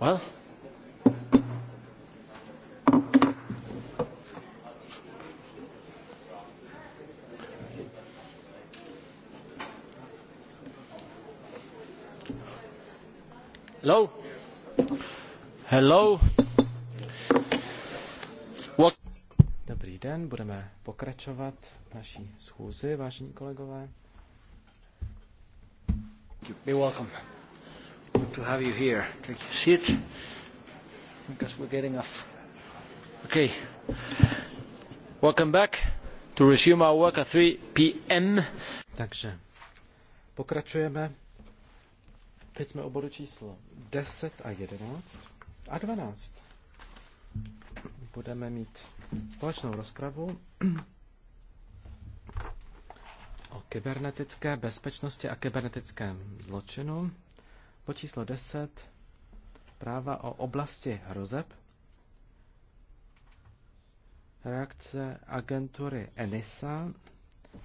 Well, Hello. Hello. What? Dobrý den, budeme pokračovat naší schůzi, vážení kolegové. You're welcome to have you here. Take your seat because we're getting off. Okay. Welcome back to resume our work at 3 p.m. Takže pokračujeme. Teď jsme o bodu číslo 10 a 11 a 12. Budeme mít společnou rozpravu o kybernetické bezpečnosti a kybernetickém zločinu. Po číslo 10. Práva o oblasti hrozeb. Reakce agentury ENISA,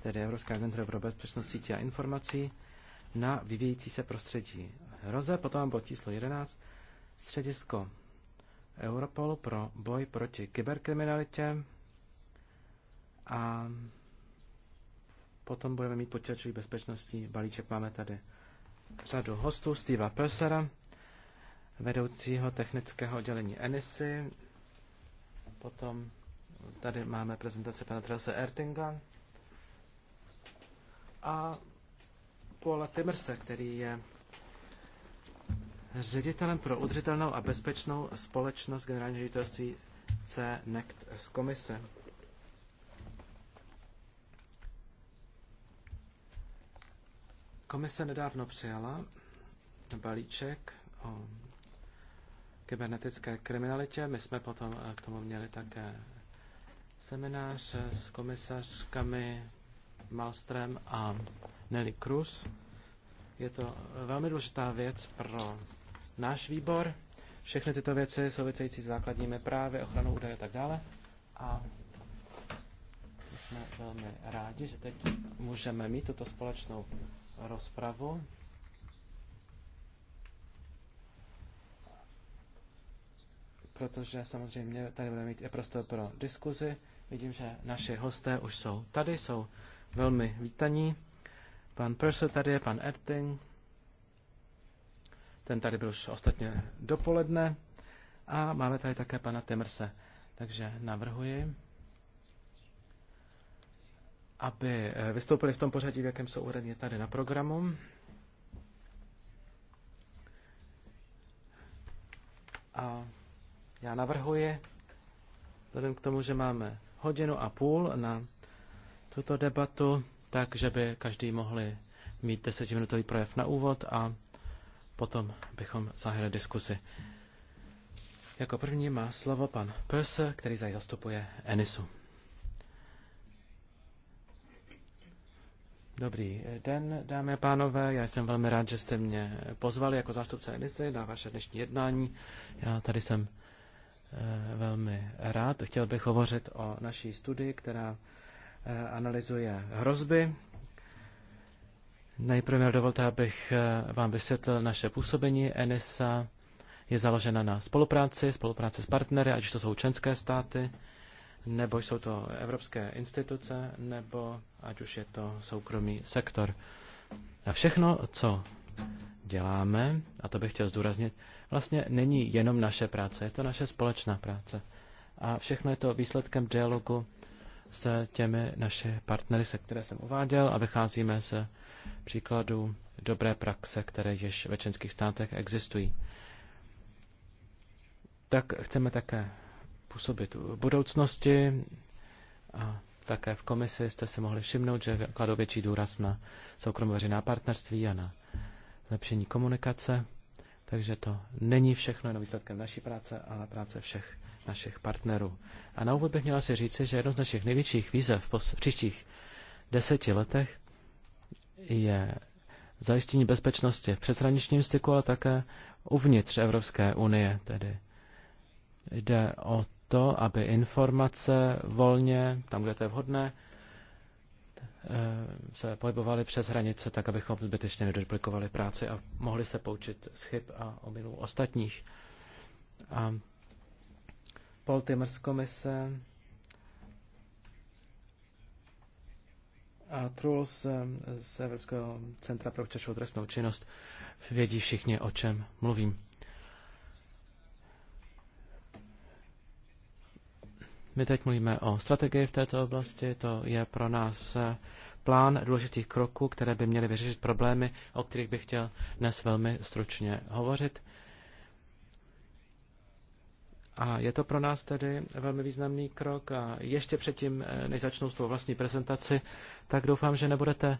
tedy Evropská agentura pro bezpečnost sítě a informací, na vyvíjící se prostředí hroze. Potom bod číslo 11. Středisko Europolu pro boj proti kyberkriminalitě. A potom budeme mít počítačový bezpečnostní balíček. Máme tady řadu hostů, Steva Persera, vedoucího technického oddělení Enisy. Potom tady máme prezentaci pana Trase Ertinga a Paula Timrse, který je ředitelem pro udržitelnou a bezpečnou společnost generálního ředitelství CNECT z komise. Komise nedávno přijala balíček o kybernetické kriminalitě. My jsme potom eh, k tomu měli také seminář eh, s komisařkami Malstrem a Nelly Cruz. Je to eh, velmi důležitá věc pro náš výbor. Všechny tyto věci související s základními právy, ochranou údajů a tak dále. A jsme velmi rádi, že teď můžeme mít tuto společnou rozpravu. protože samozřejmě tady budeme mít i prostor pro diskuzi. Vidím, že naši hosté už jsou tady, jsou velmi vítaní. Pan Perso tady je, pan Erting, ten tady byl už ostatně dopoledne. A máme tady také pana Temrse. Takže navrhuji, aby eh, vystoupili v tom pořadí, v jakém jsou uvedeni tady na programu. A já navrhuji, vzhledem k tomu, že máme hodinu a půl na tuto debatu, takže by každý mohli mít desetiminutový projev na úvod a potom bychom zahájili diskusi. Jako první má slovo pan Pöse, který zastupuje Enisu. Dobrý den, dámy a pánové. Já jsem velmi rád, že jste mě pozvali jako zástupce Enisy na vaše dnešní jednání. Já tady jsem eh, velmi rád. Chtěl bych hovořit o naší studii, která eh, analyzuje hrozby. Nejprve dovolte, abych eh, vám vysvětlil naše působení. Enisa je založena na spolupráci, spolupráce s partnery, ať to jsou členské státy, nebo jsou to evropské instituce, nebo ať už je to soukromý sektor. A všechno, co děláme, a to bych chtěl zdůraznit, vlastně není jenom naše práce, je to naše společná práce. A všechno je to výsledkem dialogu s těmi naše partnery, se které jsem uváděl a vycházíme se příkladů dobré praxe, které již ve členských státech existují. Tak chceme také působit v budoucnosti. A také v komisi jste si mohli všimnout, že kladou větší důraz na soukromoveřejná partnerství a na zlepšení komunikace. Takže to není všechno jenom výsledkem naší práce, ale práce všech našich partnerů. A na úvod bych měla si říci, že jedno z našich největších výzev v příštích deseti letech je zajištění bezpečnosti v přeshraničním styku, ale také uvnitř Evropské unie. Tedy jde o to, aby informace volně, tam, kde to je vhodné, eh, se pohybovali přes hranice, tak abychom zbytečně neduplikovali práci a mohli se poučit z chyb a ominů ostatních. A Paul Timmers komise a Truls eh, z Evropského centra pro občanskou trestnou činnost vědí všichni, o čem mluvím. My teď mluvíme o strategii v této oblasti, to je pro nás eh, plán důležitých kroků, které by měly vyřešit problémy, o kterých bych chtěl dnes velmi stručně hovořit. A je to pro nás tedy velmi významný krok a ještě předtím, eh, než začnu svou vlastní prezentaci, tak doufám, že nebudete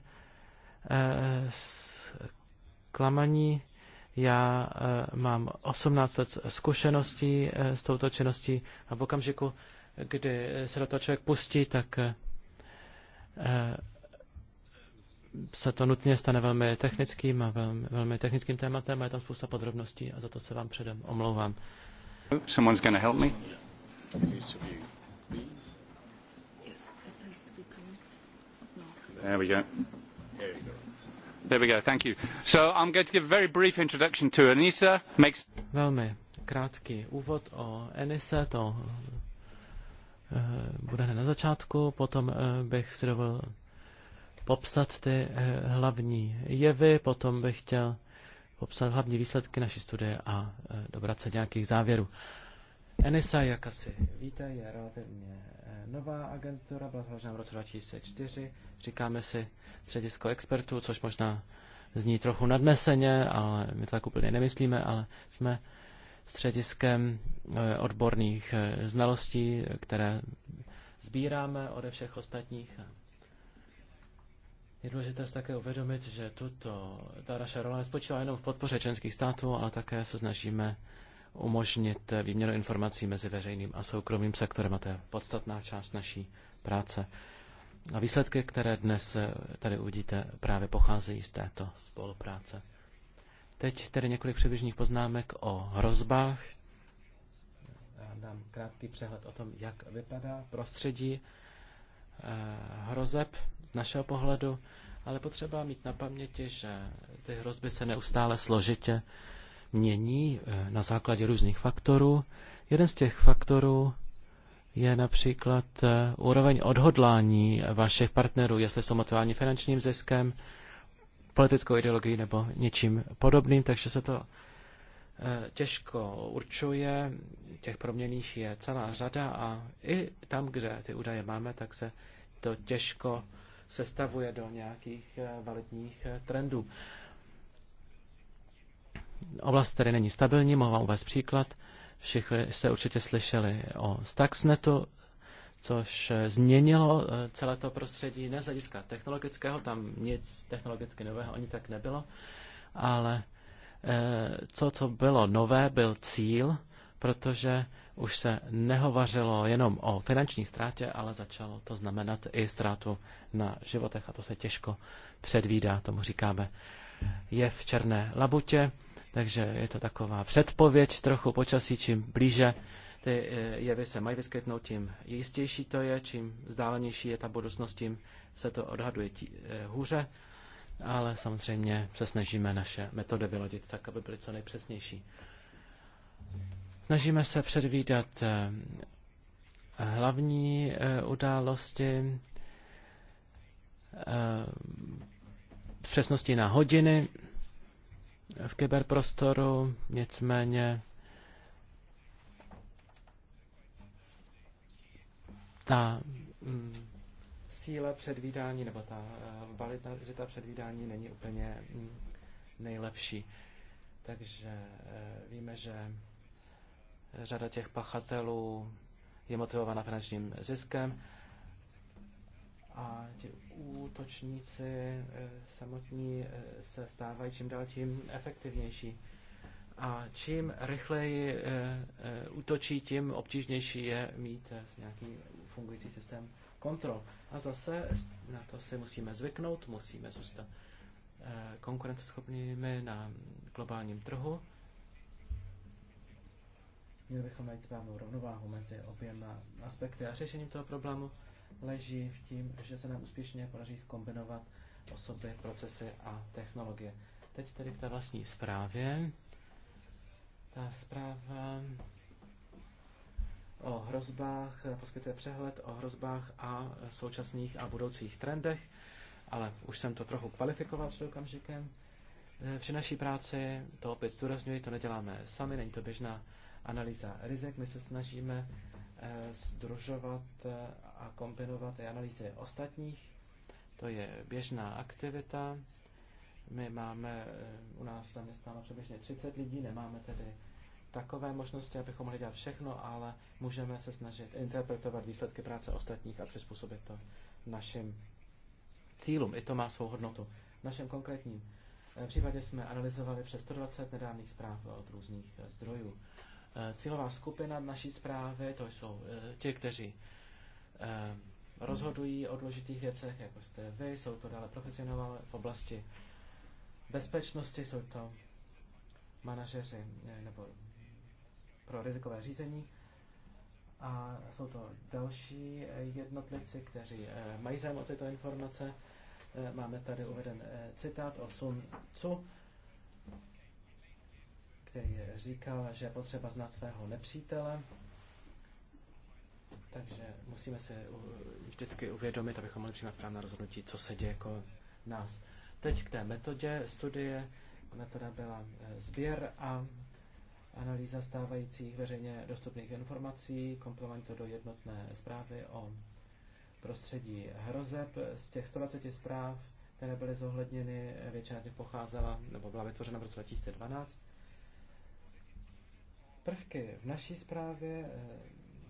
eh, klamaní. Já mám 18 let zkušeností s touto činností a v okamžiku, kdy se do toho člověk pustí, tak eh, se to nutně stane velmi technickým a velmi, velmi technickým tématem a je tam spousta podrobností a za to se vám předem omlouvám. Someone's gonna help me. There we go. There we go. Thank you. So I'm going to give a very brief introduction to Anisa. Makes... Velmi krátký úvod o Enise, to Eh, bude hned na začátku, potom eh, bych si dovolil popsat ty eh, hlavní jevy, potom bych chtěl popsat hlavní výsledky naší studie a dobrat se nějakých závěrů. ENISA, jak asi víte, je relativně nová agentura, byla založena v roce 2004. Říkáme si středisko expertů, což možná zní trochu nadneseně, ale my to tak úplně nemyslíme, ale jsme střediskem eh, odborných eh, znalostí, které sbíráme ode všech ostatních. Je důležité se také uvědomit, že tuto, ta naše rola nespočívá jenom v podpoře členských států, ale také se snažíme umožnit výměnu informací mezi veřejným a soukromým sektorem a to je podstatná část naší práce. A výsledky, které dnes eh, tady uvidíte, právě pocházejí z této spolupráce. Teď tedy několik přibližných poznámek o hrozbách. Já dám krátký přehled o tom, jak vypadá prostředí eh, hrozeb z našeho pohledu, ale potřeba mít na paměti, že ty hrozby se neustále složitě mění eh, na základě různých faktorů. Jeden z těch faktorů je například eh, úroveň odhodlání vašich partnerů, jestli jsou motivováni finančním ziskem, politickou ideologií nebo něčím podobným, takže se to eh, těžko určuje. Těch proměných je celá řada a i tam, kde ty údaje máme, tak se to těžko sestavuje do nějakých eh, validních eh, trendů. Oblast tedy není stabilní, mohu vám uvést příklad. Všichni jste určitě slyšeli o Stuxnetu, což eh, změnilo eh, celé to prostředí, ne z hlediska technologického, tam nic technologicky nového ani tak nebylo, ale eh, co, co bylo nové, byl cíl, protože už se nehovařilo jenom o finanční ztrátě, ale začalo to znamenat i ztrátu na životech a to se těžko předvídá, tomu říkáme je v černé labutě, takže je to taková předpověď trochu počasí, čím blíže ty eh, jevy se mají vyskytnout, tím jistější to je, čím vzdálenější je ta budoucnost, tím se to odhaduje tí, eh, hůře, ale samozřejmě se snažíme naše metody vyladit tak, aby byly co nejpřesnější. Snažíme se předvídat eh, hlavní události přesnosti na hodiny v kyberprostoru, nicméně ta mm, síla předvídání nebo ta eh, že ta předvídání není úplně mm, nejlepší. Takže eh, víme, že eh, řada těch pachatelů je motivována finančním ziskem a ti útočníci samotní se stávají čím dál tím efektivnější. A čím rychleji eh, eh, útočí, tím obtížnější je mít eh, nějaký fungující systém kontrol. A zase na to si musíme zvyknout, musíme zůstat konkurenceschopnými na globálním trhu. Měli bychom najít správnou rovnováhu mezi oběma aspekty a řešením toho problému leží v tím, že se nám úspěšně podaří zkombinovat osoby, procesy a technologie. Teď tedy k té vlastní zprávě. Ta zpráva o hrozbách poskytuje přehled o hrozbách a současných a budoucích trendech, ale už jsem to trochu kvalifikoval před okamžikem. Eh, při naší práci, to opět zdůrazňuji, to neděláme sami, není to běžná analýza rizik. My se snažíme združovat eh, eh, a kombinovat i analýzy ostatních. To je běžná aktivita, my máme eh, u nás zaměstnáno přibližně 30 lidí, nemáme tedy takové možnosti, abychom mohli dělat všechno, ale můžeme se snažit interpretovat výsledky práce ostatních a přizpůsobit to našim cílům. I to má svou hodnotu. V našem konkrétním eh, případě jsme analyzovali přes 120 nedávných zpráv od různých eh, zdrojů. Cílová skupina naší zprávy, to jsou ti, kteří rozhodují o důležitých věcech, jako jste vy, jsou to dále profesionálové v oblasti bezpečnosti, jsou to manažeři eh, nebo pro rizikové řízení. A jsou to další eh, jednotlivci, kteří eh, mají zájem o tyto informace. Máme tady uveden citát o Sun Tzu, který říkal, že je potřeba znát svého nepřítele. Takže musíme si vždycky uvědomit, abychom mohli přijímat právná rozhodnutí, co se děje jako nás. Teď k té metodě studie. Metoda byla eh, sběr a analýza stávajících veřejně dostupných informací, komplement do jednotné zprávy o prostředí hrozeb. Z těch 120 zpráv, které byly zohledněny, většina těch pocházela nebo byla vytvořena v roce 2012. Prvky v naší zprávě eh,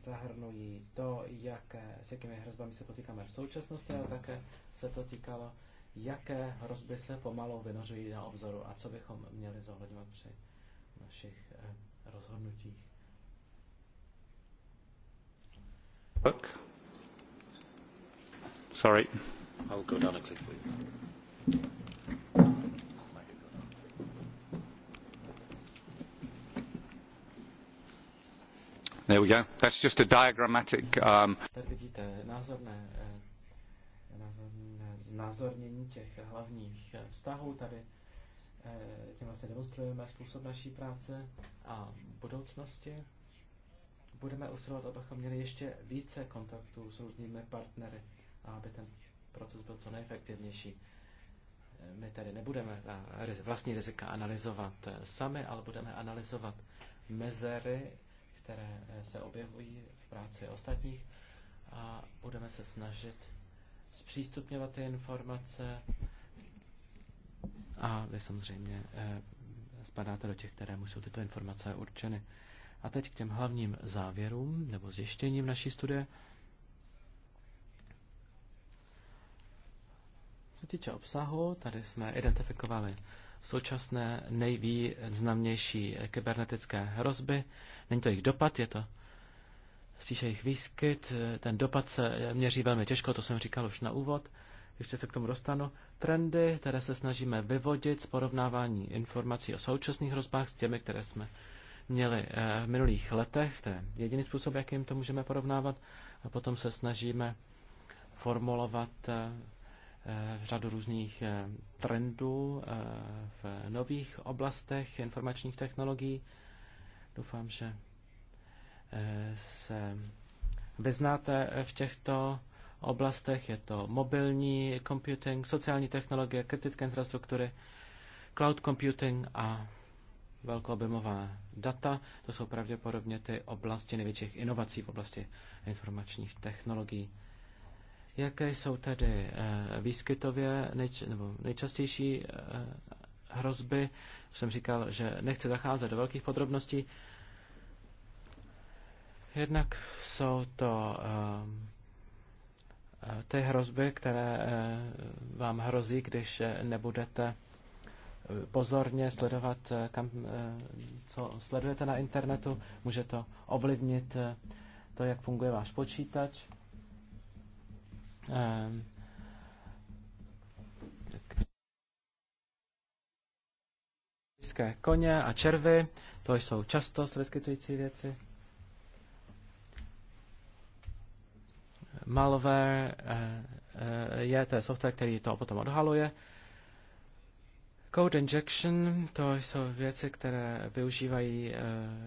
zahrnují to, jak, s jakými hrozbami se potýkáme v současnosti, ale také se to týkalo jaké hrozby se pomalu vynořují na obzoru a co bychom měli zohledňovat při našich eh, rozhodnutích. Look. Sorry. I'll go down a click for you. There we go. That's just a diagrammatic. Um... Tady vidíte názorné eh, Eh, znázornění těch hlavních eh, vztahů. Tady eh, tím vlastně demonstrujeme způsob naší práce a budoucnosti. Budeme usilovat, abychom měli ještě více kontaktů s různými partnery a aby ten proces byl co nejefektivnější. My tady nebudeme vlastní rizika analyzovat sami, ale budeme analyzovat mezery, které se objevují v práci ostatních a budeme se snažit zpřístupňovat ty informace a vy samozřejmě eh, spadáte do těch, které jsou tyto informace určeny. A teď k těm hlavním závěrům nebo zjištěním naší studie. Co se týče obsahu, tady jsme identifikovali současné nejvýznamnější kybernetické hrozby. Není to jejich dopad, je to spíše jejich výskyt, eh, ten dopad se eh, měří velmi těžko, to jsem říkal už na úvod, ještě se k tomu dostanu. Trendy, které se snažíme vyvodit z porovnávání informací o současných hrozbách s těmi, které jsme měli eh, v minulých letech, to je jediný způsob, jakým to můžeme porovnávat, a potom se snažíme formulovat řadu různých trendů v nových oblastech informačních technologií. Doufám, že se vyznáte v těchto oblastech. Je to mobilní computing, sociální technologie, kritické infrastruktury, cloud computing a velkoobjemová data. To jsou pravděpodobně ty oblasti největších inovací v oblasti informačních technologií. Jaké jsou tedy eh, výskytově nejč, nebo nejčastější eh, hrozby? jsem říkal, že nechci zacházet do velkých podrobností. Jednak jsou to ehm, eh, ty hrozby, které eh, vám hrozí, když eh, nebudete pozorně sledovat, kam, co sledujete na internetu. Může to ovlivnit to, jak funguje váš počítač. Ehm, koně a červy, to jsou často se vyskytující věci. malware eh, eh, je, to je software, který to potom odhaluje. Code injection, to jsou věci, které využívají eh,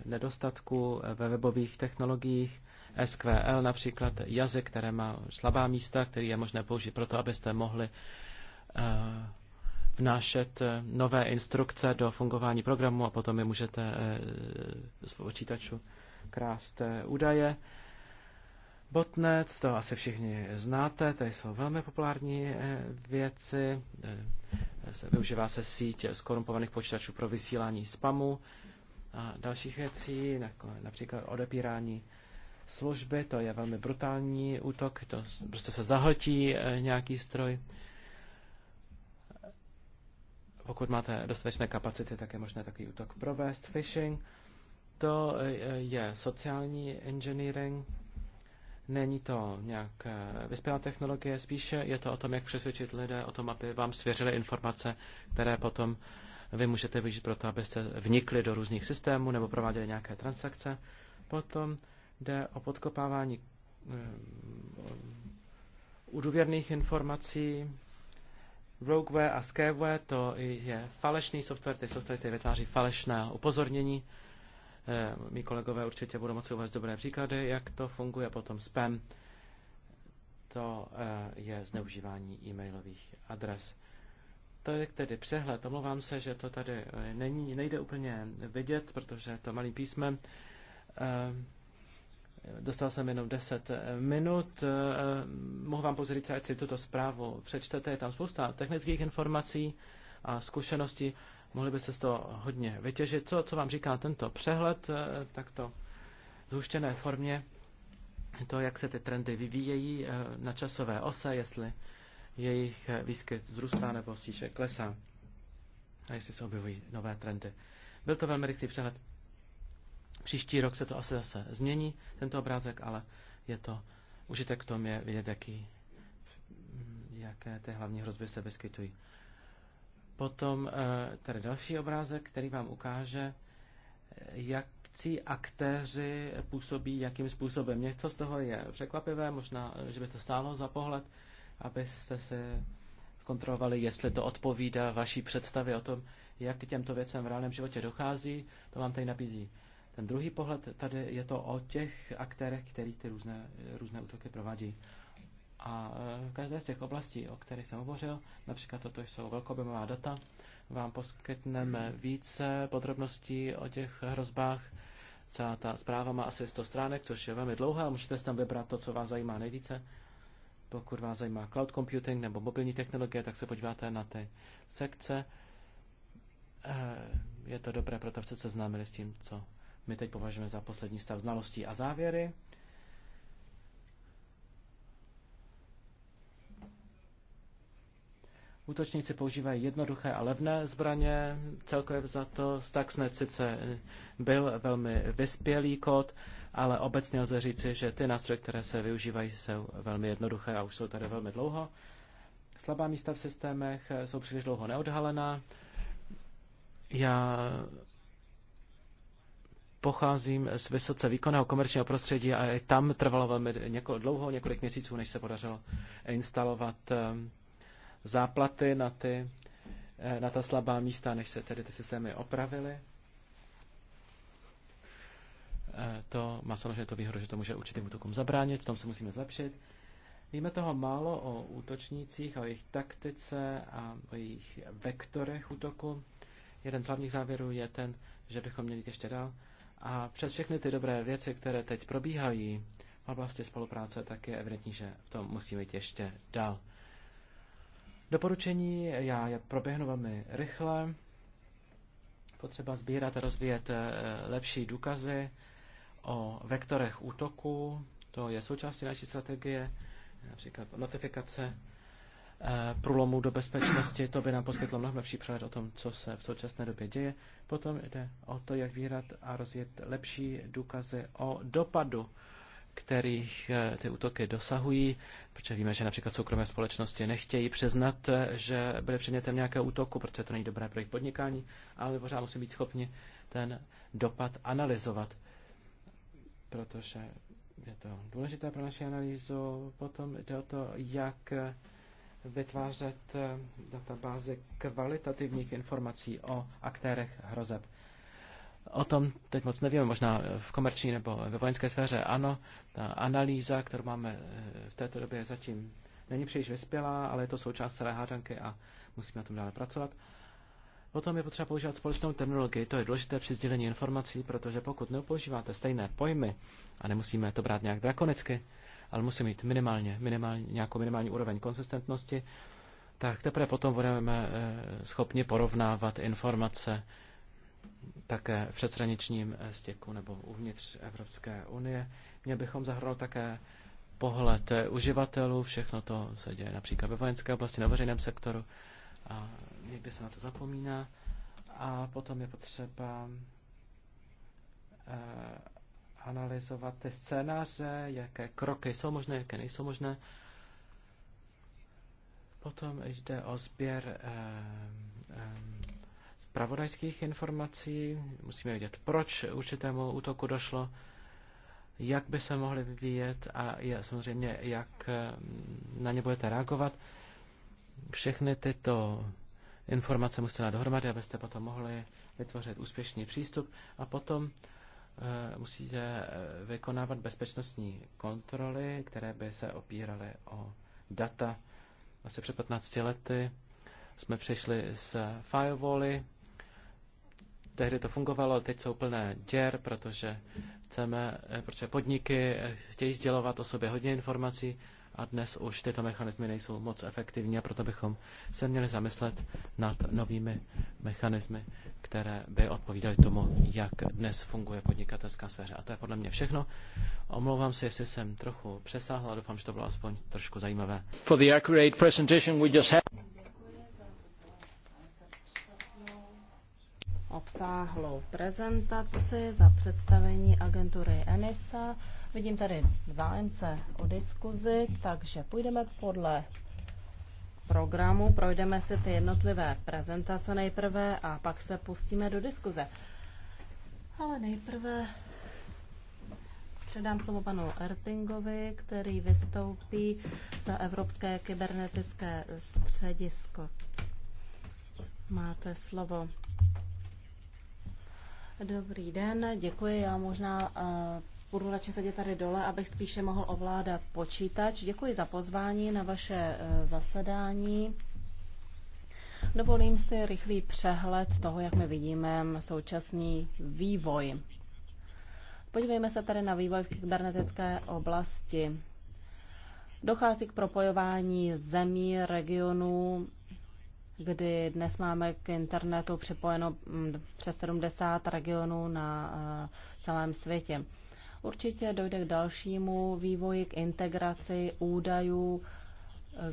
nedostatku ve webových technologiích. SQL například, jazyk, které má slabá místa, který je možné použít proto, abyste mohli vnášet nové instrukce do fungování programu a potom je můžete z počítaču krást údaje. Botnet, to asi všichni znáte, to jsou velmi populární eh, věci. Eh, využívá se síť skorumpovaných počítačů pro vysílání spamu a dalších věcí, jako například odepírání služby, to je velmi brutální útok, to prostě se zahltí eh, nějaký stroj. Pokud máte dostatečné kapacity, tak je možné takový útok provést. Phishing, to je sociální engineering, Není to nějak eh, vyspělá technologie, spíše je to o tom, jak přesvědčit lidé o tom, aby vám svěřili informace, které potom vy můžete využít pro to, abyste vnikli do různých systémů nebo prováděli nějaké transakce. Potom jde o podkopávání u eh, informací. Rogueware a scareware to je falešný software, ty software, ty vytváří falešné upozornění. Eh, Mí kolegové určitě budou moci uvést dobré příklady, jak to funguje. Potom spam, to eh, je zneužívání e-mailových adres. To je tedy přehled. Omlouvám se, že to tady eh, není, nejde úplně vidět, protože to malým písmem. Dostal jsem jenom 10 minut. Mohu vám pozřít, ať si tuto zprávu přečtete. Je tam spousta technických informací a zkušeností mohli byste z toho hodně vytěžit. Co, co vám říká tento přehled, eh, takto zhuštěné formě, to, jak se ty trendy vyvíjejí eh, na časové ose, jestli jejich výskyt zrůstá nebo spíše klesá a jestli se objevují nové trendy. Byl to velmi rychlý přehled. Příští rok se to asi zase změní, tento obrázek, ale je to užitek v tom je vidět, jaký, mm, jaké ty hlavní hrozby se vyskytují. Potom eh, tady další obrázek, který vám ukáže, eh, jak akcí aktéři působí jakým způsobem. Něco z toho je překvapivé, možná, eh, že by to stálo za pohled, abyste se zkontrolovali, jestli to odpovídá vaší představě o tom, jak k těmto věcem v reálném životě dochází. To vám tady nabízí ten druhý pohled. Tady je to o těch aktérech, který ty různé, různé útoky provádí. A v e, každé z těch oblastí, o kterých jsem hovořil, například toto jsou velkoobjemová data, vám poskytneme více podrobností o těch hrozbách. Celá ta zpráva má asi 100 stránek, což je velmi dlouhá, můžete si tam vybrat to, co vás zajímá nejvíce. Pokud vás zajímá cloud computing nebo mobilní technologie, tak se podíváte na ty sekce. E, je to dobré, proto se seznámili s tím, co my teď považujeme za poslední stav znalostí a závěry. Útočníci používají jednoduché a levné zbraně, celkově to Stuxnet sice byl velmi vyspělý kód, ale obecně lze říci, že ty nástroje, které se využívají, jsou velmi jednoduché a už jsou tady velmi dlouho. Slabá místa v systémech jsou příliš dlouho neodhalená. Já pocházím z vysoce výkonného komerčního prostředí a i tam trvalo velmi něko, dlouho, několik měsíců, než se podařilo instalovat um, záplaty na, ty, eh, na ta slabá místa, než se tedy ty systémy opravily. Eh, to má samozřejmě to výhodu, že to může určitým útokům zabránit, v tom se musíme zlepšit. Víme toho málo o útočnících, o jejich taktice a o jejich vektorech útoku. Jeden z hlavních závěrů je ten, že bychom měli jít ještě dál. A přes všechny ty dobré věci, které teď probíhají v oblasti spolupráce, tak je evidentní, že v tom musíme jít ještě dál. Doporučení já je proběhnu velmi rychle. Potřeba sbírat a rozvíjet eh, lepší důkazy o vektorech útoku. To je součástí naší strategie, například notifikace eh, průlomů do bezpečnosti, to by nám poskytlo mnohem lepší přehled o tom, co se v současné době děje. Potom jde o to, jak sbírat a rozvíjet lepší důkazy o dopadu kterých eh, ty útoky dosahují, protože víme, že například soukromé společnosti nechtějí přiznat, eh, že byly předmětem nějakého útoku, protože to není dobré pro jejich podnikání, ale pořád musí být schopni ten dopad analyzovat, protože je to důležité pro naši analýzu. Potom jde o to, jak eh, vytvářet databáze kvalitativních informací o aktérech hrozeb. O tom teď moc nevíme, možná v komerční nebo ve vojenské sféře ano. Ta analýza, kterou máme eh, v této době, zatím není příliš vyspělá, ale je to součást celé hádanky a musíme na tom dále pracovat. Potom je potřeba používat společnou terminologii, to je důležité při sdělení informací, protože pokud nepoužíváte stejné pojmy, a nemusíme to brát nějak drakonicky, ale musí mít minimálně, minimálně nějakou minimální úroveň konsistentnosti, tak teprve potom budeme eh, schopni porovnávat informace také v přeshraničním eh, stěku nebo uvnitř Evropské unie. Mě bychom zahrnout také pohled eh, uživatelů, všechno to se děje například ve vojenské oblasti, na veřejném sektoru a někdy se na to zapomíná. A potom je potřeba eh, analyzovat ty scénáře, jaké kroky jsou možné, jaké nejsou možné. Potom jde o sběr eh, eh, zpravodajských informací, musíme vědět, proč určitému útoku došlo, jak by se mohly vyvíjet a je, samozřejmě, jak eh, na ně budete reagovat. Všechny tyto informace musíte dát dohromady, abyste potom mohli vytvořit úspěšný přístup a potom eh, musíte eh, vykonávat bezpečnostní kontroly, které by se opíraly o data. Asi před 15 lety jsme přišli s firewally, tehdy to fungovalo, ale teď jsou plné děr, protože, chceme, eh, protože podniky eh, chtějí sdělovat o sobě hodně informací a dnes už tyto mechanismy nejsou moc efektivní a proto bychom se měli zamyslet nad novými mechanismy, které by odpovídaly tomu, jak dnes funguje podnikatelská sféra. A to je podle mě všechno. Omlouvám se, jestli jsem trochu přesáhl, a doufám, že to bylo aspoň trošku zajímavé. For the accurate presentation we just had. obsáhlou prezentaci za představení agentury ENISA. Vidím tady zájemce o diskuzi, takže půjdeme podle programu, projdeme si ty jednotlivé prezentace nejprve a pak se pustíme do diskuze. Ale nejprve Předám slovo panu Ertingovi, který vystoupí za Evropské kybernetické středisko. Máte slovo. Dobrý den, děkuji. Já možná eh, budu radši sedět tady dole, abych spíše mohl ovládat počítač. Děkuji za pozvání na vaše eh, zasedání. Dovolím si rychlý přehled toho, jak my vidíme současný vývoj. Podívejme se tady na vývoj v kybernetické oblasti. Dochází k propojování zemí, regionů kdy dnes máme k internetu připojeno mm, přes 70 regionů na eh, celém světě. Určitě dojde k dalšímu vývoji, k integraci údajů,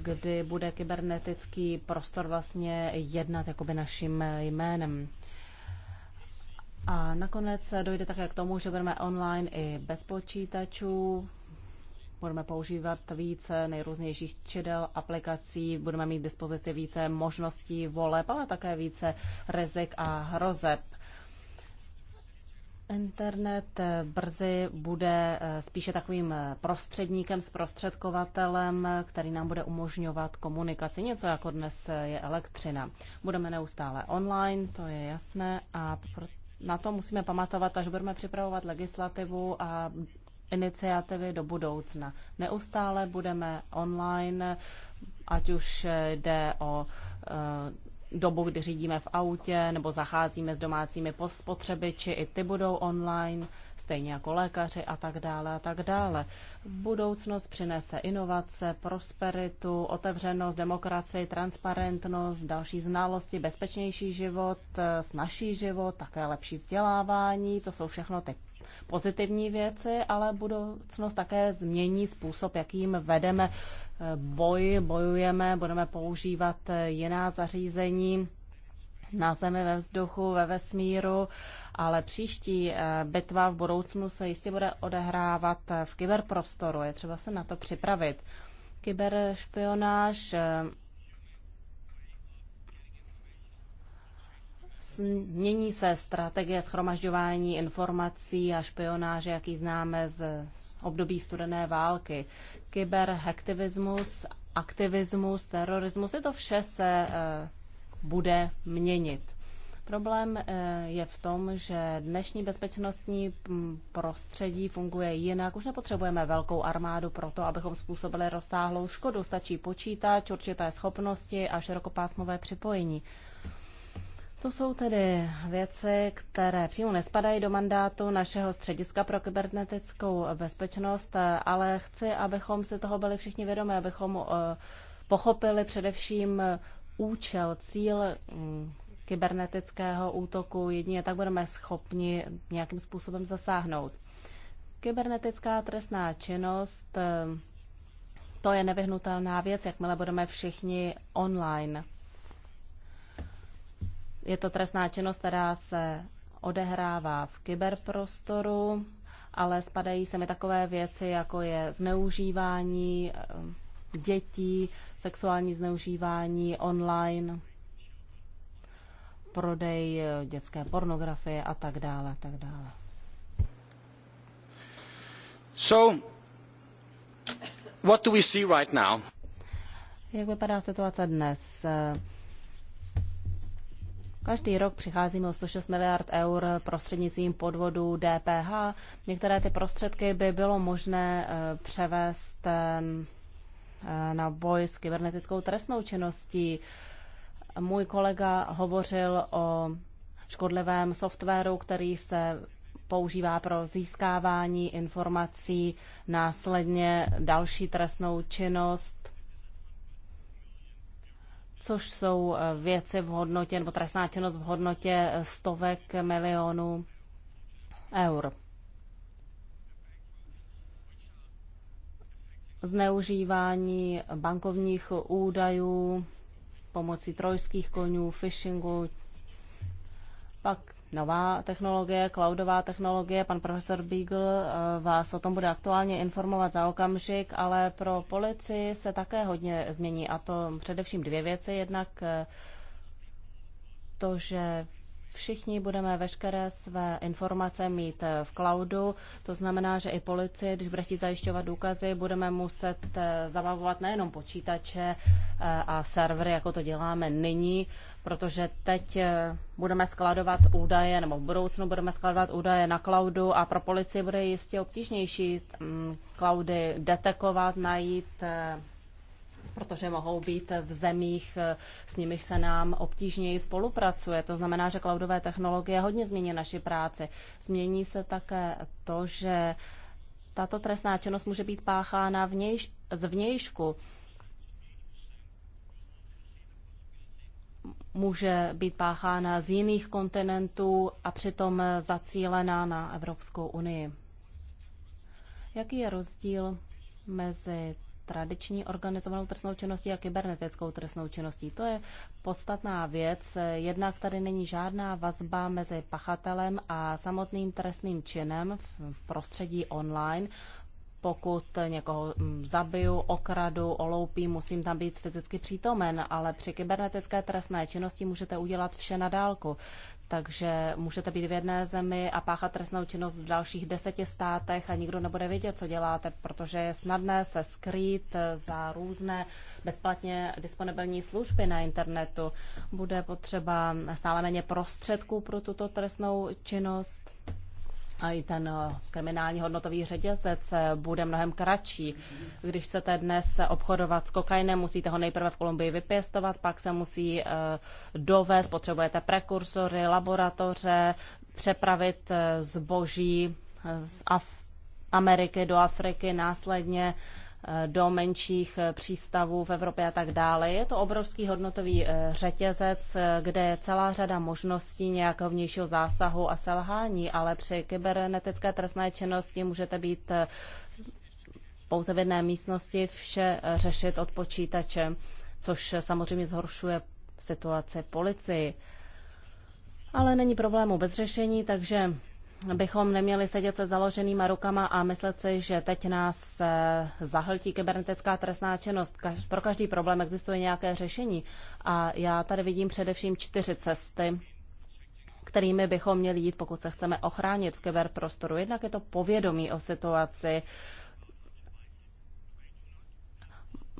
kdy bude kybernetický prostor vlastně jednat jakoby naším jménem. A nakonec dojde také k tomu, že budeme online i bez počítačů, budeme používat více nejrůznějších čidel, aplikací, budeme mít dispozici více možností voleb, ale také více rizik a hrozeb. Internet brzy bude eh, spíše takovým eh, prostředníkem, zprostředkovatelem, který nám bude umožňovat komunikaci, něco jako dnes eh, je elektřina. Budeme neustále online, to je jasné, a na to musíme pamatovat, až budeme připravovat legislativu a iniciativy do budoucna. Neustále budeme online, ať už jde o eh, dobu, kdy řídíme v autě nebo zacházíme s domácími spotřebiči, i ty budou online, stejně jako lékaři a tak dále a tak dále. Budoucnost přinese inovace, prosperitu, otevřenost, demokracii, transparentnost, další znalosti, bezpečnější život, eh, snažší život, také lepší vzdělávání. To jsou všechno ty pozitivní věci, ale budoucnost také změní způsob, jakým vedeme eh, boj, bojujeme, budeme používat eh, jiná zařízení na zemi, ve vzduchu, ve vesmíru, ale příští eh, bitva v budoucnu se jistě bude odehrávat v kyberprostoru. Je třeba se na to připravit. Kyberšpionáž mění se strategie schromažďování informací a špionáže, jaký známe z období studené války. Kyberhektivismus, aktivismus, terorismus, je to vše se eh, bude měnit. Problém eh, je v tom, že dnešní bezpečnostní hm, prostředí funguje jinak. Už nepotřebujeme velkou armádu pro to, abychom způsobili rozsáhlou škodu. Stačí počítač, určité schopnosti a širokopásmové připojení. To jsou tedy věci, které přímo nespadají do mandátu našeho střediska pro kybernetickou bezpečnost, ale chci, abychom si toho byli všichni vědomi, abychom eh, pochopili především účel, cíl hm, kybernetického útoku. Jedině tak budeme schopni nějakým způsobem zasáhnout. Kybernetická trestná činnost, eh, to je nevyhnutelná věc, jakmile budeme všichni online. Je to trestná činnost, která se odehrává v kyberprostoru, ale spadají se mi takové věci, jako je zneužívání eh, dětí, sexuální zneužívání online, prodej eh, dětské pornografie a tak dále, a tak dále. So, what do we see right now? Jak vypadá situace dnes? Eh, Každý rok přicházíme o 106 miliard eur prostřednictvím podvodu DPH. Některé ty prostředky by bylo možné eh, převést eh, eh, na boj s kybernetickou trestnou činností. Můj kolega hovořil o škodlivém softwaru, který se používá pro získávání informací, následně další trestnou činnost což jsou eh, věci v hodnotě, nebo trestná činnost v hodnotě eh, stovek milionů eur. Zneužívání bankovních údajů pomocí trojských konňů, phishingu, pak nová technologie, cloudová technologie. Pan profesor Beagle eh, vás o tom bude aktuálně informovat za okamžik, ale pro policii se také hodně změní a to především dvě věci. Jednak eh, to, že všichni budeme veškeré své informace mít eh, v cloudu. To znamená, že i policie, když bude chtít zajišťovat důkazy, budeme muset zabavovat nejenom počítače a servery, jako to děláme nyní, protože teď eh, budeme skladovat údaje, nebo v budoucnu budeme skladovat údaje na cloudu a pro policii bude jistě obtížnější mm, cloudy detekovat, najít, eh, protože mohou být v zemích, eh, s nimiž se nám obtížněji spolupracuje. To znamená, že cloudové technologie hodně změní naši práci. Změní se také to, že tato trestná činnost může být páchána vnějš, vnějšku. může být páchána z jiných kontinentů a přitom zacílená na Evropskou unii. Jaký je rozdíl mezi tradiční organizovanou trestnou činností a kybernetickou trestnou činností. To je podstatná věc. Jednak tady není žádná vazba mezi pachatelem a samotným trestným činem v prostředí online pokud někoho mm, zabiju, okradu, oloupím, musím tam být fyzicky přítomen, ale při kybernetické trestné činnosti můžete udělat vše na dálku. Takže můžete být v jedné zemi a páchat trestnou činnost v dalších deseti státech a nikdo nebude vědět, co děláte, protože je snadné se skrýt za různé bezplatně disponibilní služby na internetu. Bude potřeba stále méně prostředků pro tuto trestnou činnost a i ten eh, kriminální hodnotový řetězec eh, bude mnohem kratší. Když chcete dnes obchodovat s kokainem, musíte ho nejprve v Kolumbii vypěstovat, pak se musí eh, dovést, potřebujete prekursory, laboratoře, přepravit zboží z Af- Ameriky do Afriky, následně do menších eh, přístavů v Evropě a tak dále. Je to obrovský hodnotový eh, řetězec, eh, kde je celá řada možností nějakého vnějšího zásahu a selhání, ale při kybernetické trestné činnosti můžete být pouze v jedné místnosti vše řešit od počítače, což samozřejmě zhoršuje situaci policii. Ale není problému bez řešení, takže bychom neměli sedět se založenýma rukama a myslet si, že teď nás eh, zahltí kybernetická trestná činnost. Pro každý problém existuje nějaké řešení a já tady vidím především čtyři cesty, kterými bychom měli jít, pokud se chceme ochránit v kyberprostoru. Jednak je to povědomí o situaci,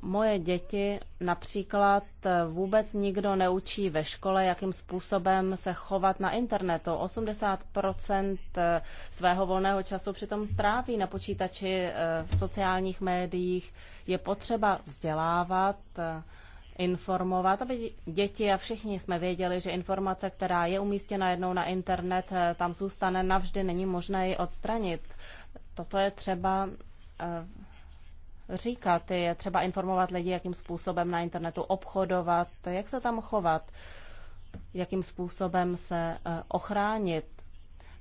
moje děti například vůbec nikdo neučí ve škole, jakým způsobem se chovat na internetu. 80% eh, svého volného času přitom tráví na počítači eh, v sociálních médiích. Je potřeba vzdělávat, eh, informovat, aby děti a všichni jsme věděli, že informace, která je umístěna jednou na internet, tam zůstane navždy, není možné ji odstranit. Toto je třeba říkat. Je třeba informovat lidi, jakým způsobem na internetu obchodovat, jak se tam chovat, jakým způsobem se eh, ochránit.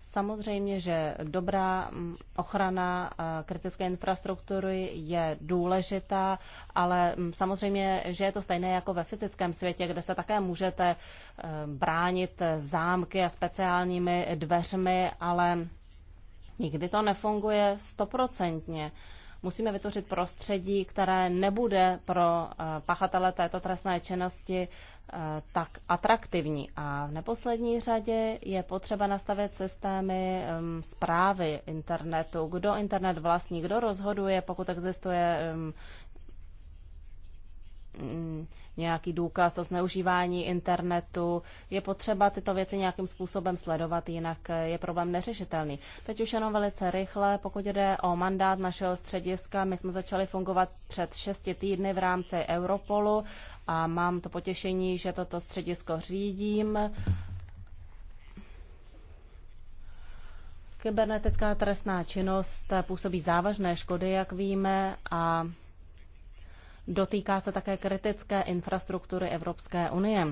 Samozřejmě, že dobrá mm, ochrana eh, kritické infrastruktury je důležitá, ale mm, samozřejmě, že je to stejné jako ve fyzickém světě, kde se také můžete eh, bránit zámky a speciálními dveřmi, ale nikdy to nefunguje stoprocentně. Musíme vytvořit prostředí, které nebude pro eh, pachatele této trestné činnosti eh, tak atraktivní. A v neposlední řadě je potřeba nastavit systémy zprávy internetu. Kdo internet vlastní, kdo rozhoduje, pokud existuje um, nějaký důkaz o zneužívání internetu. Je potřeba tyto věci nějakým způsobem sledovat, jinak je problém neřešitelný. Teď už jenom velice rychle, pokud jde o mandát našeho střediska, my jsme začali fungovat před šesti týdny v rámci Europolu a mám to potěšení, že toto středisko řídím. Kybernetická trestná činnost působí závažné škody, jak víme, a dotýká se také kritické infrastruktury Evropské unie.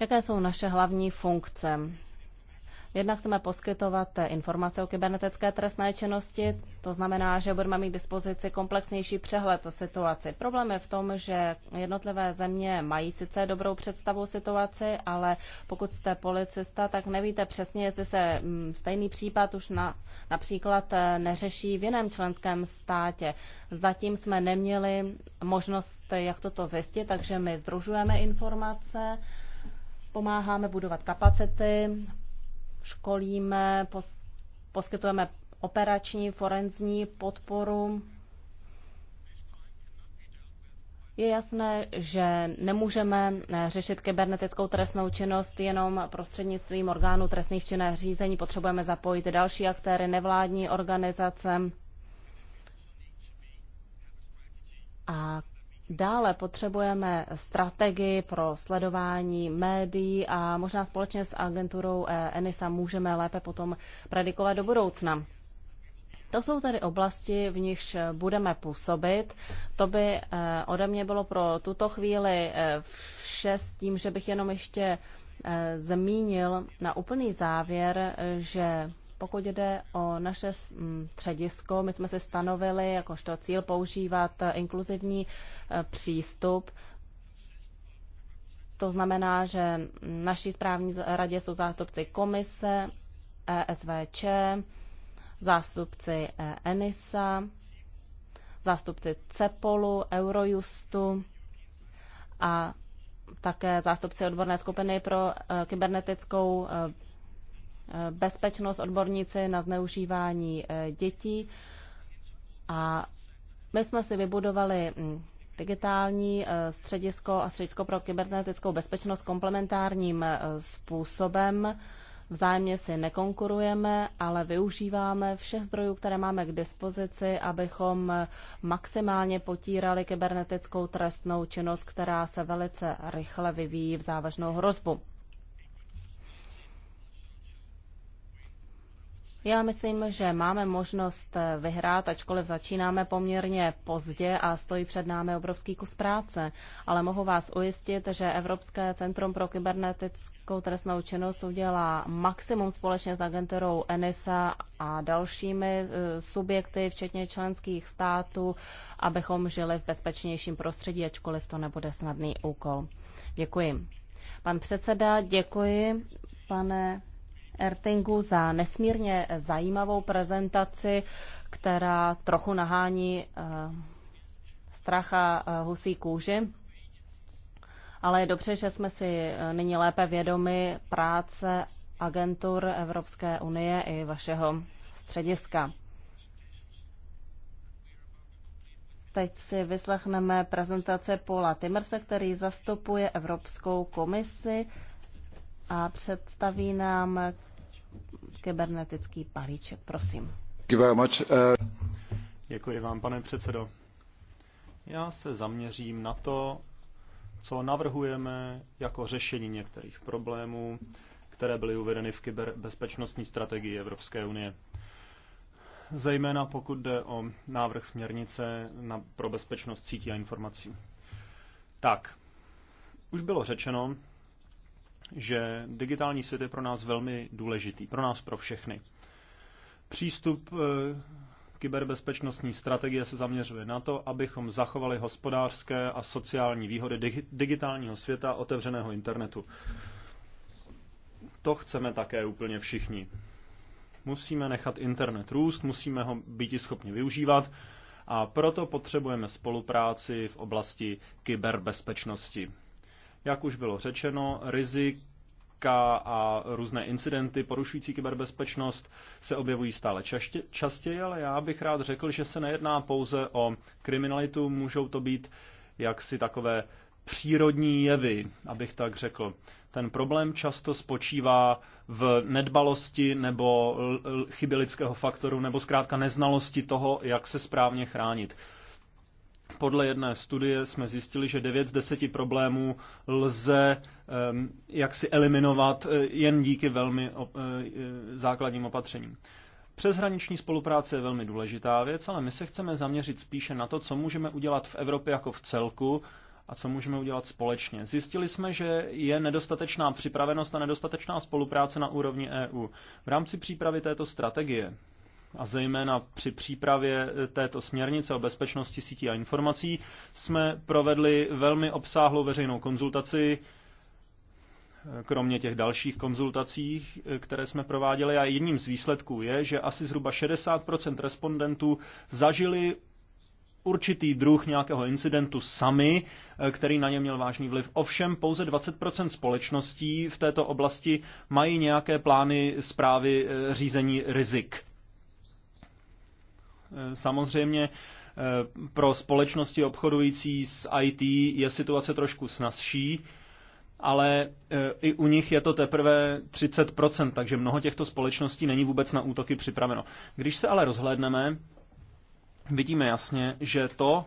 Jaké jsou naše hlavní funkce? Jednak chceme poskytovat informace o kybernetické trestné činnosti, to znamená, že budeme mít k dispozici komplexnější přehled o situaci. Problém je v tom, že jednotlivé země mají sice dobrou představu situaci, ale pokud jste policista, tak nevíte přesně, jestli se mm, stejný případ už na, například eh, neřeší v jiném členském státě. Zatím jsme neměli možnost, eh, jak toto zjistit, takže my združujeme informace, pomáháme budovat kapacity, školíme, poskytujeme operační, forenzní podporu. Je jasné, že nemůžeme eh, řešit kybernetickou trestnou činnost jenom prostřednictvím orgánů trestných činné řízení. Potřebujeme zapojit další aktéry, nevládní organizace. A Dále potřebujeme strategii pro sledování médií a možná společně s agenturou eh, ENISA můžeme lépe potom predikovat do budoucna. To jsou tedy oblasti, v nichž budeme působit. To by eh, ode mě bylo pro tuto chvíli eh, vše s tím, že bych jenom ještě zmínil na úplný závěr, že pokud jde o naše mm, středisko, my jsme si stanovili jakožto cíl používat eh, inkluzivní eh, přístup. To znamená, že naší správní radě jsou zástupci komise, ESVČ, zástupci eh, ENISA, zástupci CEPOLu, Eurojustu a také zástupci odborné skupiny pro kybernetickou bezpečnost, odborníci na zneužívání eh, dětí. A my jsme si vybudovali hm, digitální eh, středisko a středisko pro kybernetickou bezpečnost komplementárním eh, způsobem. Vzájemně si nekonkurujeme, ale využíváme všech zdrojů, které máme k dispozici, abychom maximálně potírali kybernetickou trestnou činnost, která se velice rychle vyvíjí v závažnou hrozbu. Já myslím, že máme možnost vyhrát, ačkoliv začínáme poměrně pozdě a stojí před námi obrovský kus práce. Ale mohu vás ujistit, že Evropské centrum pro kybernetickou trestnou činnost udělá maximum společně s agenturou ENISA a dalšími e, subjekty, včetně členských států, abychom žili v bezpečnějším prostředí, ačkoliv to nebude snadný úkol. Děkuji. Pan předseda, děkuji. Pane Ertingu za nesmírně zajímavou prezentaci, která trochu nahání eh, stracha eh, husí kůži. Ale je dobře, že jsme si eh, nyní lépe vědomi práce agentur Evropské unie i vašeho střediska. Teď si vyslechneme prezentace Paula Timmerse, který zastupuje Evropskou komisi a představí nám kybernetický palíček. Prosím. Uh, Děkuji vám, pane předsedo. Já se zaměřím na to, co navrhujeme jako řešení některých problémů, které byly uvedeny v kyberbezpečnostní strategii Evropské unie. Zejména pokud jde o návrh směrnice na, pro bezpečnost sítí a informací. Tak, už bylo řečeno, že digitální svět je pro nás velmi důležitý, pro nás, pro všechny. Přístup eh, kyberbezpečnostní strategie se zaměřuje na to, abychom zachovali hospodářské a sociální výhody digitálního světa otevřeného internetu. To chceme také úplně všichni. Musíme nechat internet růst, musíme ho být schopni využívat a proto potřebujeme spolupráci v oblasti kyberbezpečnosti. Jak už bylo řečeno, rizika a různé incidenty porušující kyberbezpečnost se objevují stále častěji, ale já bych rád řekl, že se nejedná pouze o kriminalitu, můžou to být jaksi takové přírodní jevy, abych tak řekl. Ten problém často spočívá v nedbalosti nebo chyby lidského faktoru nebo zkrátka neznalosti toho, jak se správně chránit. Podle jedné studie jsme zjistili, že 9 z 10 problémů lze jaksi eliminovat eh, jen díky velmi eh, základním opatřením. Přeshraniční spolupráce je velmi důležitá věc, ale my se chceme zaměřit spíše na to, co můžeme udělat v Evropě jako v celku a co můžeme udělat společně. Zjistili jsme, že je nedostatečná připravenost a nedostatečná spolupráce na úrovni EU. V rámci přípravy této strategie a zejména při přípravě eh, této směrnice o bezpečnosti sítí a informací jsme provedli velmi obsáhlou veřejnou konzultaci, eh, kromě těch dalších konzultací, eh, které jsme prováděli. A jedním z výsledků je, že asi zhruba 60% respondentů zažili určitý druh nějakého incidentu sami, který na ně měl vážný vliv. Ovšem pouze 20% společností v této oblasti mají nějaké plány zprávy řízení rizik. Samozřejmě eh, pro společnosti obchodující s IT je situace trošku snazší, ale eh, i u nich je to teprve 30%, takže mnoho těchto společností není vůbec na útoky připraveno. Když se ale rozhlédneme, vidíme jasně, že to,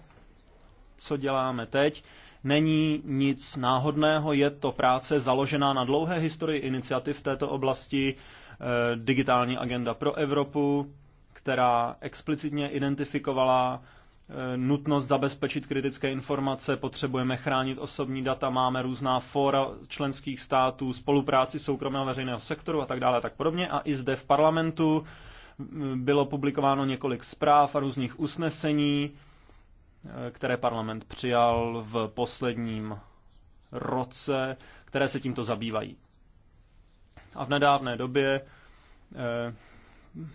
co děláme teď, není nic náhodného, je to práce založená na dlouhé historii iniciativ v této oblasti, eh, digitální agenda pro Evropu, která explicitně identifikovala eh, nutnost zabezpečit kritické informace, potřebujeme chránit osobní data, máme různá fora členských států, spolupráci soukromého veřejného sektoru a tak dále a tak podobně. A i zde v parlamentu mm, bylo publikováno několik zpráv a různých usnesení, eh, které parlament přijal v posledním roce, které se tímto zabývají. A v nedávné době eh,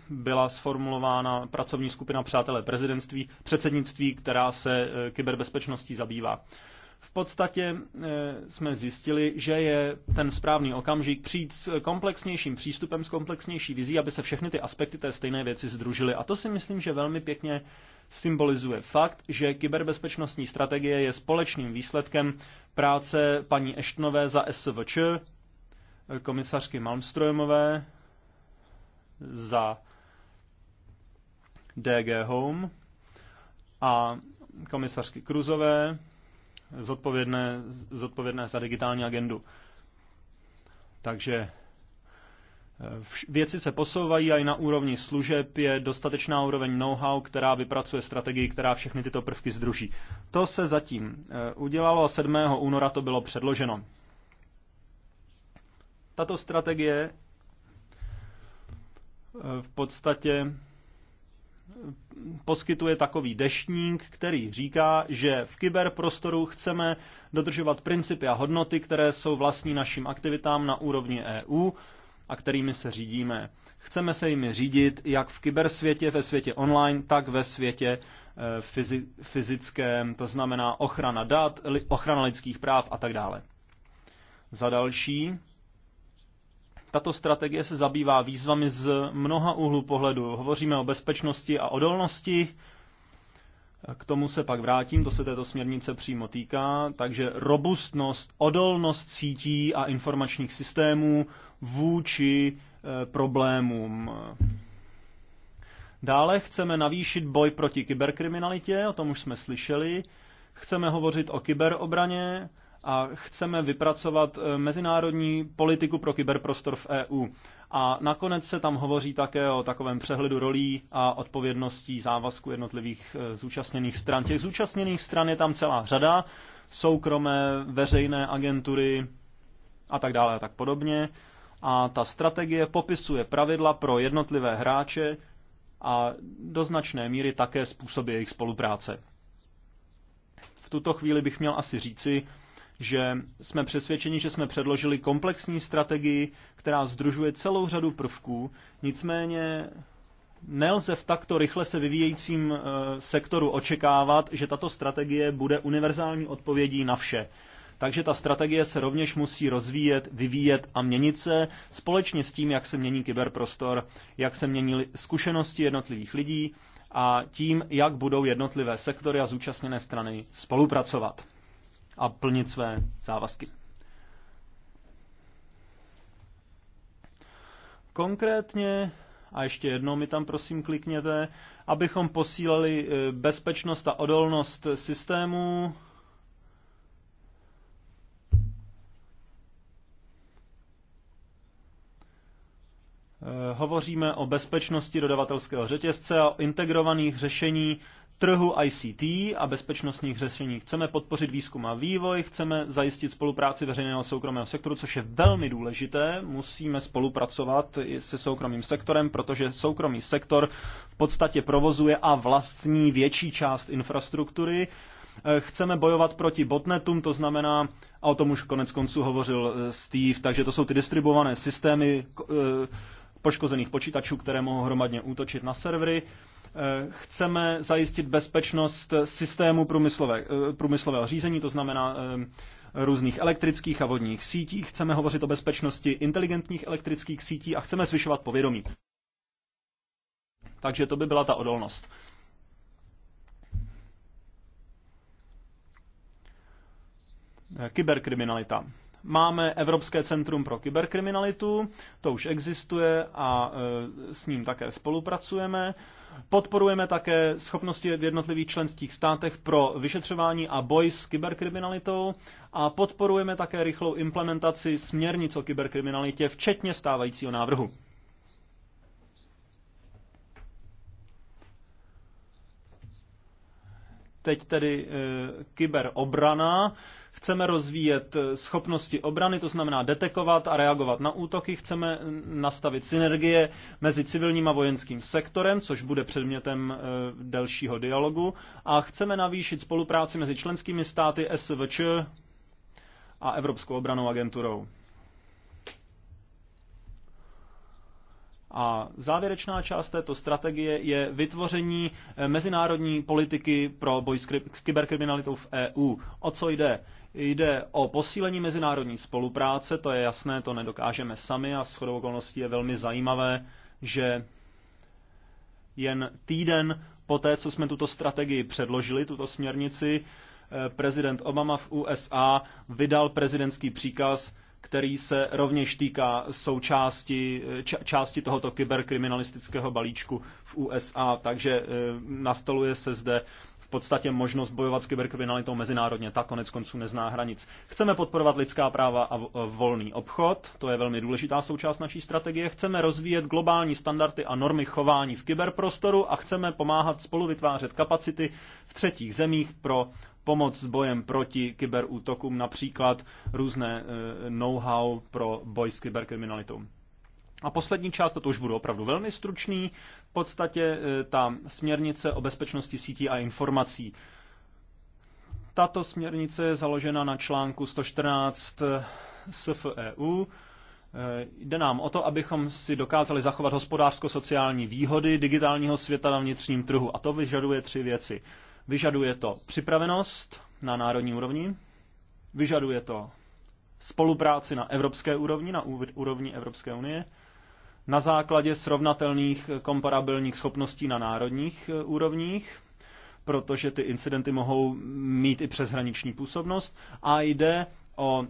byla sformulována pracovní skupina Přátelé prezidentství, předsednictví, která se eh, kyberbezpečností zabývá. V podstatě eh, jsme zjistili, že je ten správný okamžik přijít s komplexnějším přístupem, s komplexnější vizí, aby se všechny ty aspekty té stejné věci združily. A to si myslím, že velmi pěkně symbolizuje fakt, že kyberbezpečnostní strategie je společným výsledkem práce paní Eštnové za SVČ, eh, komisařky Malmströmové, za DG Home a komisařky Kruzové, zodpovědné, zodpovědné za digitální agendu. Takže e, věci se posouvají a i na úrovni služeb je dostatečná úroveň know-how, která vypracuje strategii, která všechny tyto prvky združí. To se zatím e, udělalo a 7. února to bylo předloženo. Tato strategie v podstatě poskytuje takový deštník, který říká, že v kyberprostoru chceme dodržovat principy a hodnoty, které jsou vlastní našim aktivitám na úrovni EU a kterými se řídíme. Chceme se jimi řídit jak v kybersvětě, ve světě online, tak ve světě e, fyzickém, to znamená ochrana dat, ochrana lidských práv a tak dále. Za další, tato strategie se zabývá výzvami z mnoha úhlů pohledu. Hovoříme o bezpečnosti a odolnosti, k tomu se pak vrátím, to se této směrnice přímo týká. Takže robustnost, odolnost sítí a informačních systémů vůči eh, problémům. Dále chceme navýšit boj proti kyberkriminalitě, o tom už jsme slyšeli. Chceme hovořit o kyberobraně a chceme vypracovat eh, mezinárodní politiku pro kyberprostor v EU. A nakonec se tam hovoří také o takovém přehledu rolí a odpovědností závazku jednotlivých eh, zúčastněných stran. Těch zúčastněných stran je tam celá řada, soukromé, veřejné agentury a tak dále a tak podobně. A ta strategie popisuje pravidla pro jednotlivé hráče a do značné míry také způsoby jejich spolupráce. V tuto chvíli bych měl asi říci, že jsme přesvědčeni, že jsme předložili komplexní strategii, která združuje celou řadu prvků, nicméně nelze v takto rychle se vyvíjejícím eh, sektoru očekávat, že tato strategie bude univerzální odpovědí na vše. Takže ta strategie se rovněž musí rozvíjet, vyvíjet a měnit se společně s tím, jak se mění kyberprostor, jak se mění zkušenosti jednotlivých lidí a tím, jak budou jednotlivé sektory a zúčastněné strany spolupracovat a plnit své závazky. Konkrétně, a ještě jednou mi tam prosím klikněte, abychom posílali eh, bezpečnost a odolnost systému, eh, Hovoříme o bezpečnosti dodavatelského řetězce a o integrovaných řešení trhu ICT a bezpečnostních řešení. Chceme podpořit výzkum a vývoj, chceme zajistit spolupráci veřejného a soukromého sektoru, což je velmi důležité. Musíme spolupracovat i se soukromým sektorem, protože soukromý sektor v podstatě provozuje a vlastní větší část infrastruktury. Eh, chceme bojovat proti botnetům, to znamená, a o tom už konec konců hovořil eh, Steve, takže to jsou ty distribuované systémy eh, poškozených počítačů, které mohou hromadně útočit na servery. Eh, chceme zajistit bezpečnost systému průmyslové, eh, průmyslového řízení, to znamená eh, různých elektrických a vodních sítí. Chceme hovořit o bezpečnosti inteligentních elektrických sítí a chceme zvyšovat povědomí. Takže to by byla ta odolnost. Kyberkriminalita. Máme Evropské centrum pro kyberkriminalitu, to už existuje a s ním také spolupracujeme. Podporujeme také schopnosti v jednotlivých členských státech pro vyšetřování a boj s kyberkriminalitou a podporujeme také rychlou implementaci směrnic o kyberkriminalitě, včetně stávajícího návrhu. Teď tedy e, kyberobrana. Chceme rozvíjet eh, schopnosti obrany, to znamená detekovat a reagovat na útoky. Chceme eh, nastavit synergie mezi civilním a vojenským sektorem, což bude předmětem eh, delšího dialogu. A chceme navýšit spolupráci mezi členskými státy SVČ a Evropskou obranou agenturou. A závěrečná část této strategie je vytvoření mezinárodní politiky pro boj s kyberkriminalitou v EU. O co jde? Jde o posílení mezinárodní spolupráce, to je jasné, to nedokážeme sami a shodou okolností je velmi zajímavé, že jen týden po té, co jsme tuto strategii předložili, tuto směrnici, eh, prezident Obama v USA vydal prezidentský příkaz, který se rovněž týká součásti eh, ča, části tohoto kyberkriminalistického balíčku v USA. Takže eh, nastoluje se zde podstatě možnost bojovat s kyberkriminalitou mezinárodně. Ta konec konců nezná hranic. Chceme podporovat lidská práva a volný obchod, to je velmi důležitá součást naší strategie. Chceme rozvíjet globální standardy a normy chování v kyberprostoru a chceme pomáhat spolu vytvářet kapacity v třetích zemích pro pomoc s bojem proti kyberútokům, například různé eh, know-how pro boj s kyberkriminalitou. A poslední část, a to už budu opravdu velmi stručný, v podstatě eh, ta směrnice o bezpečnosti sítí a informací. Tato směrnice je založena na článku 114 eh, SFEU. Eh, jde nám o to, abychom si dokázali zachovat hospodářsko-sociální výhody digitálního světa na vnitřním trhu. A to vyžaduje tři věci. Vyžaduje to připravenost na národní úrovni, vyžaduje to spolupráci na evropské úrovni, na úrovni Evropské unie na základě srovnatelných komparabilních schopností na národních e, úrovních, protože ty incidenty mohou mít i přeshraniční působnost a jde o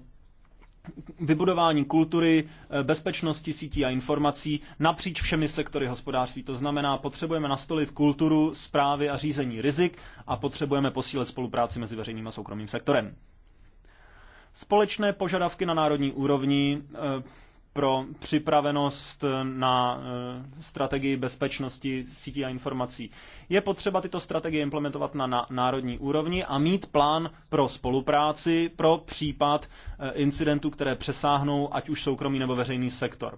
vybudování kultury, e, bezpečnosti sítí a informací napříč všemi sektory hospodářství. To znamená, potřebujeme nastolit kulturu zprávy a řízení rizik a potřebujeme posílit spolupráci mezi veřejným a soukromým sektorem. Společné požadavky na národní úrovni e, pro připravenost na eh, strategii bezpečnosti sítí a informací. Je potřeba tyto strategie implementovat na národní úrovni a mít plán pro spolupráci pro případ eh, incidentů, které přesáhnou ať už soukromý nebo veřejný sektor.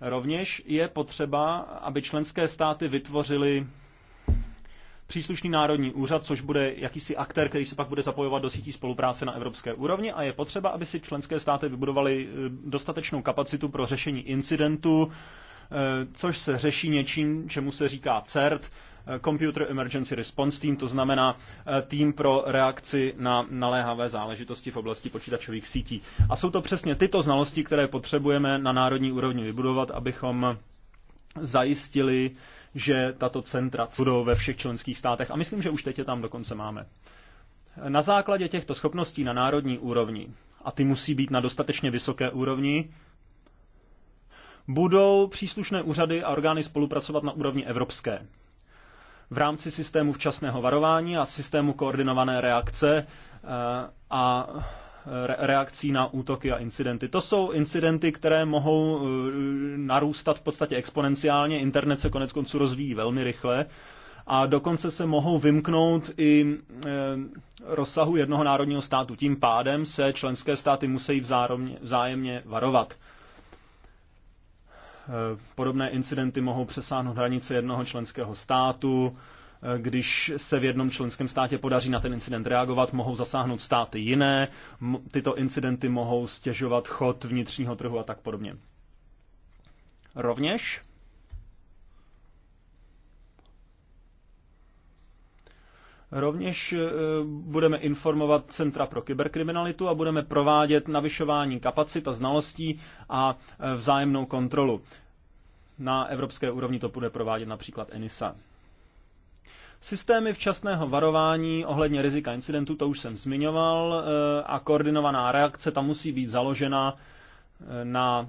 Rovněž je potřeba, aby členské státy vytvořily příslušný národní úřad, což bude jakýsi aktér, který se pak bude zapojovat do sítí spolupráce na evropské úrovni a je potřeba, aby si členské státy vybudovaly eh, dostatečnou kapacitu pro řešení incidentu, eh, což se řeší něčím, čemu se říká CERT, eh, Computer Emergency Response Team, to znamená tým pro reakci na naléhavé záležitosti v oblasti počítačových sítí. A jsou to přesně tyto znalosti, které potřebujeme na národní úrovni vybudovat, abychom zajistili že tato centra budou ve všech členských státech a myslím, že už teď je tam dokonce máme. Na základě těchto schopností na národní úrovni, a ty musí být na dostatečně vysoké úrovni, budou příslušné úřady a orgány spolupracovat na úrovni evropské. V rámci systému včasného varování a systému koordinované reakce eh, a reakcí na útoky a incidenty. To jsou incidenty, které mohou e, narůstat v podstatě exponenciálně. Internet se konec konců rozvíjí velmi rychle a dokonce se mohou vymknout i e, rozsahu jednoho národního státu. Tím pádem se členské státy musí vzájemně, vzájemně varovat. E, podobné incidenty mohou přesáhnout hranice jednoho členského státu, když se v jednom členském státě podaří na ten incident reagovat, mohou zasáhnout státy jiné, tyto incidenty mohou stěžovat chod vnitřního trhu a tak podobně. Rovněž Rovněž e, budeme informovat Centra pro kyberkriminalitu a budeme provádět navyšování kapacit a znalostí a e, vzájemnou kontrolu. Na evropské úrovni to bude provádět například ENISA. Systémy včasného varování ohledně rizika incidentu, to už jsem zmiňoval, eh, a koordinovaná reakce tam musí být založena eh, na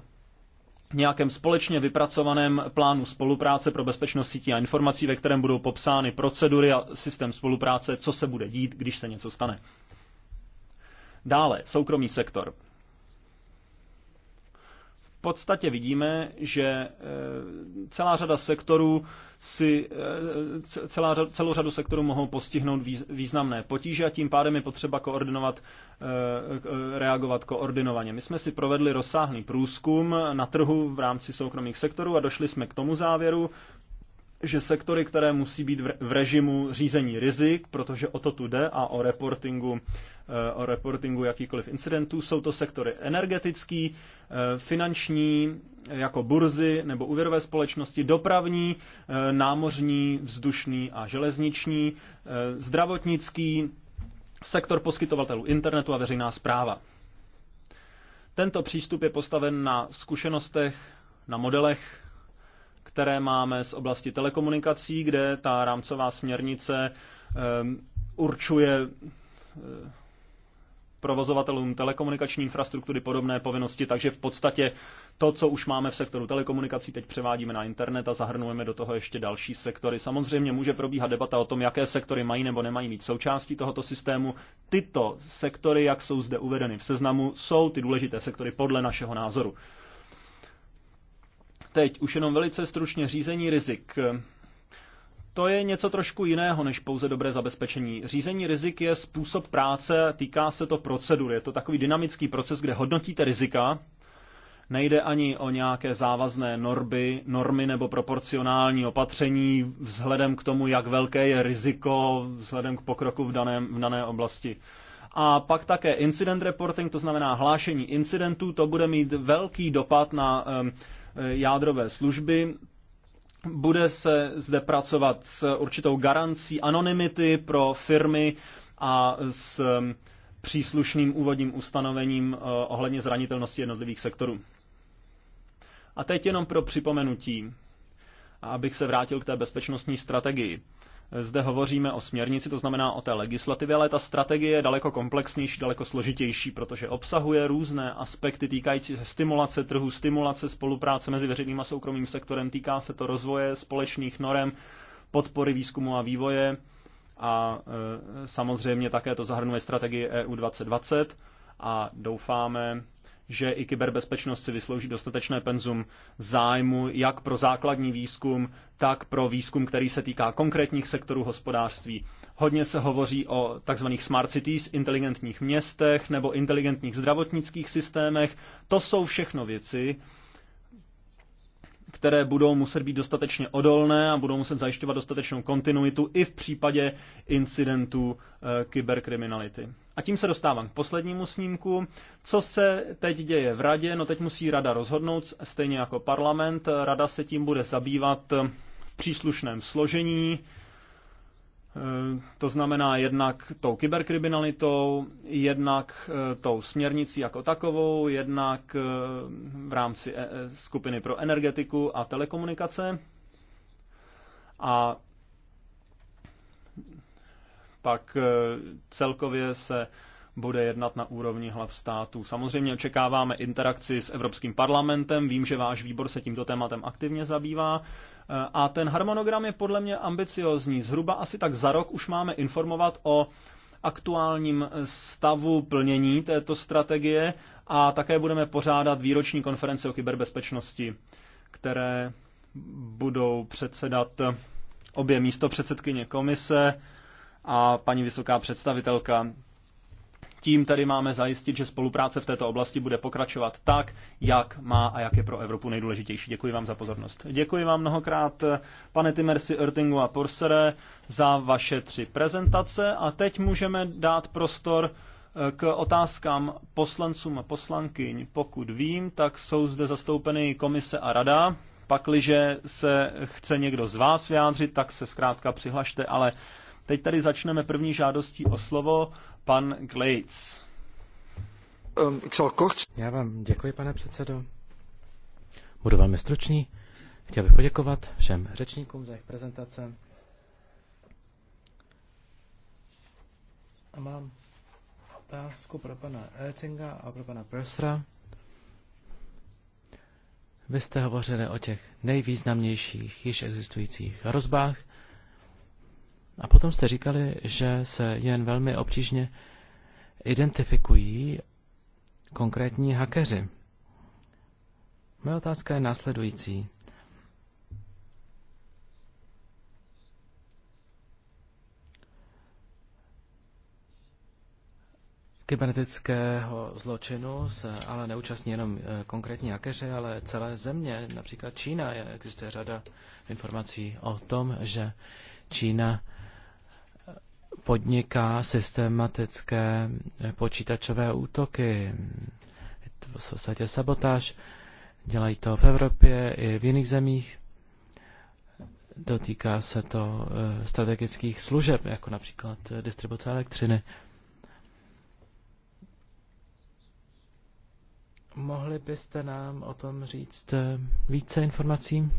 nějakém společně vypracovaném plánu spolupráce pro bezpečnost sítí a informací, ve kterém budou popsány procedury a systém spolupráce, co se bude dít, když se něco stane. Dále, soukromý sektor podstatě vidíme, že e, celá řada sektorů si, e, celá, celou řadu sektorů mohou postihnout významné potíže a tím pádem je potřeba koordinovat, e, reagovat koordinovaně. My jsme si provedli rozsáhlý průzkum na trhu v rámci soukromých sektorů a došli jsme k tomu závěru, že sektory, které musí být v režimu řízení rizik, protože o to tu jde a o reportingu, eh, o reportingu jakýkoliv incidentů, jsou to sektory energetický, eh, finanční, jako burzy nebo úvěrové společnosti, dopravní, eh, námořní, vzdušný a železniční, zdravotnický, sektor poskytovatelů internetu a veřejná zpráva. Tento přístup je postaven na zkušenostech, na modelech které máme z oblasti telekomunikací, kde ta rámcová směrnice ehm, určuje eh, provozovatelům telekomunikační infrastruktury podobné povinnosti, takže v podstatě to, co už máme v sektoru telekomunikací, teď převádíme na internet a zahrnujeme do toho ještě další sektory. Samozřejmě může probíhat debata o tom, jaké sektory mají nebo nemají mít součástí tohoto systému. Tyto sektory, jak jsou zde uvedeny v seznamu, jsou ty důležité sektory podle našeho názoru. Teď už jenom velice stručně řízení rizik. To je něco trošku jiného než pouze dobré zabezpečení. Řízení rizik je způsob práce, týká se to procedur. Je to takový dynamický proces, kde hodnotíte rizika. Nejde ani o nějaké závazné normy, normy nebo proporcionální opatření vzhledem k tomu, jak velké je riziko, vzhledem k pokroku v, daném, v dané oblasti. A pak také incident reporting, to znamená hlášení incidentů, to bude mít velký dopad na um, Eh, jádrové služby. Bude se zde pracovat s určitou garancí anonymity pro firmy a s eh, příslušným úvodním ustanovením eh, ohledně zranitelnosti jednotlivých sektorů. A teď jenom pro připomenutí, abych se vrátil k té bezpečnostní strategii. Zde hovoříme o směrnici, to znamená o té legislativě, ale ta strategie je daleko komplexnější, daleko složitější, protože obsahuje různé aspekty týkající se stimulace trhu, stimulace spolupráce mezi veřejným a soukromým sektorem, týká se to rozvoje společných norem, podpory výzkumu a vývoje a e, samozřejmě také to zahrnuje strategii EU 2020 a doufáme, že i kyberbezpečnost si vyslouží dostatečné penzum zájmu jak pro základní výzkum, tak pro výzkum, který se týká konkrétních sektorů hospodářství. Hodně se hovoří o tzv. smart cities, inteligentních městech nebo inteligentních zdravotnických systémech. To jsou všechno věci, které budou muset být dostatečně odolné a budou muset zajišťovat dostatečnou kontinuitu i v případě incidentů e, kyberkriminality. A tím se dostávám k poslednímu snímku. Co se teď děje v radě? No teď musí rada rozhodnout, stejně jako parlament. Rada se tím bude zabývat eh, v příslušném složení Eh, to znamená jednak tou kyberkriminalitou, jednak eh, tou směrnicí jako takovou, jednak eh, v rámci skupiny pro energetiku a telekomunikace. A pak celkově se bude jednat na úrovni hlav států. Samozřejmě očekáváme interakci s Evropským parlamentem. Vím, že váš výbor se tímto tématem aktivně zabývá. A ten harmonogram je podle mě ambiciozní. Zhruba asi tak za rok už máme informovat o aktuálním stavu plnění této strategie a také budeme pořádat výroční konference o kyberbezpečnosti, které budou předsedat obě místo předsedkyně komise a paní vysoká představitelka tím tedy máme zajistit, že spolupráce v této oblasti bude pokračovat tak, jak má a jak je pro Evropu nejdůležitější. Děkuji vám za pozornost. Děkuji vám mnohokrát, pane Timersi, Ertingu a Porsere, za vaše tři prezentace a teď můžeme dát prostor eh, k otázkám poslancům a poslankyň. Pokud vím, tak jsou zde zastoupeny komise a rada. Pakliže se chce někdo z vás vyjádřit, tak se zkrátka přihlašte, ale teď tady začneme první žádostí o slovo Pan Glades. Um, Já vám děkuji, pane předsedo. Budu velmi stručný. Chtěl bych poděkovat všem řečníkům za jejich prezentace. A mám otázku pro pana Ertinga a pro pana Persra. Vy jste hovořili o těch nejvýznamnějších již existujících hrozbách, a potom jste říkali, že se jen velmi obtížně identifikují konkrétní hakeři. Moje otázka je následující. Kybernetického zločinu se ale neúčastní jenom eh, konkrétní hakeři, ale celé země, například Čína. Existuje řada informací o tom, že Čína podniká systematické eh, počítačové útoky. Je to v podstatě sabotáž. Dělají to v Evropě i v jiných zemích. Dotýká se to eh, strategických služeb, jako například eh, distribuce elektřiny. Mohli byste nám o tom říct více informací?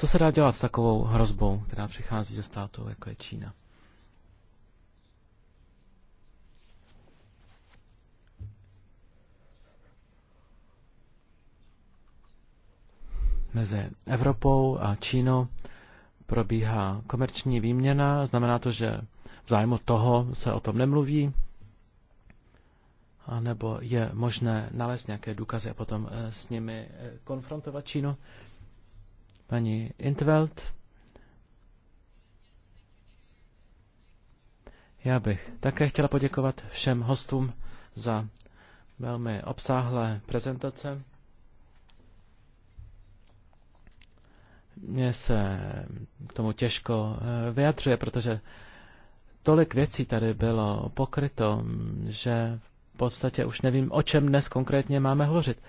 Co se dá dělat s takovou hrozbou, která přichází ze státu, jako je Čína? Mezi Evropou a Čínou probíhá komerční výměna, znamená to, že v zájmu toho se o tom nemluví, anebo je možné nalézt nějaké důkazy a potom eh, s nimi eh, konfrontovat Čínu. Paní Intveld. Já bych také chtěla poděkovat všem hostům za velmi obsáhlé prezentace. Mně se k tomu těžko eh, vyjadřuje, protože tolik věcí tady bylo pokryto, že v podstatě už nevím, o čem dnes konkrétně máme hovořit.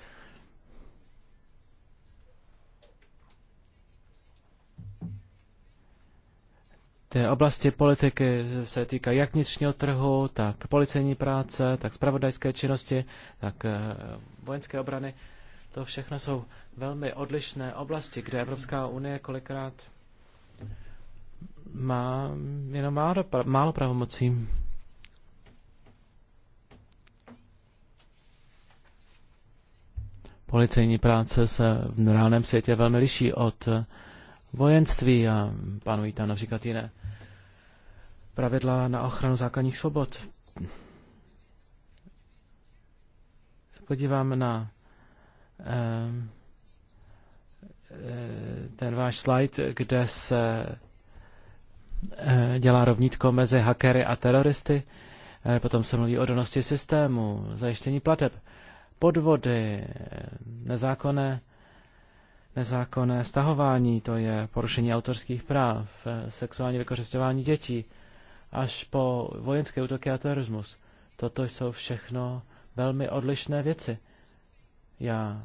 Té oblasti politiky se týkají jak vnitřního trhu, tak policejní práce, tak spravodajské činnosti, tak eh, vojenské obrany. To všechno jsou velmi odlišné oblasti, kde Evropská unie kolikrát má jenom málo, málo pravomocí. Policejní práce se v reálném světě velmi liší od eh, vojenství a panují tam například jiné pravidla na ochranu základních svobod. Podívám na ehm, e, ten váš slide, kde se e, dělá rovnítko mezi hackery a teroristy. E, potom se mluví o donosti systému, zajištění plateb, podvody, nezákonné, nezákonné stahování, to je porušení autorských práv, sexuální vykořišťování dětí, až po vojenské útoky a terorismus. Toto jsou všechno velmi odlišné věci. Já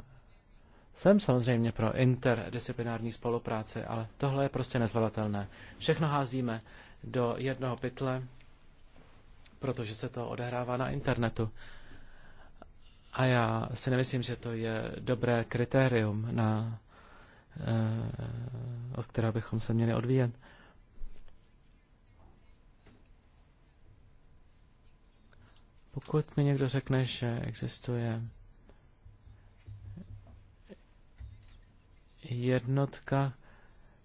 jsem samozřejmě pro interdisciplinární spolupráci, ale tohle je prostě nezvladatelné. Všechno házíme do jednoho pytle, protože se to odehrává na internetu. A já si nemyslím, že to je dobré kritérium, na, eh, od kterého bychom se měli odvíjet. Pokud mi někdo řekne, že existuje jednotka,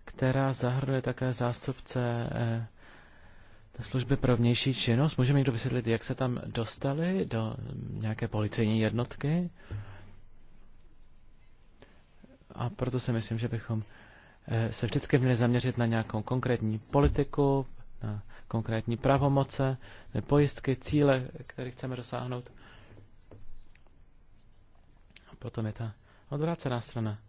která zahrnuje také zástupce eh, té služby pro vnější činnost. Může mi někdo vysvětlit, jak se tam dostali do nějaké policejní jednotky? A proto si myslím, že bychom eh, se vždycky měli zaměřit na nějakou konkrétní politiku na konkrétní pravomoce, pojistky, cíle, které chceme dosáhnout. A potom je ta odvrácená strana.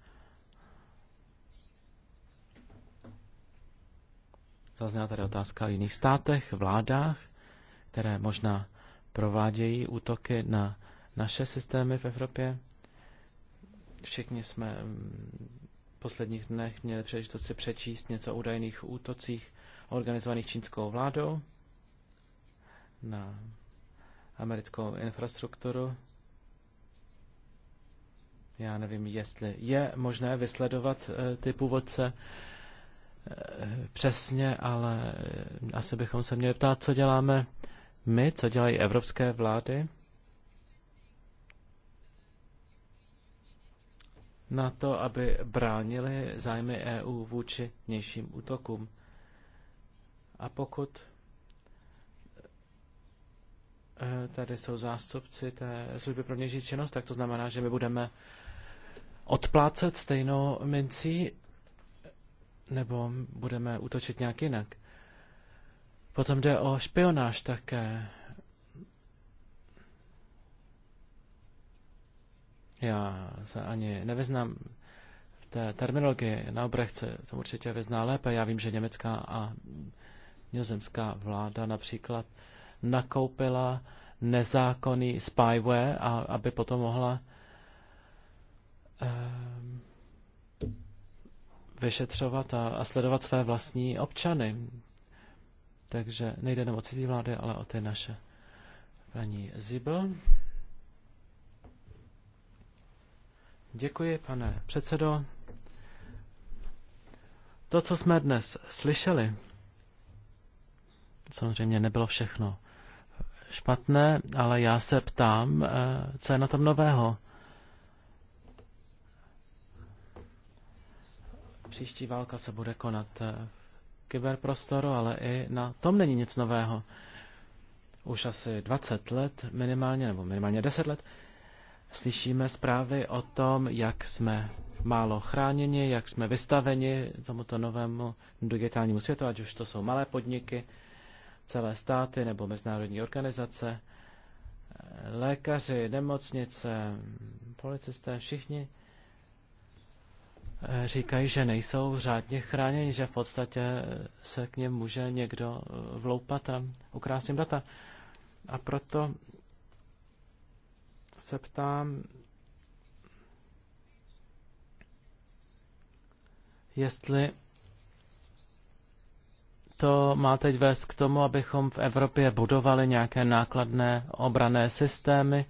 Zazněla tady otázka o jiných státech, vládách, které možná provádějí útoky na naše systémy v Evropě. Všichni jsme v posledních dnech měli příležitost si přečíst něco o údajných útocích organizovaných čínskou vládou na americkou infrastrukturu. Já nevím, jestli je možné vysledovat eh, ty původce eh, přesně, ale eh, asi bychom se měli ptát, co děláme my, co dělají evropské vlády. na to, aby bránili zájmy EU vůči vnějším útokům. A pokud eh, tady jsou zástupci té služby pro vnější činnost, tak to znamená, že my budeme odplácet stejnou mincí nebo budeme útočit nějak jinak. Potom jde o špionáž také. Já se ani nevyznám v té terminologii. Na obrechce to určitě vyzná lépe. Já vím, že německá a Nizozemská vláda například nakoupila nezákonný spyware, a, aby potom mohla um, vyšetřovat a, a sledovat své vlastní občany. Takže nejde jenom o cizí vlády, ale o ty naše. Paní Zibel. Děkuji, pane předsedo. To, co jsme dnes slyšeli, Samozřejmě nebylo všechno špatné, ale já se ptám, eh, co je na tom nového. Příští válka se bude konat eh, v kyberprostoru, ale i na tom není nic nového. Už asi 20 let minimálně, nebo minimálně 10 let, slyšíme zprávy o tom, jak jsme málo chráněni, jak jsme vystaveni tomuto novému digitálnímu světu, ať už to jsou malé podniky, celé státy nebo mezinárodní organizace, lékaři, nemocnice, policisté, všichni eh, říkají, že nejsou řádně chráněni, že v podstatě eh, se k něm může někdo eh, vloupat a ukrást jim data. A proto se ptám, jestli to má teď vést k tomu, abychom v Evropě budovali nějaké nákladné obrané systémy,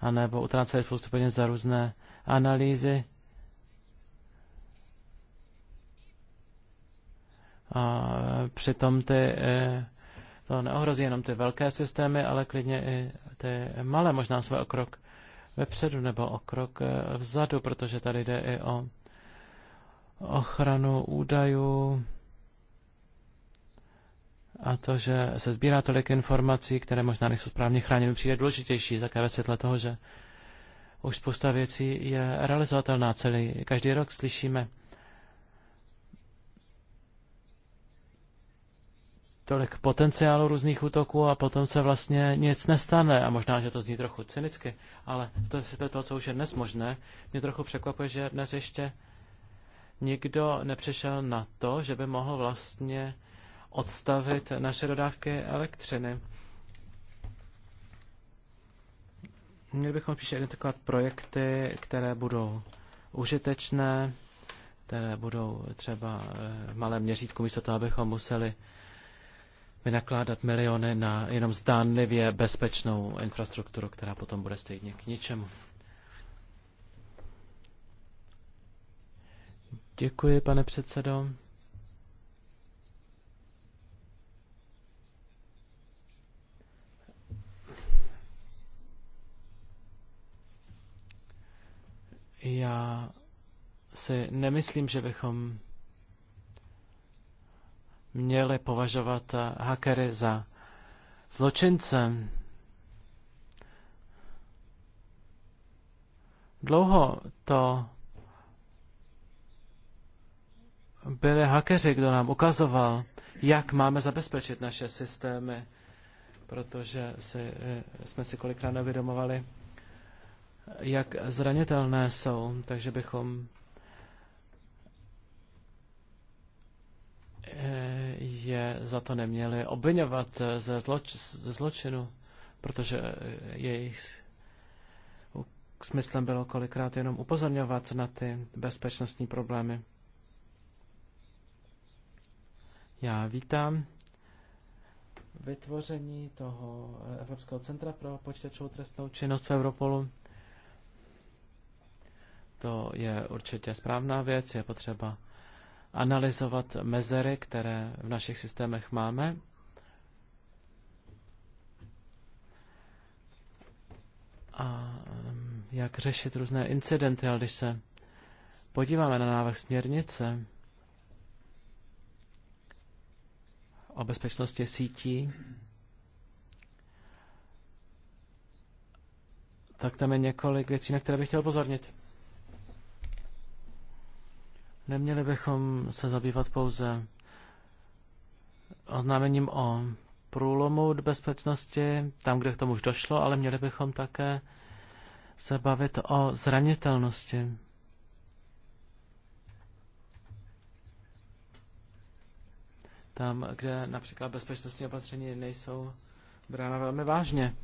anebo utráceli spoustu peněz za různé analýzy. A přitom ty, e, to neohrozí jenom ty velké systémy, ale klidně i ty malé, možná své o krok vepředu nebo o krok e, vzadu, protože tady jde i o ochranu údajů, a to, že se sbírá tolik informací, které možná nejsou správně chráněny, přijde důležitější, také ve světle toho, že už spousta věcí je realizovatelná. Celý, každý rok slyšíme tolik potenciálu různých útoků a potom se vlastně nic nestane. A možná, že to zní trochu cynicky, ale to je to, co už je dnes možné. Mě trochu překvapuje, že dnes ještě nikdo nepřešel na to, že by mohl vlastně odstavit naše dodávky elektřiny. Měli bychom spíše identifikovat projekty, které budou užitečné, které budou třeba v eh, malém měřítku, místo toho, abychom museli vynakládat miliony na jenom zdánlivě bezpečnou infrastrukturu, která potom bude stejně k ničemu. Děkuji, pane předsedo. Já si nemyslím, že bychom měli považovat eh, hackery za zločince. Dlouho to byli hackeři, kdo nám ukazoval, jak máme zabezpečit naše systémy, protože si, eh, jsme si kolikrát nevědomovali, jak zranitelné jsou, takže bychom eh, je za to neměli obvinovat ze, zloč- ze zločinu, protože eh, jejich smyslem bylo kolikrát jenom upozorňovat na ty bezpečnostní problémy. Já vítám vytvoření toho Evropského centra pro počítačovou trestnou činnost v Europolu. To je určitě správná věc, je potřeba analyzovat mezery, které v našich systémech máme. A jak řešit různé incidenty, ale když se podíváme na návrh směrnice o bezpečnosti sítí, tak tam je několik věcí, na které bych chtěl pozornit. Neměli bychom se zabývat pouze oznámením o průlomu bezpečnosti, tam, kde k tomu už došlo, ale měli bychom také se bavit o zranitelnosti. Tam, kde například bezpečnostní opatření nejsou brána velmi vážně.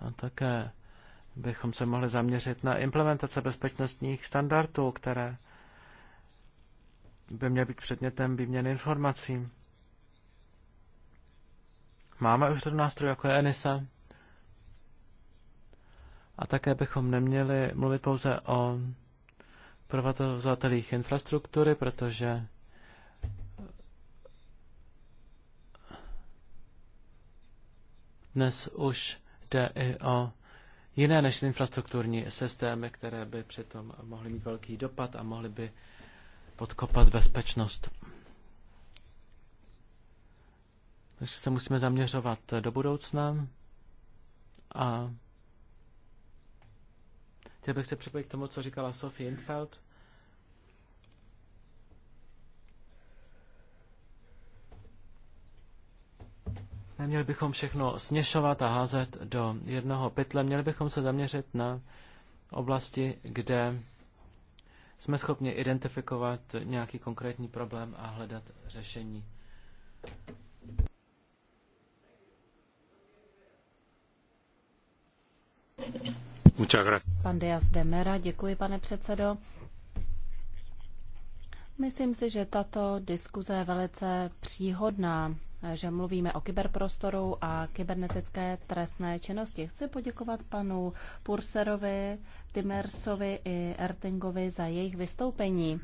A také bychom se mohli zaměřit na implementace bezpečnostních standardů, které by měly být předmětem výměny informací. Máme už ten nástroj jako je ENISA. A také bychom neměli mluvit pouze o provozovatelích infrastruktury, protože dnes už jde i o jiné než infrastrukturní systémy, které by přitom mohly mít velký dopad a mohly by podkopat bezpečnost. Takže se musíme zaměřovat do budoucna a chtěl bych se připojit k tomu, co říkala Sophie Infeld. Neměli bychom všechno směšovat a házet do jednoho pytle. Měli bychom se zaměřit na oblasti, kde jsme schopni identifikovat nějaký konkrétní problém a hledat řešení. Pan Dias Demera, děkuji, pane předsedo. Myslím si, že tato diskuze je velice příhodná že mluvíme o kyberprostoru a kybernetické trestné činnosti. Chci poděkovat panu Purserovi, Timersovi i Ertingovi za jejich vystoupení.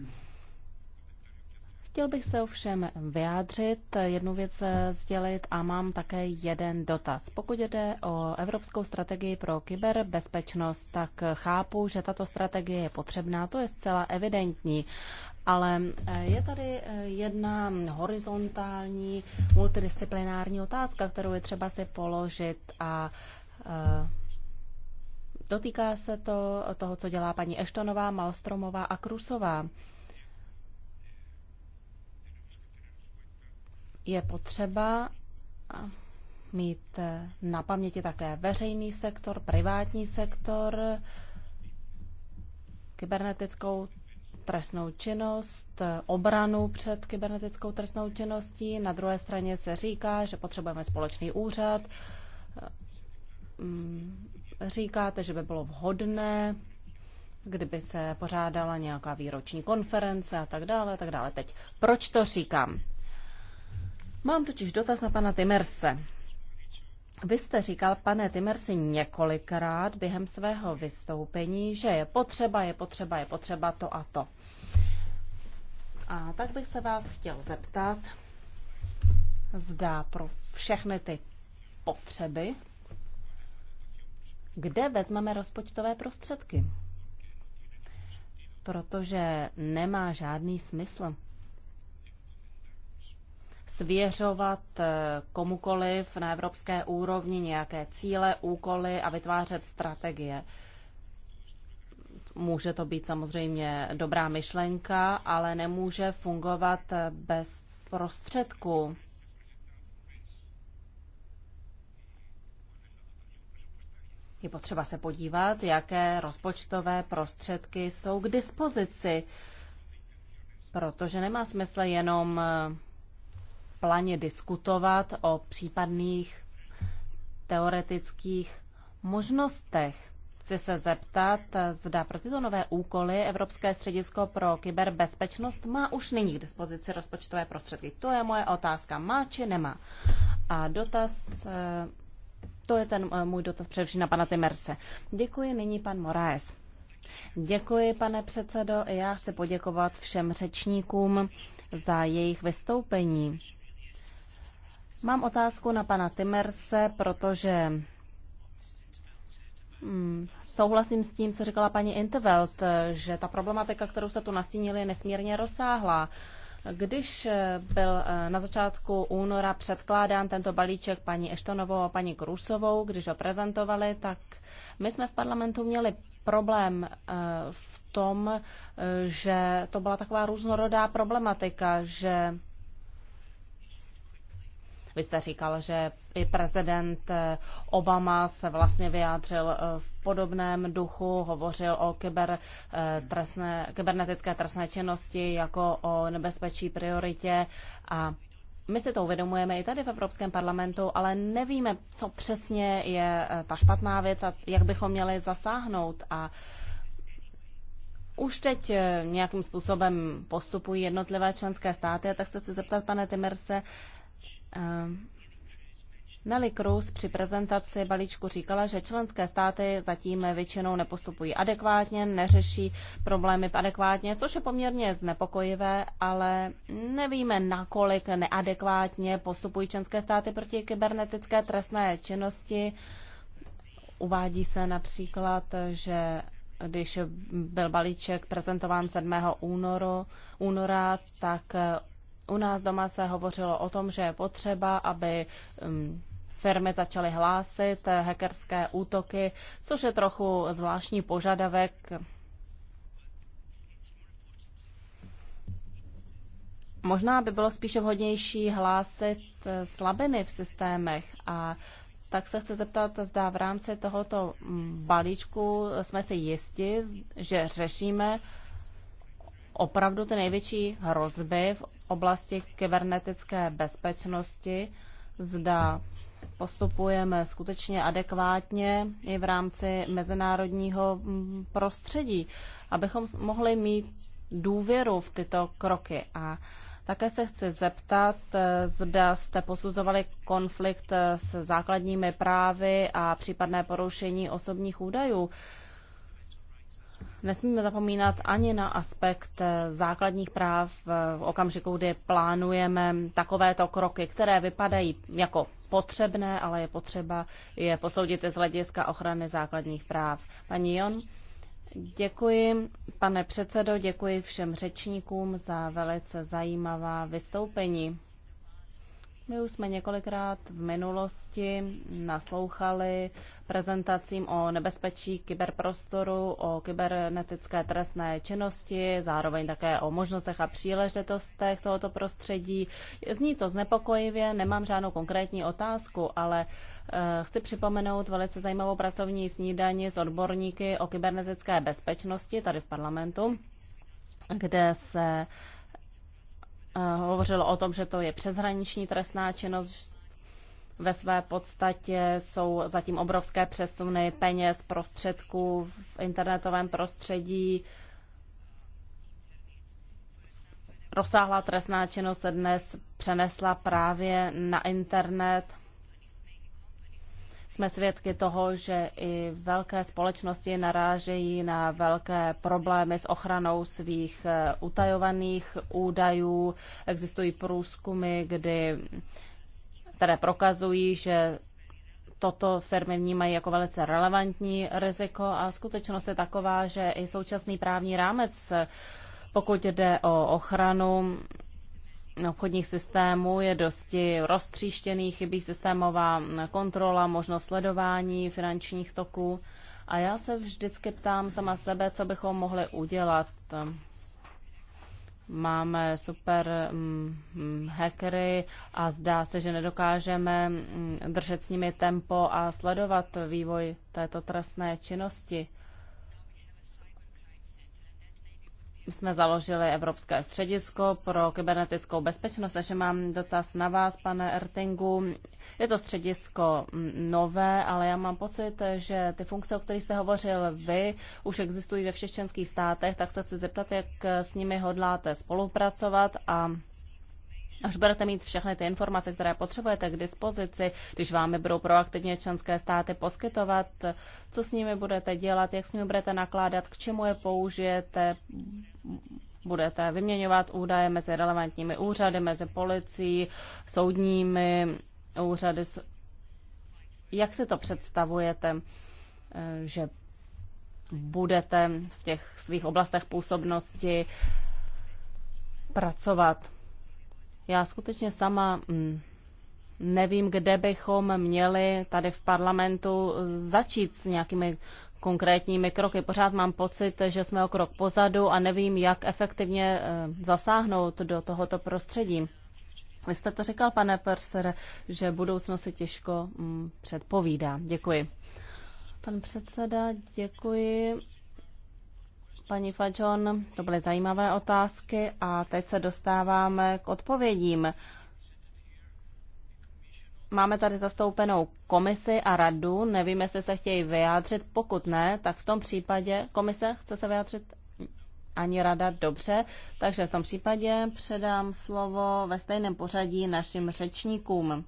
Chtěl bych se ovšem vyjádřit, jednu věc sdělit a mám také jeden dotaz. Pokud jde o Evropskou strategii pro kyberbezpečnost, tak chápu, že tato strategie je potřebná, to je zcela evidentní ale eh, je tady eh, jedna horizontální multidisciplinární otázka, kterou je třeba si položit a eh, dotýká se to toho, co dělá paní Eštonová, Malstromová a Krusová. Je potřeba mít na paměti také veřejný sektor, privátní sektor, kybernetickou trestnou činnost, obranu před kybernetickou trestnou činností. Na druhé straně se říká, že potřebujeme společný úřad. Mm, říkáte, že by bylo vhodné, kdyby se pořádala nějaká výroční konference a tak dále, a tak dále. Teď, proč to říkám? Mám totiž dotaz na pana Timerse. Vy jste říkal, pane Timersi, několikrát během svého vystoupení, že je potřeba, je potřeba, je potřeba to a to. A tak bych se vás chtěl zeptat, zdá pro všechny ty potřeby, kde vezmeme rozpočtové prostředky. Protože nemá žádný smysl svěřovat eh, komukoliv na evropské úrovni nějaké cíle, úkoly a vytvářet strategie. Může to být samozřejmě dobrá myšlenka, ale nemůže fungovat eh, bez prostředků. Je potřeba se podívat, jaké rozpočtové prostředky jsou k dispozici, protože nemá smysl jenom eh, planě diskutovat o případných teoretických možnostech. Chci se zeptat, zda pro tyto nové úkoly Evropské středisko pro kyberbezpečnost má už nyní k dispozici rozpočtové prostředky. To je moje otázka. Má či nemá? A dotaz, eh, to je ten eh, můj dotaz především na pana Timerse. Děkuji, nyní pan Moraes. Děkuji, pane předsedo. Já chci poděkovat všem řečníkům za jejich vystoupení. Mám otázku na pana Timmerse, protože hmm, souhlasím s tím, co říkala paní Intervelt, že ta problematika, kterou se tu nastínili, je nesmírně rozsáhlá. Když eh, byl eh, na začátku února předkládán tento balíček paní Eštonovou a paní Krusovou, když ho prezentovali, tak my jsme v parlamentu měli problém eh, v tom, že to byla taková různorodá problematika, že vy jste říkal, že i prezident eh, Obama se vlastně vyjádřil eh, v podobném duchu, hovořil o kyber, eh, trestné, kybernetické trestné činnosti jako o nebezpečí prioritě a my si to uvědomujeme i tady v Evropském parlamentu, ale nevíme, co přesně je ta špatná věc a jak bychom měli zasáhnout. A už teď nějakým způsobem postupují jednotlivé členské státy, a tak se chci zeptat, pane Timerse, Eh, Nelly Cruz při prezentaci balíčku říkala, že členské státy zatím většinou nepostupují adekvátně, neřeší problémy adekvátně, což je poměrně znepokojivé, ale nevíme, nakolik neadekvátně postupují členské státy proti kybernetické trestné činnosti. Uvádí se například, že když byl balíček prezentován 7. Únoru, února, tak u nás doma se hovořilo o tom, že je potřeba, aby um, firmy začaly hlásit eh, hackerské útoky, což je trochu zvláštní požadavek. Možná by bylo spíše vhodnější hlásit eh, slabiny v systémech a tak se chci zeptat, zda v rámci tohoto mm, balíčku jsme si jisti, že řešíme opravdu ty největší hrozby v oblasti kybernetické bezpečnosti, zda postupujeme skutečně adekvátně i v rámci mezinárodního mm, prostředí, abychom mohli mít důvěru v tyto kroky. A také se chci zeptat, eh, zda jste posuzovali konflikt eh, s základními právy a případné porušení osobních údajů. Nesmíme zapomínat ani na aspekt eh, základních práv eh, v okamžiku, kdy plánujeme takovéto kroky, které vypadají jako potřebné, ale je potřeba je posoudit z hlediska ochrany základních práv. Paní Jon, děkuji, pane předsedo, děkuji všem řečníkům za velice zajímavá vystoupení. My už jsme několikrát v minulosti naslouchali prezentacím o nebezpečí kyberprostoru, o kybernetické trestné činnosti, zároveň také o možnostech a příležitostech tohoto prostředí. Zní to znepokojivě, nemám žádnou konkrétní otázku, ale eh, Chci připomenout velice zajímavou pracovní snídani s odborníky o kybernetické bezpečnosti tady v parlamentu, kde se Eh, hovořilo o tom, že to je přeshraniční trestná činnost. Ve své podstatě jsou zatím obrovské přesuny peněz, prostředků v internetovém prostředí. Rozsáhlá trestná činnost se dnes přenesla právě na internet jsme svědky toho, že i velké společnosti narážejí na velké problémy s ochranou svých eh, utajovaných údajů. Existují průzkumy, kdy, které prokazují, že toto firmy vnímají jako velice relevantní riziko a skutečnost je taková, že i současný právní rámec, pokud jde o ochranu obchodních systémů je dosti roztříštěný, chybí systémová kontrola, možnost sledování finančních toků. A já se vždycky ptám sama sebe, co bychom mohli udělat. Máme super hm, hackery a zdá se, že nedokážeme hm, držet s nimi tempo a sledovat vývoj této trestné činnosti. jsme založili Evropské středisko pro kybernetickou bezpečnost, takže mám dotaz na vás, pane Ertingu. Je to středisko nové, ale já mám pocit, že ty funkce, o kterých jste hovořil vy, už existují ve všech členských státech, tak se chci zeptat, jak s nimi hodláte spolupracovat a Až budete mít všechny ty informace, které potřebujete k dispozici, když vám je budou proaktivně členské státy poskytovat, co s nimi budete dělat, jak s nimi budete nakládat, k čemu je použijete, budete vyměňovat údaje mezi relevantními úřady, mezi policií, soudními úřady. Jak si to představujete, že budete v těch svých oblastech působnosti pracovat? Já skutečně sama mm, nevím, kde bychom měli tady v parlamentu eh, začít s nějakými konkrétními kroky. Pořád mám pocit, že jsme o krok pozadu a nevím, jak efektivně eh, zasáhnout do tohoto prostředí. Vy jste to říkal, pane Perser, že budoucnost se těžko mm, předpovídá. Děkuji. Pan předseda, děkuji paní Fajon. To byly zajímavé otázky a teď se dostáváme k odpovědím. Máme tady zastoupenou komisi a radu. Nevíme, jestli se chtějí vyjádřit. Pokud ne, tak v tom případě komise chce se vyjádřit ani rada dobře. Takže v tom případě předám slovo ve stejném pořadí našim řečníkům,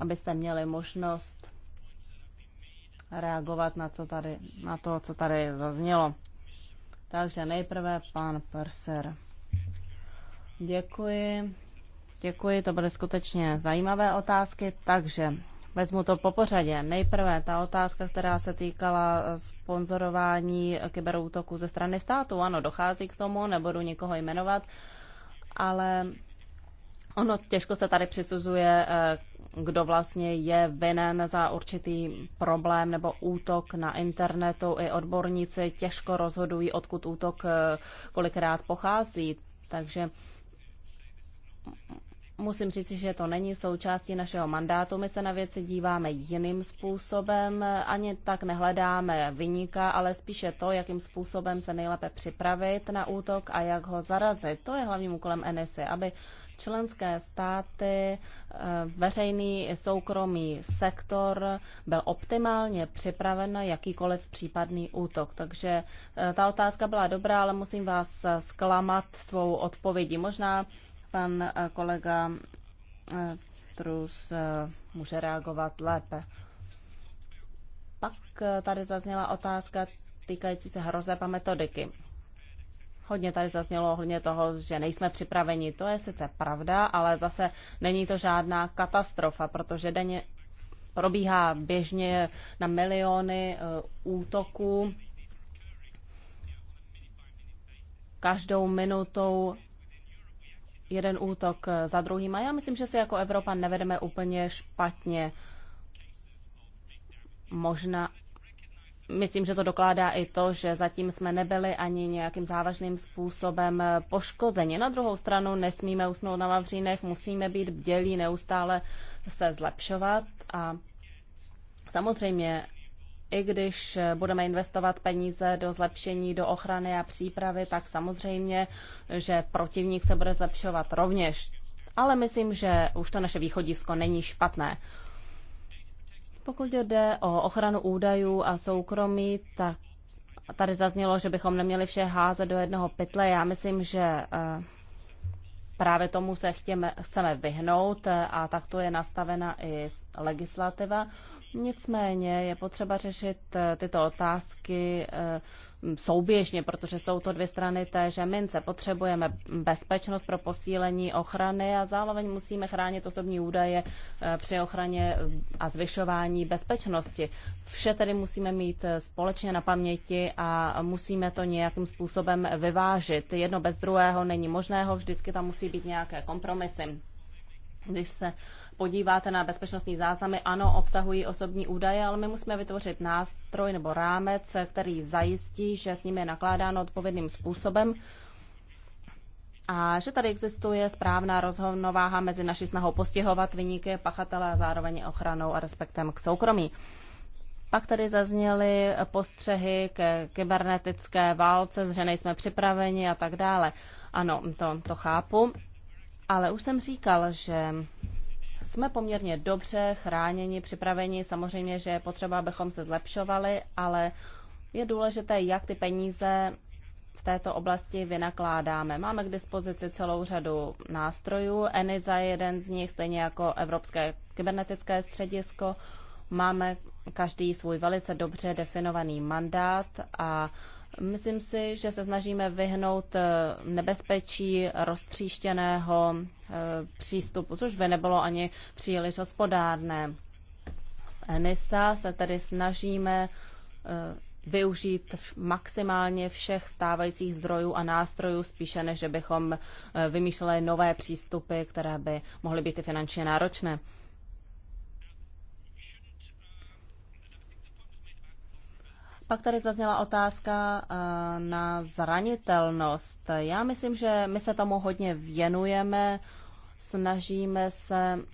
abyste měli možnost reagovat na, co tady, na to, co tady zaznělo. Takže nejprve pan Perser. Děkuji. Děkuji, to byly skutečně zajímavé otázky, takže vezmu to po pořadě. Nejprve ta otázka, která se týkala sponzorování kyberútoku ze strany státu. Ano, dochází k tomu, nebudu nikoho jmenovat, ale Ono těžko se tady přisuzuje, eh, kdo vlastně je vinen za určitý problém nebo útok na internetu. I odborníci těžko rozhodují, odkud útok eh, kolikrát pochází. Takže musím říct, že to není součástí našeho mandátu. My se na věci díváme jiným způsobem. Ani tak nehledáme vyníka, ale spíše to, jakým způsobem se nejlépe připravit na útok a jak ho zarazit. To je hlavním úkolem NSA, aby Členské státy, eh, veřejný i soukromý sektor byl optimálně připraven na jakýkoliv případný útok. Takže eh, ta otázka byla dobrá, ale musím vás eh, zklamat svou odpovědí. Možná pan kolega Trus může reagovat lépe. Pak tady zazněla otázka týkající se hrozeb a metodiky. Hodně tady zaznělo hodně toho, že nejsme připraveni. To je sice pravda, ale zase není to žádná katastrofa, protože denně probíhá běžně na miliony eh, útoků. Každou minutou jeden útok eh, za druhým. A já myslím, že si jako Evropa nevedeme úplně špatně. Možná Myslím, že to dokládá i to, že zatím jsme nebyli ani nějakým závažným způsobem poškozeni. Na druhou stranu nesmíme usnout na Vavřínech, musíme být bdělí, neustále se zlepšovat a samozřejmě i když budeme investovat peníze do zlepšení, do ochrany a přípravy, tak samozřejmě, že protivník se bude zlepšovat rovněž. Ale myslím, že už to naše východisko není špatné. Pokud jde o ochranu údajů a soukromí, tak tady zaznělo, že bychom neměli vše házet do jednoho pytle. Já myslím, že eh, právě tomu se chtěme, chceme vyhnout eh, a takto je nastavena i legislativa. Nicméně je potřeba řešit eh, tyto otázky souběžně, protože jsou to dvě strany téže mince. Potřebujeme bezpečnost pro posílení ochrany a zároveň musíme chránit osobní údaje eh, při ochraně a zvyšování bezpečnosti. Vše tedy musíme mít eh, společně na paměti a musíme to nějakým způsobem vyvážit. Jedno bez druhého není možného, vždycky tam musí být nějaké kompromisy. Když se podíváte na bezpečnostní záznamy, ano, obsahují osobní údaje, ale my musíme vytvořit nástroj nebo rámec, který zajistí, že s nimi je nakládáno odpovědným způsobem a že tady existuje správná rozhovnováha mezi naší snahou postihovat vyníky pachatele a zároveň ochranou a respektem k soukromí. Pak tady zazněly postřehy ke kybernetické válce, že nejsme připraveni a tak dále. Ano, to, to chápu, ale už jsem říkal, že jsme poměrně dobře chráněni, připraveni. Samozřejmě, že je potřeba, abychom se zlepšovali, ale je důležité, jak ty peníze v této oblasti vynakládáme. Máme k dispozici celou řadu nástrojů. ENISA je jeden z nich, stejně jako Evropské kybernetické středisko. Máme každý svůj velice dobře definovaný mandát a Myslím si, že se snažíme vyhnout eh, nebezpečí roztříštěného eh, přístupu, což by nebylo ani příliš hospodárné. NISA se tedy snažíme eh, využít maximálně všech stávajících zdrojů a nástrojů, spíše než že bychom vymýšleli nové přístupy, které by mohly být i finančně náročné. Pak tady zazněla otázka eh, na zranitelnost. Já myslím, že my se tomu hodně věnujeme, snažíme se eh,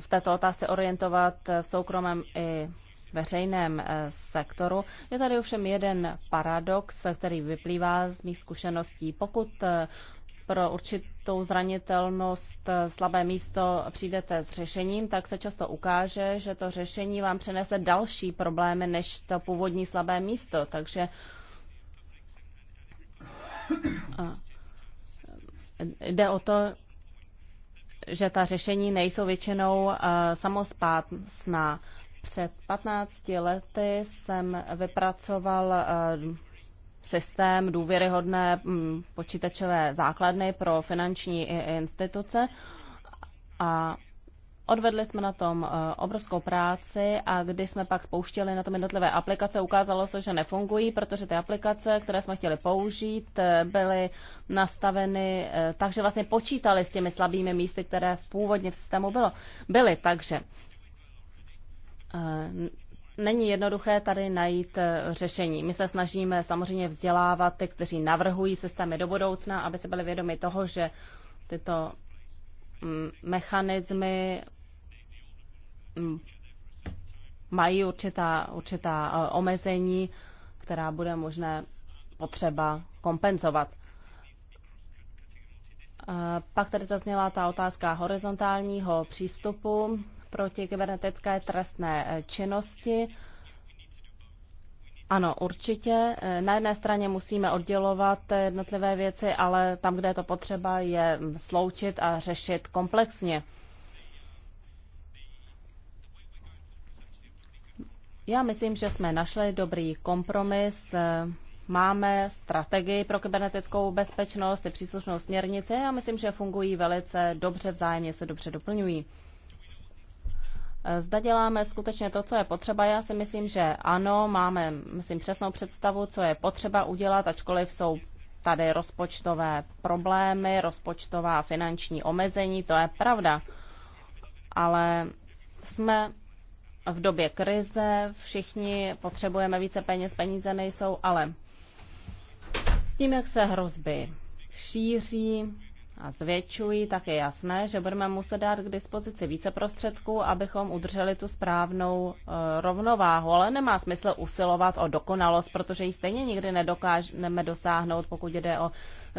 v této otázce orientovat v soukromém i veřejném eh, sektoru. Je tady ovšem jeden paradox, který vyplývá z mých zkušeností. Pokud pro určitou zranitelnost, slabé místo přijdete s řešením, tak se často ukáže, že to řešení vám přinese další problémy než to původní slabé místo. Takže a jde o to, že ta řešení nejsou většinou uh, Před 15 lety jsem vypracoval systém důvěryhodné mm, počítačové základny pro finanční instituce a Odvedli jsme na tom e, obrovskou práci a když jsme pak spouštěli na tom jednotlivé aplikace, ukázalo se, že nefungují, protože ty aplikace, které jsme chtěli použít, e, byly nastaveny e, tak, že vlastně počítali s těmi slabými místy, které v původně v systému bylo, byly. Takže není jednoduché tady najít eh, řešení. My se snažíme samozřejmě vzdělávat ty, kteří navrhují systémy do budoucna, aby se byli vědomi toho, že tyto mm, mechanismy mm, mají určitá, určitá eh, omezení, která bude možné potřeba kompenzovat. Eh, pak tady zazněla ta otázka horizontálního přístupu proti kybernetické trestné eh, činnosti. Ano, určitě. Eh, na jedné straně musíme oddělovat eh, jednotlivé věci, ale tam, kde je to potřeba, je sloučit a řešit komplexně. Já myslím, že jsme našli dobrý kompromis. Máme strategii pro kybernetickou bezpečnost i příslušnou směrnici a myslím, že fungují velice dobře, vzájemně se dobře doplňují. Zda děláme skutečně to, co je potřeba? Já si myslím, že ano, máme, myslím, přesnou představu, co je potřeba udělat, ačkoliv jsou tady rozpočtové problémy, rozpočtová finanční omezení, to je pravda. Ale jsme v době krize, všichni potřebujeme více peněz, peníze nejsou, ale s tím, jak se hrozby šíří, a zvětšují, tak je jasné, že budeme muset dát k dispozici více prostředků, abychom udrželi tu správnou e, rovnováhu. Ale nemá smysl usilovat o dokonalost, protože ji stejně nikdy nedokážeme dosáhnout, pokud jde o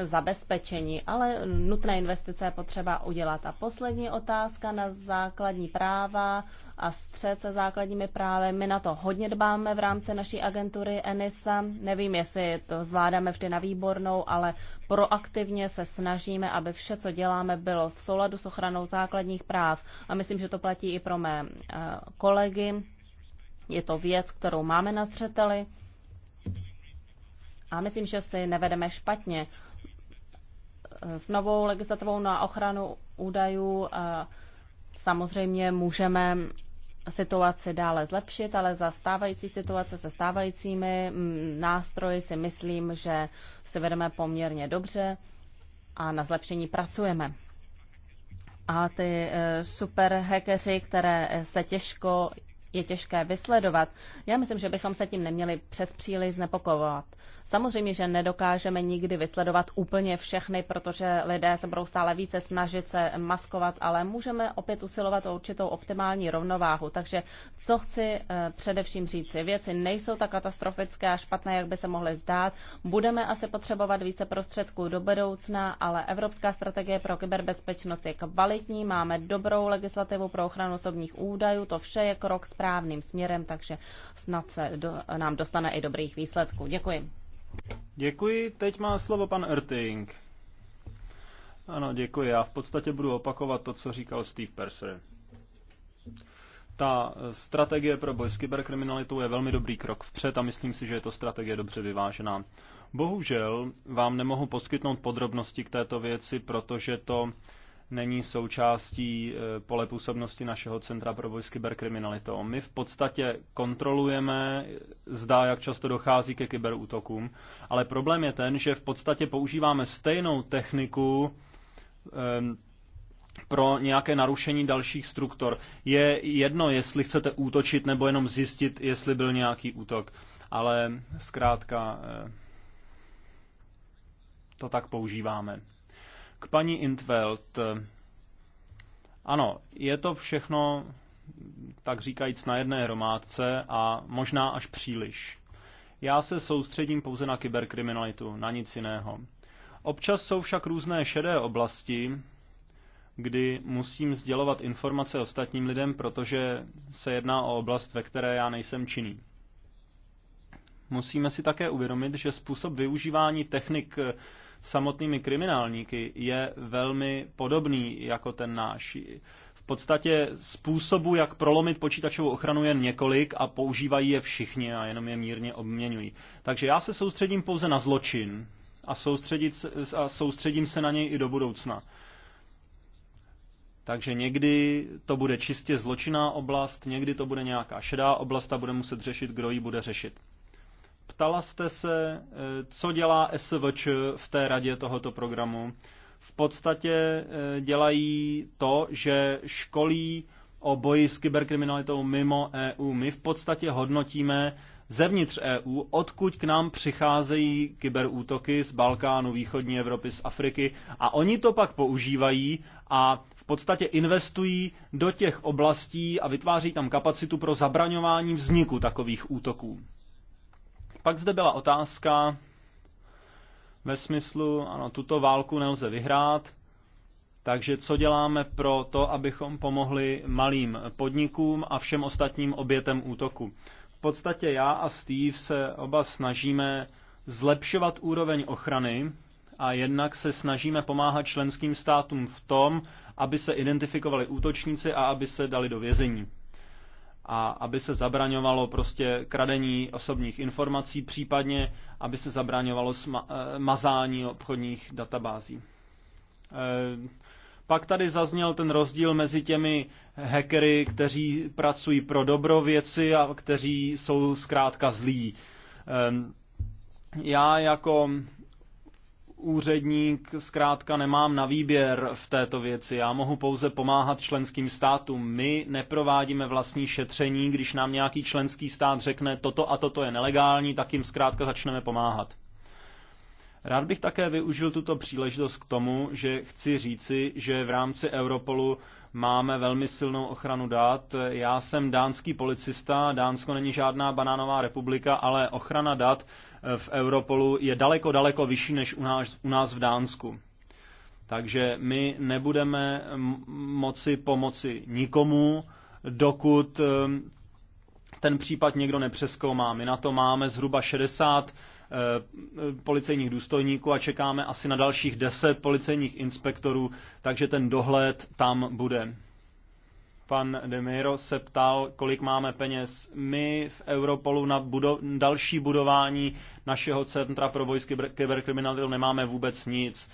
zabezpečení. Ale nutné investice je potřeba udělat. A poslední otázka na základní práva a střed se základními právy. My na to hodně dbáme v rámci naší agentury ENISA. Nevím, jestli to zvládáme vždy na výbornou, ale proaktivně se snažíme, aby vše, co děláme, bylo v souladu s ochranou základních práv. A myslím, že to platí i pro mé eh, kolegy. Je to věc, kterou máme na střeteli. A myslím, že si nevedeme špatně. Eh, s novou legislativou na ochranu údajů eh, samozřejmě můžeme situaci dále zlepšit, ale za stávající situace se stávajícími mm, nástroji si myslím, že se vedeme poměrně dobře a na zlepšení pracujeme. A ty e, super hackeři, které se těžko je těžké vysledovat. Já myslím, že bychom se tím neměli přes příliš znepokovat. Samozřejmě, že nedokážeme nikdy vysledovat úplně všechny, protože lidé se budou stále více snažit se maskovat, ale můžeme opět usilovat o určitou optimální rovnováhu. Takže co chci eh, především říct, věci nejsou tak katastrofické a špatné, jak by se mohly zdát. Budeme asi potřebovat více prostředků do budoucna, ale Evropská strategie pro kyberbezpečnost je kvalitní, máme dobrou legislativu pro ochranu osobních údajů, to vše je krok správným směrem, takže snad se do, nám dostane i dobrých výsledků. Děkuji. Děkuji, teď má slovo pan Erting. Ano, děkuji. Já v podstatě budu opakovat to, co říkal Steve Purser. Ta strategie pro boj s kyberkriminalitou je velmi dobrý krok vpřed a myslím si, že je to strategie dobře vyvážená. Bohužel vám nemohu poskytnout podrobnosti k této věci, protože to není součástí eh, pole působnosti našeho Centra pro boj s kyberkriminalitou. My v podstatě kontrolujeme, zdá, jak často dochází ke kyberútokům, ale problém je ten, že v podstatě používáme stejnou techniku ehm, pro nějaké narušení dalších struktur. Je jedno, jestli chcete útočit nebo jenom zjistit, jestli byl nějaký útok. Ale zkrátka eh, to tak používáme. K paní Intveld. Ano, je to všechno, tak říkajíc, na jedné hromádce a možná až příliš. Já se soustředím pouze na kyberkriminalitu, na nic jiného. Občas jsou však různé šedé oblasti, kdy musím sdělovat informace ostatním lidem, protože se jedná o oblast, ve které já nejsem činný. Musíme si také uvědomit, že způsob využívání technik samotnými kriminálníky je velmi podobný jako ten náš. V podstatě způsobu, jak prolomit počítačovou ochranu, je několik a používají je všichni a jenom je mírně obměňují. Takže já se soustředím pouze na zločin a, soustředit, a soustředím se na něj i do budoucna. Takže někdy to bude čistě zločinná oblast, někdy to bude nějaká šedá oblast a bude muset řešit, kdo ji bude řešit. Ptala jste se, eh, co dělá SVČ v té radě tohoto programu. V podstatě eh, dělají to, že školí o boji s kyberkriminalitou mimo EU. My v podstatě hodnotíme zevnitř EU, odkud k nám přicházejí kyberútoky z Balkánu, východní Evropy, z Afriky a oni to pak používají a v podstatě investují do těch oblastí a vytváří tam kapacitu pro zabraňování vzniku takových útoků. Pak zde byla otázka ve smyslu, ano, tuto válku nelze vyhrát, takže co děláme pro to, abychom pomohli malým podnikům a všem ostatním obětem útoku? V podstatě já a Steve se oba snažíme zlepšovat úroveň ochrany a jednak se snažíme pomáhat členským státům v tom, aby se identifikovali útočníci a aby se dali do vězení a aby se zabraňovalo prostě kradení osobních informací, případně aby se zabraňovalo eh, mazání obchodních databází. Eh, pak tady zazněl ten rozdíl mezi těmi hackery, kteří pracují pro dobro věci a kteří jsou zkrátka zlí. Ehm, já jako úředník, zkrátka nemám na výběr v této věci. Já mohu pouze pomáhat členským státům. My neprovádíme vlastní šetření, když nám nějaký členský stát řekne toto a toto je nelegální, tak jim zkrátka začneme pomáhat. Rád bych také využil tuto příležitost k tomu, že chci říci, že v rámci Europolu máme velmi silnou ochranu dat. Já jsem dánský policista, Dánsko není žádná banánová republika, ale ochrana dat v Europolu je daleko, daleko vyšší než u nás, u nás v Dánsku. Takže my nebudeme moci pomoci nikomu, dokud ehm, ten případ někdo nepřeskoumá. My na to máme zhruba 60 eh, eh, policejních důstojníků a čekáme asi na dalších 10 policejních inspektorů, takže ten dohled tam bude. Pan Demiro se ptal, kolik máme peněz my v Europolu na budo- další budování našeho centra pro boj s kyberkriminalitou nemáme vůbec nic.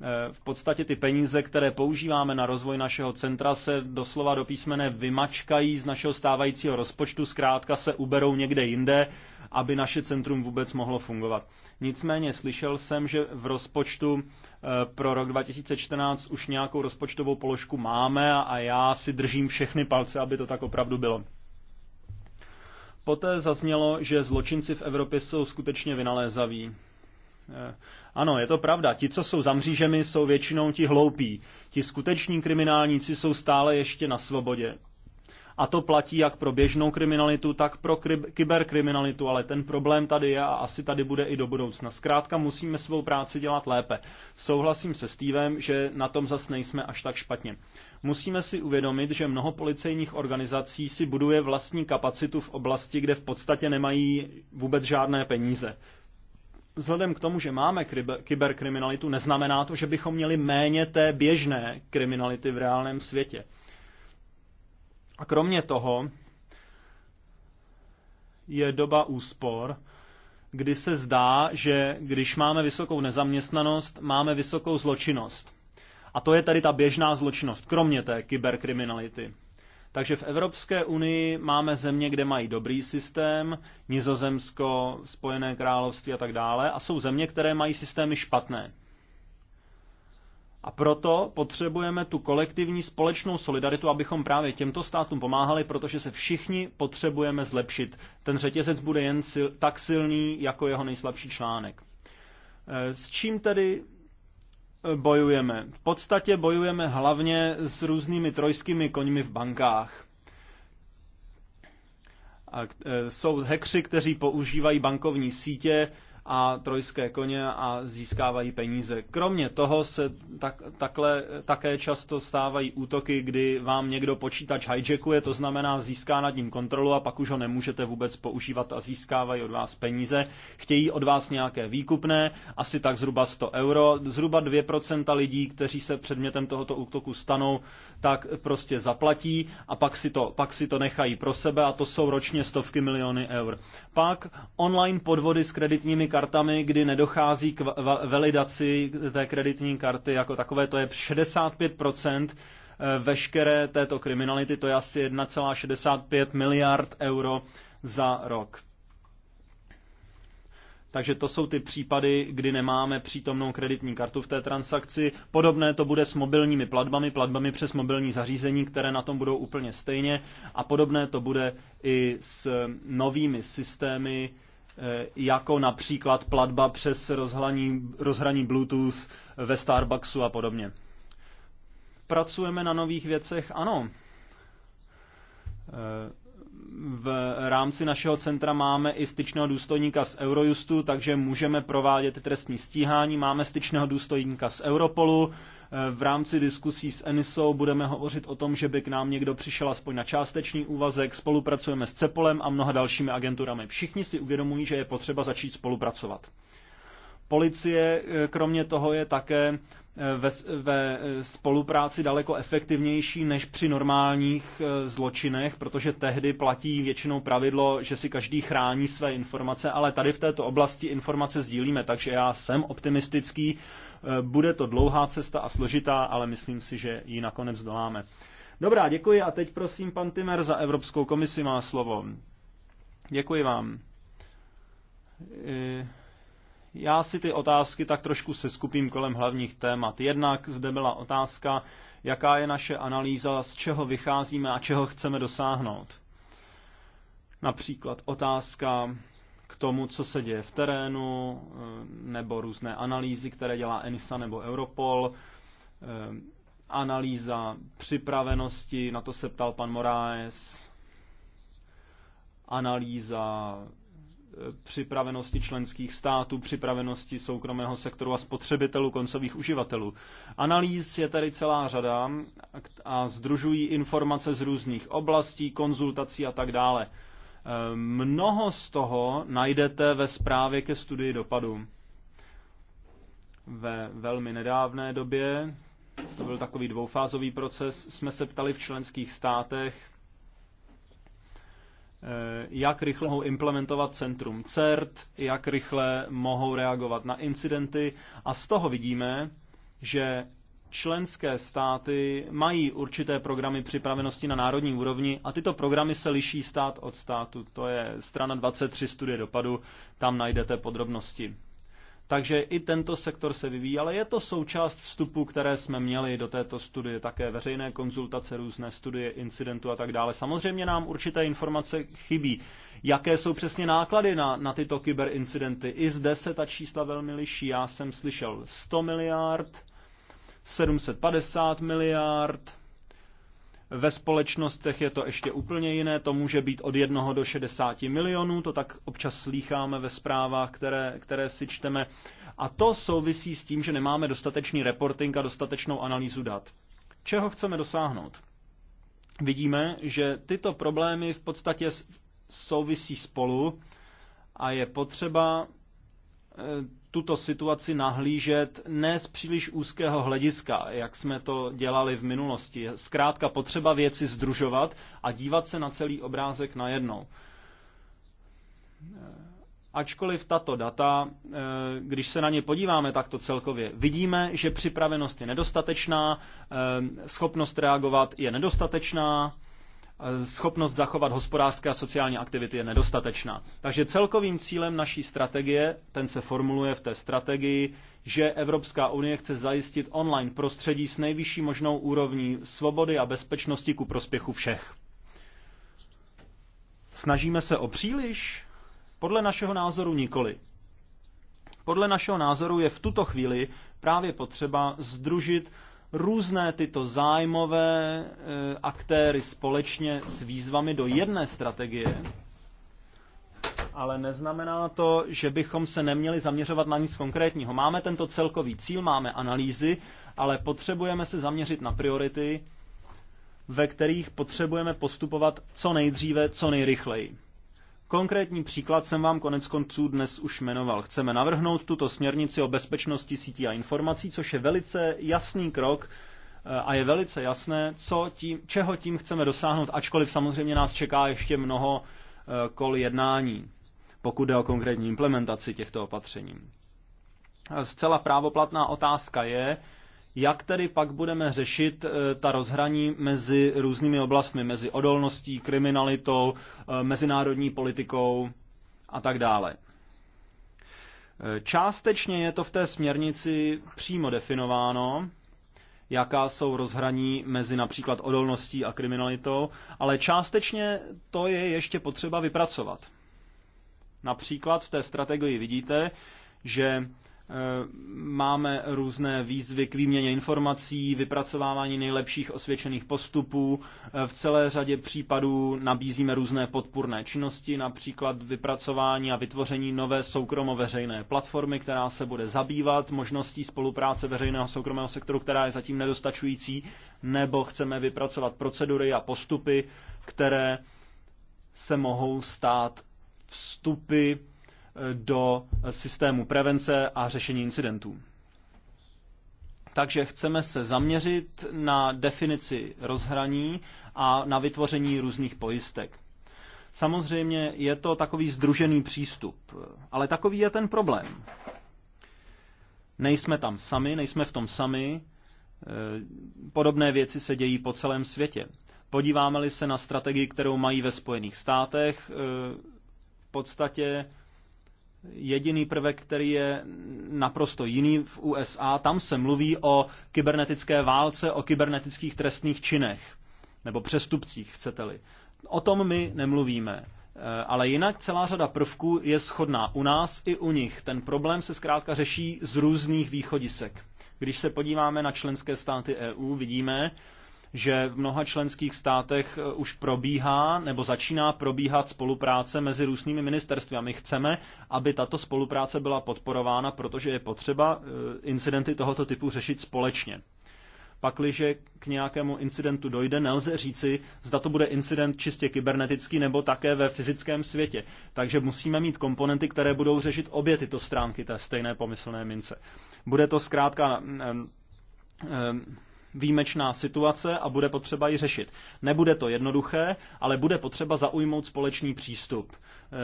E, v podstatě ty peníze, které používáme na rozvoj našeho centra, se doslova do písmene vymačkají z našeho stávajícího rozpočtu, zkrátka se uberou někde jinde aby naše centrum vůbec mohlo fungovat. Nicméně slyšel jsem, že v rozpočtu eh, pro rok 2014 už nějakou rozpočtovou položku máme a já si držím všechny palce, aby to tak opravdu bylo. Poté zaznělo, že zločinci v Evropě jsou skutečně vynalézaví. Eh, ano, je to pravda. Ti, co jsou za mřížemi, jsou většinou ti hloupí. Ti skuteční kriminálníci jsou stále ještě na svobodě. A to platí jak pro běžnou kriminalitu, tak pro kyberkriminalitu, ale ten problém tady je a asi tady bude i do budoucna. Zkrátka musíme svou práci dělat lépe. Souhlasím se Stevem, že na tom zas nejsme až tak špatně. Musíme si uvědomit, že mnoho policejních organizací si buduje vlastní kapacitu v oblasti, kde v podstatě nemají vůbec žádné peníze vzhledem k tomu, že máme kyberkriminalitu, neznamená to, že bychom měli méně té běžné kriminality v reálném světě. A kromě toho je doba úspor, kdy se zdá, že když máme vysokou nezaměstnanost, máme vysokou zločinnost. A to je tady ta běžná zločinnost, kromě té kyberkriminality. Takže v Evropské unii máme země, kde mají dobrý systém, Nizozemsko, Spojené království a tak dále, a jsou země, které mají systémy špatné. A proto potřebujeme tu kolektivní společnou solidaritu, abychom právě těmto státům pomáhali, protože se všichni potřebujeme zlepšit. Ten řetězec bude jen sil, tak silný, jako jeho nejslabší článek. Eh, s čím tedy eh, bojujeme? V podstatě bojujeme hlavně s různými trojskými koňmi v bankách. A eh, jsou hekři, kteří používají bankovní sítě a trojské koně a získávají peníze. Kromě toho se tak, takhle, také často stávají útoky, kdy vám někdo počítač hijackuje, to znamená získá nad ním kontrolu a pak už ho nemůžete vůbec používat a získávají od vás peníze. Chtějí od vás nějaké výkupné, asi tak zhruba 100 euro. Zhruba 2% lidí, kteří se předmětem tohoto útoku stanou, tak prostě zaplatí a pak si to, pak si to nechají pro sebe a to jsou ročně stovky miliony eur. Pak online podvody s kreditními kartami kartami, kdy nedochází k validaci té kreditní karty jako takové, to je 65% eh, veškeré této kriminality, to je asi 1,65 miliard euro za rok. Takže to jsou ty případy, kdy nemáme přítomnou kreditní kartu v té transakci. Podobné to bude s mobilními platbami, platbami přes mobilní zařízení, které na tom budou úplně stejně. A podobné to bude i s novými systémy Eh, jako například platba přes rozhraní, rozhraní Bluetooth ve Starbucksu a podobně. Pracujeme na nových věcech? Ano. Eh, v rámci našeho centra máme i styčného důstojníka z Eurojustu, takže můžeme provádět trestní stíhání. Máme styčného důstojníka z Europolu, Eh, v rámci diskusí s Eniso budeme hovořit o tom, že by k nám někdo přišel aspoň na částečný úvazek. Spolupracujeme s Cepolem a mnoha dalšími agenturami. Všichni si uvědomují, že je potřeba začít spolupracovat. Policie eh, kromě toho je také eh, ve, ve spolupráci daleko efektivnější než při normálních zločinech, protože tehdy platí většinou pravidlo, že si každý chrání své informace, ale tady v této oblasti informace sdílíme, takže já jsem optimistický, Eh, bude to dlouhá cesta a složitá, ale myslím si, že ji nakonec doláme. Dobrá, děkuji a teď prosím pan Timer za Evropskou komisi má slovo. Děkuji vám. Eh, já si ty otázky tak trošku seskupím kolem hlavních témat. Jednak zde byla otázka, jaká je naše analýza, z čeho vycházíme a čeho chceme dosáhnout. Například otázka k tomu, co se děje v terénu, eh, nebo různé analýzy, které dělá ENISA nebo Europol, eh, analýza připravenosti, na to se ptal pan Moraes, analýza eh, připravenosti členských států, připravenosti soukromého sektoru a spotřebitelů, koncových uživatelů. Analýz je tady celá řada a združují informace z různých oblastí, konzultací a tak dále. Eh, mnoho z toho najdete ve zprávě ke studii dopadu. Ve velmi nedávné době, to byl takový dvoufázový proces, jsme se ptali v členských státech, eh, jak rychle mohou implementovat centrum CERT, jak rychle mohou reagovat na incidenty a z toho vidíme, že členské státy mají určité programy připravenosti na národní úrovni a tyto programy se liší stát od státu. To je strana 23 studie dopadu, tam najdete podrobnosti. Takže i tento sektor se vyvíjí, ale je to součást vstupu, které jsme měli do této studie, také veřejné konzultace, různé studie incidentu a tak dále. Samozřejmě nám určité informace chybí. Jaké jsou přesně náklady na, na tyto kyberincidenty? I zde se ta čísla velmi liší. Já jsem slyšel 100 miliard, 750 miliard, ve společnostech je to ještě úplně jiné, to může být od 1 do 60 milionů, to tak občas slýcháme ve zprávách, které, které si čteme. A to souvisí s tím, že nemáme dostatečný reporting a dostatečnou analýzu dat. Čeho chceme dosáhnout? Vidíme, že tyto problémy v podstatě souvisí spolu a je potřeba eh, tuto situaci nahlížet ne z příliš úzkého hlediska, jak jsme to dělali v minulosti. Zkrátka potřeba věci združovat a dívat se na celý obrázek najednou. Ačkoliv tato data, eh, když se na ně podíváme takto celkově, vidíme, že připravenost je nedostatečná, eh, schopnost reagovat je nedostatečná, Eh, schopnost zachovat hospodářské a sociální aktivity je nedostatečná. Takže celkovým cílem naší strategie, ten se formuluje v té strategii, že Evropská unie chce zajistit online prostředí s nejvyšší možnou úrovní svobody a bezpečnosti ku prospěchu všech. Snažíme se o příliš? Podle našeho názoru nikoli. Podle našeho názoru je v tuto chvíli právě potřeba združit různé tyto zájmové eh, aktéry společně s výzvami do jedné strategie, ale neznamená to, že bychom se neměli zaměřovat na nic konkrétního. Máme tento celkový cíl, máme analýzy, ale potřebujeme se zaměřit na priority, ve kterých potřebujeme postupovat co nejdříve, co nejrychleji. Konkrétní příklad jsem vám konec konců dnes už jmenoval. Chceme navrhnout tuto směrnici o bezpečnosti sítí a informací, což je velice jasný krok eh, a je velice jasné, co tím, čeho tím chceme dosáhnout, ačkoliv samozřejmě nás čeká ještě mnoho eh, kol jednání, pokud jde o konkrétní implementaci těchto opatření. Eh, zcela právoplatná otázka je, jak tedy pak budeme řešit eh, ta rozhraní mezi různými oblastmi, mezi odolností, kriminalitou, eh, mezinárodní politikou a tak dále? Eh, částečně je to v té směrnici přímo definováno, jaká jsou rozhraní mezi například odolností a kriminalitou, ale částečně to je ještě potřeba vypracovat. Například v té strategii vidíte, že Eh, máme různé výzvy k výměně informací, vypracovávání nejlepších osvědčených postupů. Eh, v celé řadě případů nabízíme různé podpůrné činnosti, například vypracování a vytvoření nové soukromo-veřejné platformy, která se bude zabývat možností spolupráce veřejného soukromého sektoru, která je zatím nedostačující, nebo chceme vypracovat procedury a postupy, které se mohou stát vstupy do systému prevence a řešení incidentů. Takže chceme se zaměřit na definici rozhraní a na vytvoření různých pojistek. Samozřejmě je to takový združený přístup, ale takový je ten problém. Nejsme tam sami, nejsme v tom sami. E, podobné věci se dějí po celém světě. Podíváme-li se na strategii, kterou mají ve Spojených státech, e, v podstatě Jediný prvek, který je naprosto jiný v USA, tam se mluví o kybernetické válce, o kybernetických trestných činech nebo přestupcích, chcete-li. O tom my nemluvíme. E, ale jinak celá řada prvků je shodná u nás i u nich. Ten problém se zkrátka řeší z různých východisek. Když se podíváme na členské státy EU, vidíme, že v mnoha členských státech eh, už probíhá nebo začíná probíhat spolupráce mezi různými ministerstvy. A my chceme, aby tato spolupráce byla podporována, protože je potřeba eh, incidenty tohoto typu řešit společně. Pakliže k nějakému incidentu dojde, nelze říci, zda to bude incident čistě kybernetický nebo také ve fyzickém světě. Takže musíme mít komponenty, které budou řešit obě tyto stránky té stejné pomyslné mince. Bude to zkrátka um, um, výjimečná situace a bude potřeba ji řešit. Nebude to jednoduché, ale bude potřeba zaujmout společný přístup. Eh,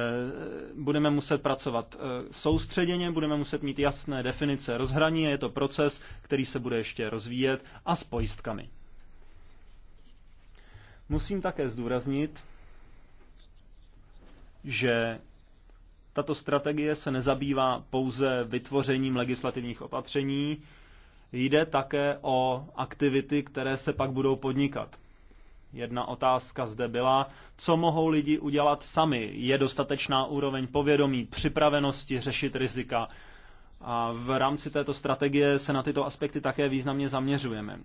budeme muset pracovat eh, soustředěně, budeme muset mít jasné definice rozhraní, je to proces, který se bude ještě rozvíjet a s pojistkami. Musím také zdůraznit, že tato strategie se nezabývá pouze vytvořením legislativních opatření, Jde také o aktivity, které se pak budou podnikat. Jedna otázka zde byla, co mohou lidi udělat sami. Je dostatečná úroveň povědomí, připravenosti řešit rizika. A v rámci této strategie se na tyto aspekty také významně zaměřujeme.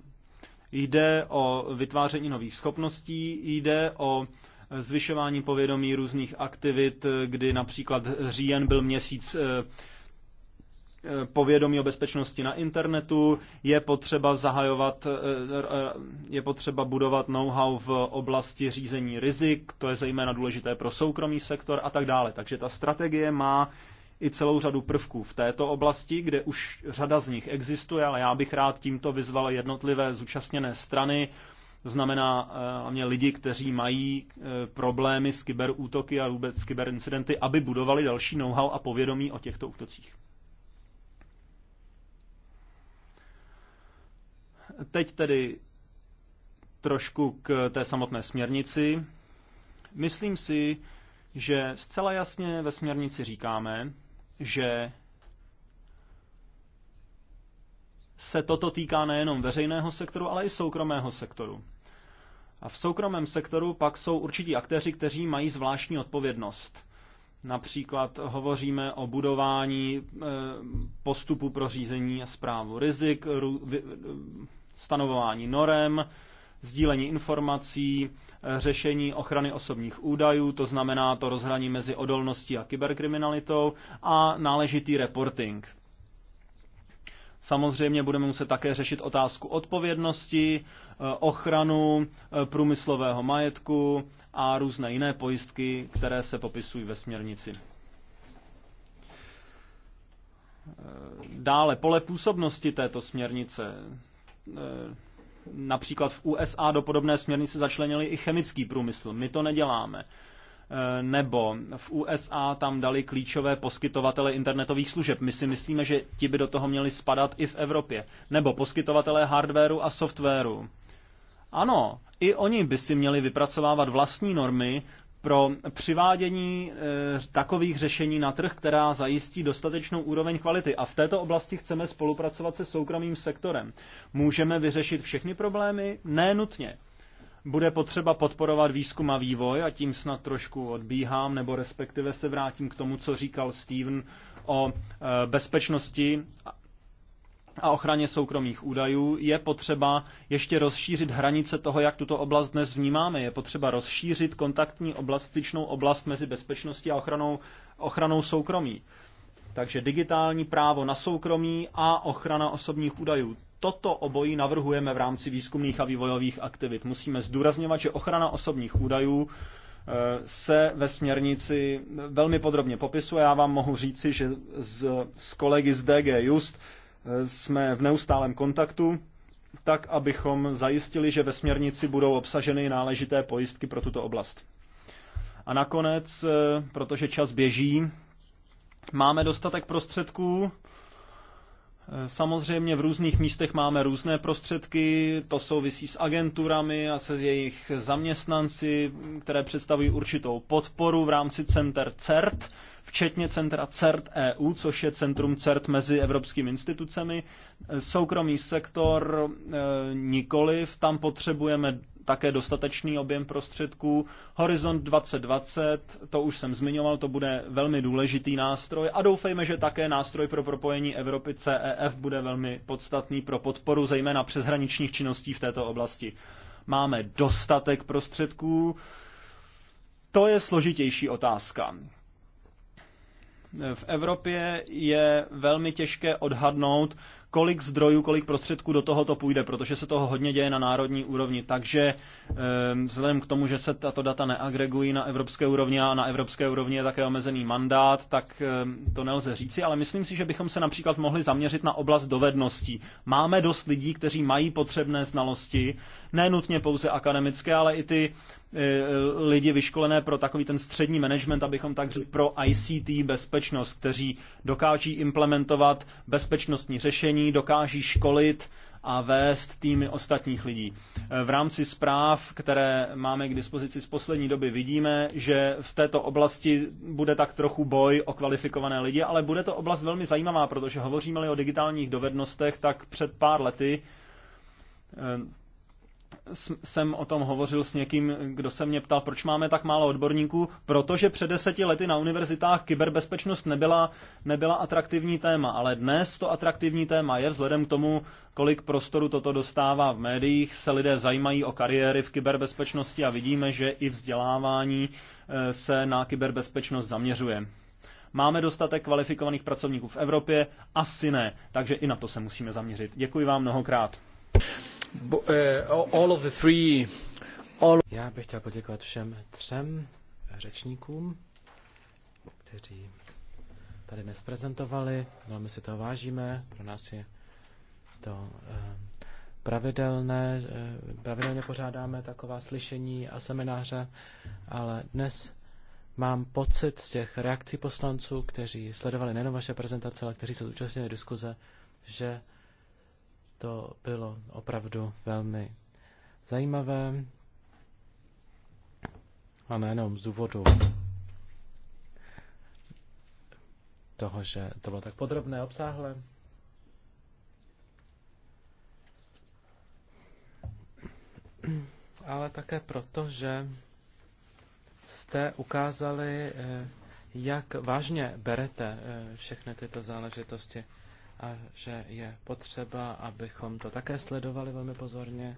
Jde o vytváření nových schopností, jde o zvyšování povědomí různých aktivit, kdy například říjen byl měsíc eh, Eh, povědomí o bezpečnosti na internetu, je potřeba zahajovat, eh, eh, je potřeba budovat know-how v oblasti řízení rizik, to je zejména důležité pro soukromý sektor a tak dále. Takže ta strategie má i celou řadu prvků v této oblasti, kde už řada z nich existuje, ale já bych rád tímto vyzval jednotlivé zúčastněné strany, to znamená hlavně lidi, kteří mají problémy s kyberútoky a vůbec s kyberincidenty, aby budovali další know-how a povědomí o těchto útocích. Teď tedy trošku k té samotné směrnici. Myslím si, že zcela jasně ve směrnici říkáme, že se toto týká nejenom veřejného sektoru, ale i soukromého sektoru. A v soukromém sektoru pak jsou určití aktéři, kteří mají zvláštní odpovědnost. Například hovoříme o budování eh, postupu pro řízení a zprávu rizik, stanovování norem, sdílení informací, eh, řešení ochrany osobních údajů, to znamená to rozhraní mezi odolností a kyberkriminalitou a náležitý reporting. Samozřejmě budeme muset také řešit otázku odpovědnosti, eh, ochranu eh, průmyslového majetku a různé jiné pojistky, které se popisují ve směrnici. Dále pole působnosti této směrnice. Eh, například v USA do podobné směrnice začlenili i chemický průmysl. My to neděláme. Eh, nebo v USA tam dali klíčové poskytovatele internetových služeb. My si myslíme, že ti by do toho měli spadat i v Evropě. Nebo poskytovatele hardwareu a softwaru. Ano, i oni by si měli vypracovávat vlastní normy, pro přivádění eh, takových řešení na trh, která zajistí dostatečnou úroveň kvality. A v této oblasti chceme spolupracovat se soukromým sektorem. Můžeme vyřešit všechny problémy? Ne nutně. Bude potřeba podporovat výzkum a vývoj a tím snad trošku odbíhám, nebo respektive se vrátím k tomu, co říkal Steven o eh, bezpečnosti a ochraně soukromých údajů, je potřeba ještě rozšířit hranice toho, jak tuto oblast dnes vnímáme. Je potřeba rozšířit kontaktní oblast, styčnou oblast mezi bezpečností a ochranou, ochranou soukromí. Takže digitální právo na soukromí a ochrana osobních údajů. Toto obojí navrhujeme v rámci výzkumných a vývojových aktivit. Musíme zdůrazňovat, že ochrana osobních údajů e, se ve směrnici velmi podrobně popisuje. Já vám mohu říci, že z, s kolegy z DG Just jsme v neustálém kontaktu, tak abychom zajistili, že ve směrnici budou obsaženy náležité pojistky pro tuto oblast. A nakonec, eh, protože čas běží, máme dostatek prostředků. Eh, samozřejmě v různých místech máme různé prostředky, to souvisí s agenturami a se jejich zaměstnanci, které představují určitou podporu v rámci center CERT, včetně centra CERT EU, což je centrum CERT mezi evropskými institucemi. Soukromý sektor e, nikoliv, tam potřebujeme také dostatečný objem prostředků. Horizont 2020, to už jsem zmiňoval, to bude velmi důležitý nástroj a doufejme, že také nástroj pro propojení Evropy CEF bude velmi podstatný pro podporu zejména přeshraničních činností v této oblasti. Máme dostatek prostředků, to je složitější otázka. V Evropě je velmi těžké odhadnout, kolik zdrojů, kolik prostředků do tohoto půjde, protože se toho hodně děje na národní úrovni. Takže ehm, vzhledem k tomu, že se tato data neagregují na evropské úrovni a na evropské úrovni je také omezený mandát, tak ehm, to nelze říci, ale myslím si, že bychom se například mohli zaměřit na oblast dovedností. Máme dost lidí, kteří mají potřebné znalosti, ne nutně pouze akademické, ale i ty Eh, lidi vyškolené pro takový ten střední management, abychom tak řekli pro ICT bezpečnost, kteří dokáží implementovat bezpečnostní řešení, dokáží školit a vést týmy ostatních lidí. Eh, v rámci zpráv, které máme k dispozici z poslední doby, vidíme, že v této oblasti bude tak trochu boj o kvalifikované lidi, ale bude to oblast velmi zajímavá, protože hovoříme-li o digitálních dovednostech, tak před pár lety eh, jsem o tom hovořil s někým, kdo se mě ptal, proč máme tak málo odborníků, protože před deseti lety na univerzitách kyberbezpečnost nebyla, nebyla atraktivní téma, ale dnes to atraktivní téma je vzhledem k tomu, kolik prostoru toto dostává v médiích, se lidé zajímají o kariéry v kyberbezpečnosti a vidíme, že i vzdělávání eh, se na kyberbezpečnost zaměřuje. Máme dostatek kvalifikovaných pracovníků v Evropě? Asi ne, takže i na to se musíme zaměřit. Děkuji vám mnohokrát. Eh, all of the three, all... Já bych chtěl poděkovat všem třem řečníkům, kteří tady dnes prezentovali. Velmi si to vážíme. Pro nás je to eh, pravidelné, eh, pravidelně pořádáme taková slyšení a semináře, ale dnes mám pocit z těch reakcí poslanců, kteří sledovali nejen vaše prezentace, ale kteří se zúčastnili diskuze, že to bylo opravdu velmi zajímavé. A nejenom z důvodu toho, že to bylo tak podrobné, obsáhlé. Ale také proto, že jste ukázali, eh, jak vážně berete eh, všechny tyto záležitosti a že je potřeba, abychom to také sledovali velmi pozorně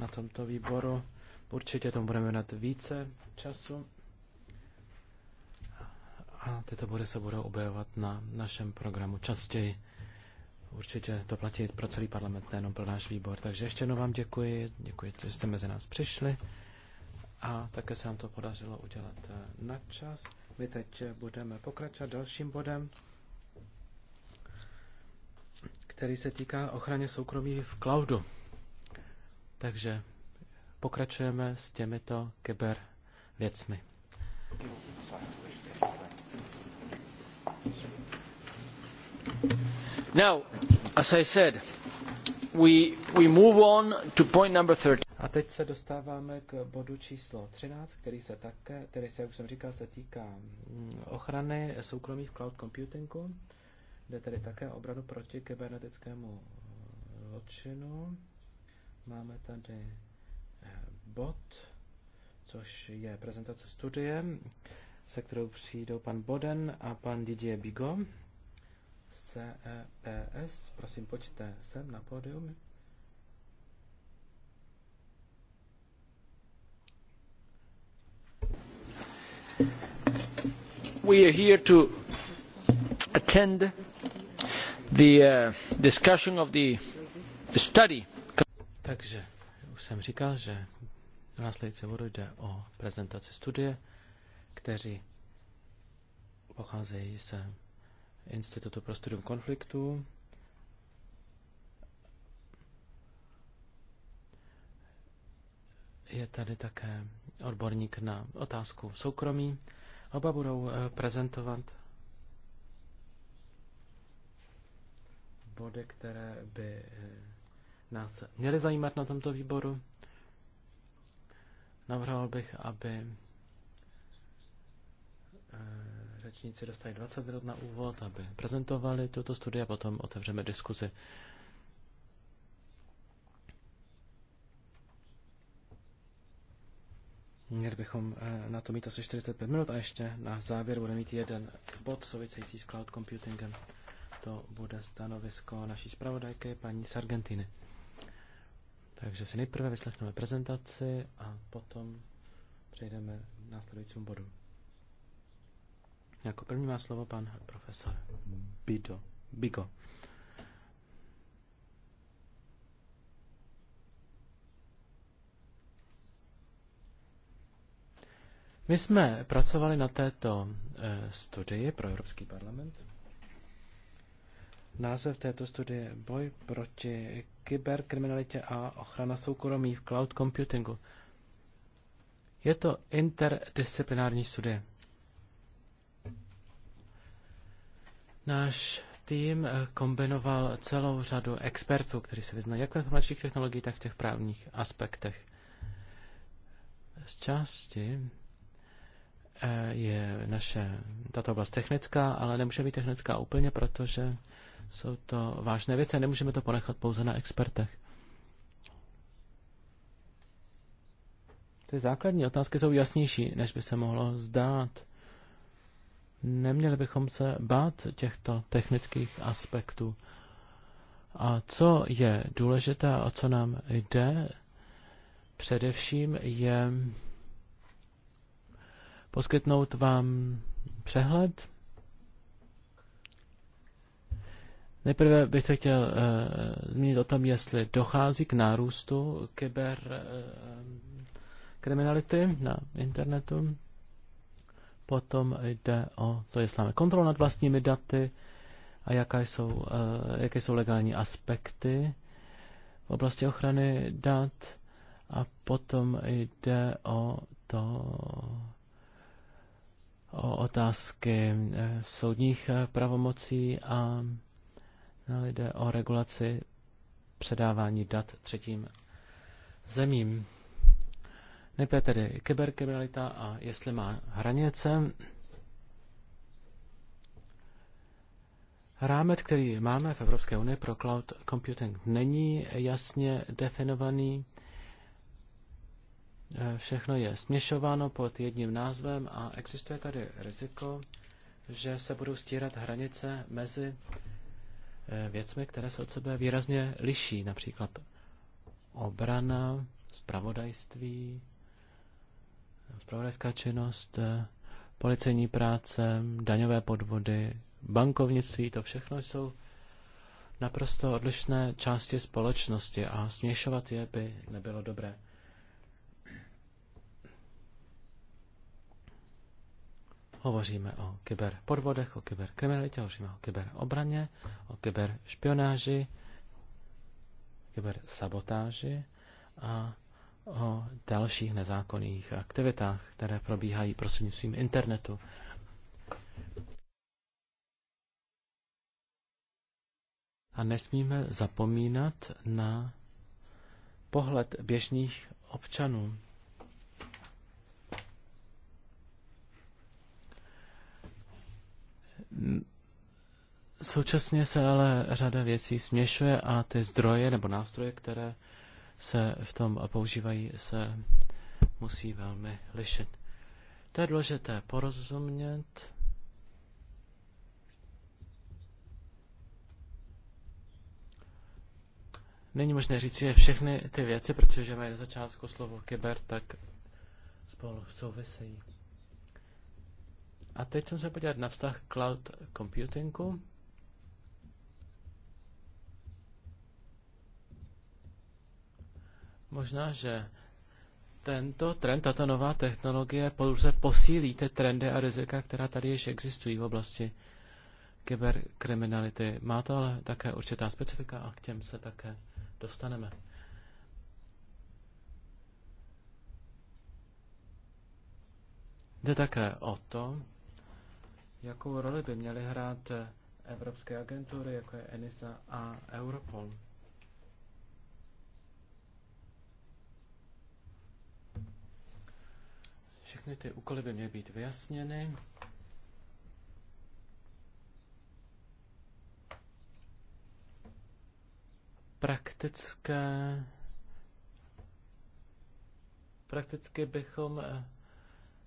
na tomto výboru. Určitě tomu budeme věnovat více času a tyto body se budou objevovat na našem programu častěji. Určitě to platí pro celý parlament, nejenom pro náš výbor. Takže ještě jednou vám děkuji, děkuji, že jste mezi nás přišli a také se nám to podařilo udělat eh, na čas. My teď eh, budeme pokračovat dalším bodem který se týká ochrany soukromí v cloudu. Takže pokračujeme s těmito kyber věcmi. Now, as I said, we, we move on to point number 30. A teď se dostáváme k bodu číslo 13, který se také, který se, jak jsem říkal, se týká mm, ochrany soukromí v cloud computingu. Jde tedy také o obranu proti kybernetickému zločinu. Máme tady eh, bod, což je prezentace studie, se kterou přijdou pan Boden a pan Didier Bigo z CEPS. Prosím, pojďte sem na pódium. We are here to attend the uh, discussion of the study. Takže už jsem říkal, že následující následujícím bodu jde o prezentaci studie, kteří pocházejí z Institutu pro studium konfliktu. Je tady také odborník na otázku soukromí. Oba budou eh, prezentovat body, které by eh, nás měly zajímat na tomto výboru. Navrhoval bych, aby eh, řečníci dostali 20 minut na úvod, aby prezentovali tuto studii a potom otevřeme diskuzi. Měli bychom eh, na to mít asi 45 minut a ještě na závěr budeme mít jeden bod související s cloud computingem to bude stanovisko naší zpravodajky paní Sargentiny. Takže si nejprve vyslechneme prezentaci a potom přejdeme k následujícímu bodu. Jako první má slovo pan profesor Bido. Bigo. My jsme pracovali na této eh, studii pro Evropský parlament. Název této studie Boj proti kyberkriminalitě a ochrana soukromí v cloud computingu. Je to interdisciplinární studie. Náš tým eh, kombinoval celou řadu expertů, kteří se vyznají jak v informačních technologiích, tak v těch právních aspektech. Z části eh, je naše tato oblast technická, ale nemůže být technická úplně, protože jsou to vážné věci a nemůžeme to ponechat pouze na expertech. Ty základní otázky jsou jasnější, než by se mohlo zdát. Neměli bychom se bát těchto technických aspektů. A co je důležité a o co nám jde, především je poskytnout vám přehled Nejprve bych se chtěl uh, zmínit o tom, jestli dochází k nárůstu kyberkriminality eh, uh, na internetu. Potom jde o to, jestli máme kontrolu nad vlastními daty a jaká jsou, uh, jaké jsou legální aspekty v oblasti ochrany dat. A potom jde o to, o otázky soudních pravomocí a No, jde o regulaci předávání dat třetím zemím. Nejprve tedy kyberkriminalita a jestli má hranice. Rámec, který máme v Evropské unii pro cloud computing, není jasně definovaný. Eh, všechno je směšováno pod jedním názvem a existuje tady riziko, že se budou stírat hranice mezi Eh, věcmi, které se od sebe výrazně liší, například obrana, spravodajství, spravodajská činnost, eh, policejní práce, daňové podvody, bankovnictví, to všechno jsou naprosto odlišné části společnosti a směšovat je by nebylo dobré. Hovoříme o kyberpodvodech, o kyberkriminalitě, hovoříme o kyberobraně, o kyberšpionáži, kybersabotáži a o dalších nezákonných aktivitách, které probíhají prostřednictvím internetu. A nesmíme zapomínat na pohled běžných občanů. Současně se ale řada věcí směšuje a ty zdroje nebo nástroje, které se v tom používají, se musí velmi lišit. To je důležité porozumět. Není možné říct, že všechny ty věci, protože mají na začátku slovo kyber, tak spolu souvisejí. A teď jsem se podívat na vztah cloud computingu. Možná, že tento trend, tato nová technologie pouze posílí ty trendy a rizika, která tady již existují v oblasti kyberkriminality. Má to ale také určitá specifika a k těm se také dostaneme. Jde také o to, Jakou roli by měly hrát eh, evropské agentury, jako je ENISA a Europol? Všechny ty úkoly by měly být vyjasněny. Praktické prakticky bychom eh,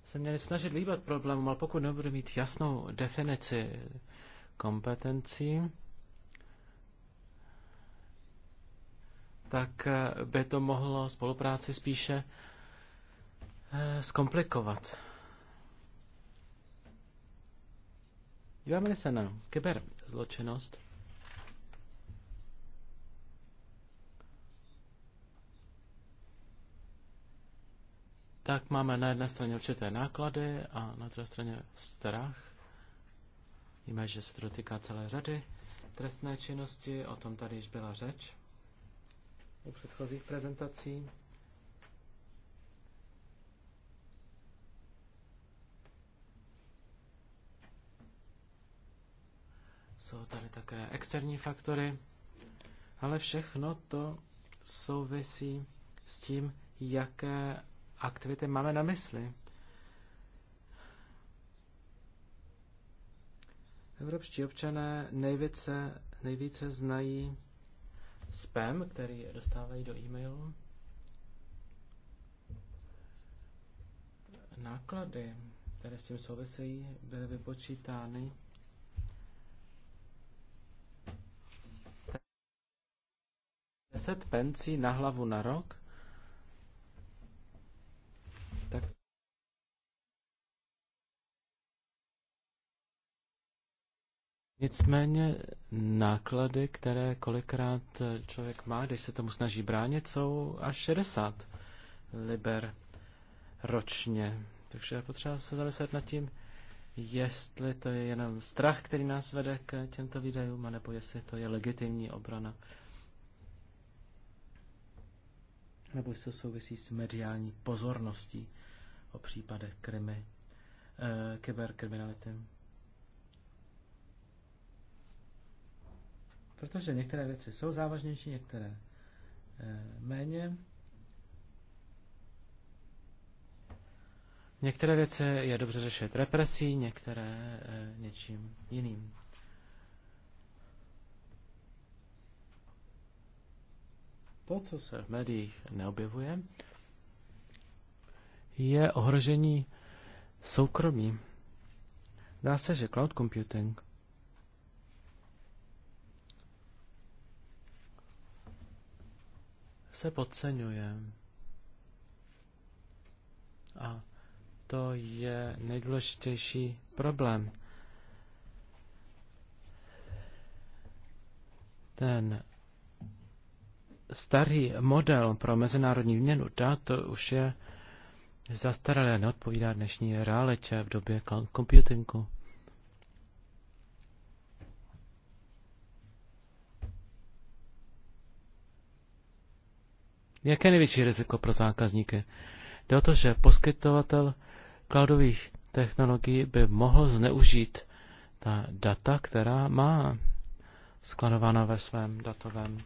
se měli snažit líbat problému, ale pokud nebude mít jasnou definici kompetencí, tak eh, by to mohlo spolupráci spíše eh, zkomplikovat. Díváme se na kyberzločinnost. tak máme na jedné straně určité náklady a na druhé straně strach. Víme, že se to dotýká celé řady trestné činnosti, o tom tady již byla řeč u předchozích prezentací. Jsou tady také externí faktory, ale všechno to souvisí s tím, jaké aktivity máme na mysli. Evropští občané nejvíce, nejvíce znají spam, který dostávají do e-mailu. Náklady, které s tím souvisejí, byly vypočítány Deset pencí na hlavu na rok Nicméně náklady, které kolikrát člověk má, když se tomu snaží bránit, jsou až 60 liber ročně. Takže je potřeba se zamyslet nad tím, jestli to je jenom strach, který nás vede k těmto videům, nebo jestli to je legitimní obrana. Nebo jestli to souvisí s mediální pozorností o případech krimi, e, kyberkriminality. Protože některé věci jsou závažnější, některé eh, méně. Některé věci je dobře řešit represí, některé eh, něčím jiným. To, co se v médiích neobjevuje, je ohrožení soukromí. Dá se, že cloud computing se podceňuje. A to je nejdůležitější problém. Ten starý model pro mezinárodní měnu dat už je zastaralé, neodpovídá dnešní realitě v době computingu. Jaké největší riziko pro zákazníky? Jde o to, že poskytovatel cloudových technologií by mohl zneužít ta data, která má skladována ve svém datovém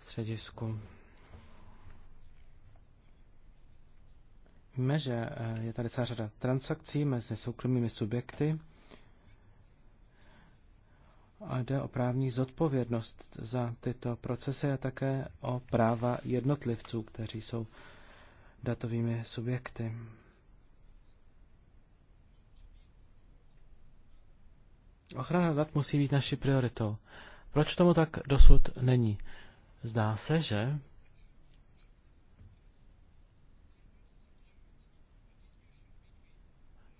středisku. Víme, že eh, je tady celá řada transakcí mezi soukromými subjekty a jde o právní zodpovědnost za tyto procesy a také o práva jednotlivců, kteří jsou datovými subjekty. Ochrana dat musí být naší prioritou. Proč tomu tak dosud není? Zdá se, že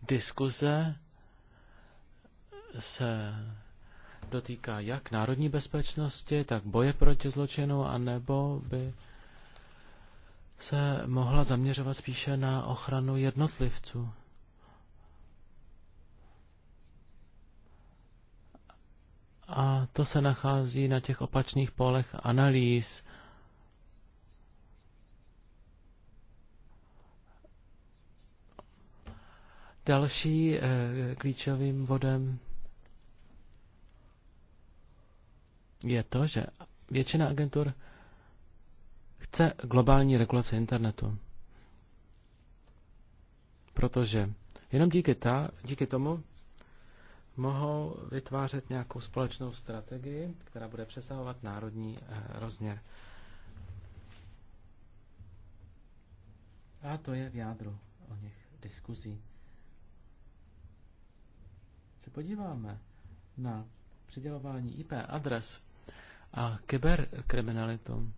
diskuze se dotýká jak národní bezpečnosti, tak boje proti zločinu, anebo by se mohla zaměřovat spíše na ochranu jednotlivců. A to se nachází na těch opačných polech analýz. Další eh, klíčovým bodem je to, že většina agentur chce globální regulaci internetu. Protože jenom díky, ta, díky tomu mohou vytvářet nějakou společnou strategii, která bude přesahovat národní eh, rozměr. A to je v jádru o nich diskuzí. Se podíváme na přidělování IP adres a kyberkriminalitu,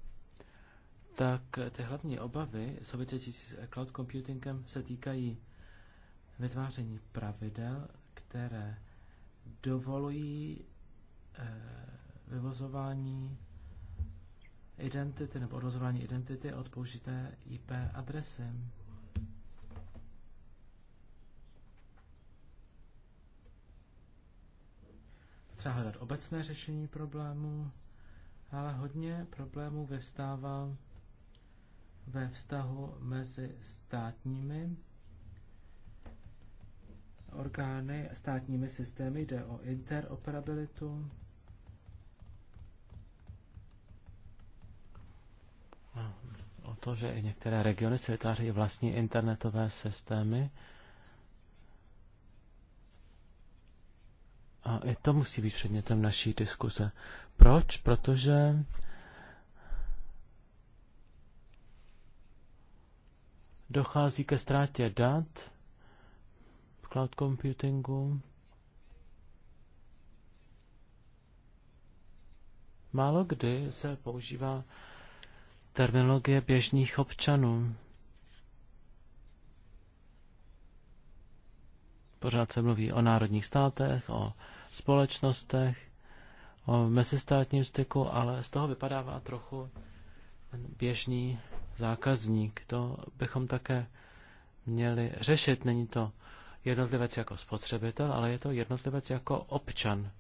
tak ty hlavní obavy související s cloud computingem se týkají vytváření pravidel, které dovolují eh, vyvozování identity nebo odvozování identity od použité IP adresy. Třeba hledat obecné řešení problému, ale hodně problémů vyvstává ve vztahu mezi státními orgány, státními systémy, jde o interoperabilitu. o to, že i některé regiony si vytváří vlastní internetové systémy. A i to musí být předmětem naší diskuse. Proč? Protože dochází ke ztrátě dat v cloud computingu. Málo kdy se používá terminologie běžných občanů. Pořád se mluví o národních státech, o společnostech, o mezistátním styku, ale z toho vypadává trochu ten běžný zákazník. To bychom také měli řešit. Není to jednotlivec jako spotřebitel, ale je to jednotlivec jako občan.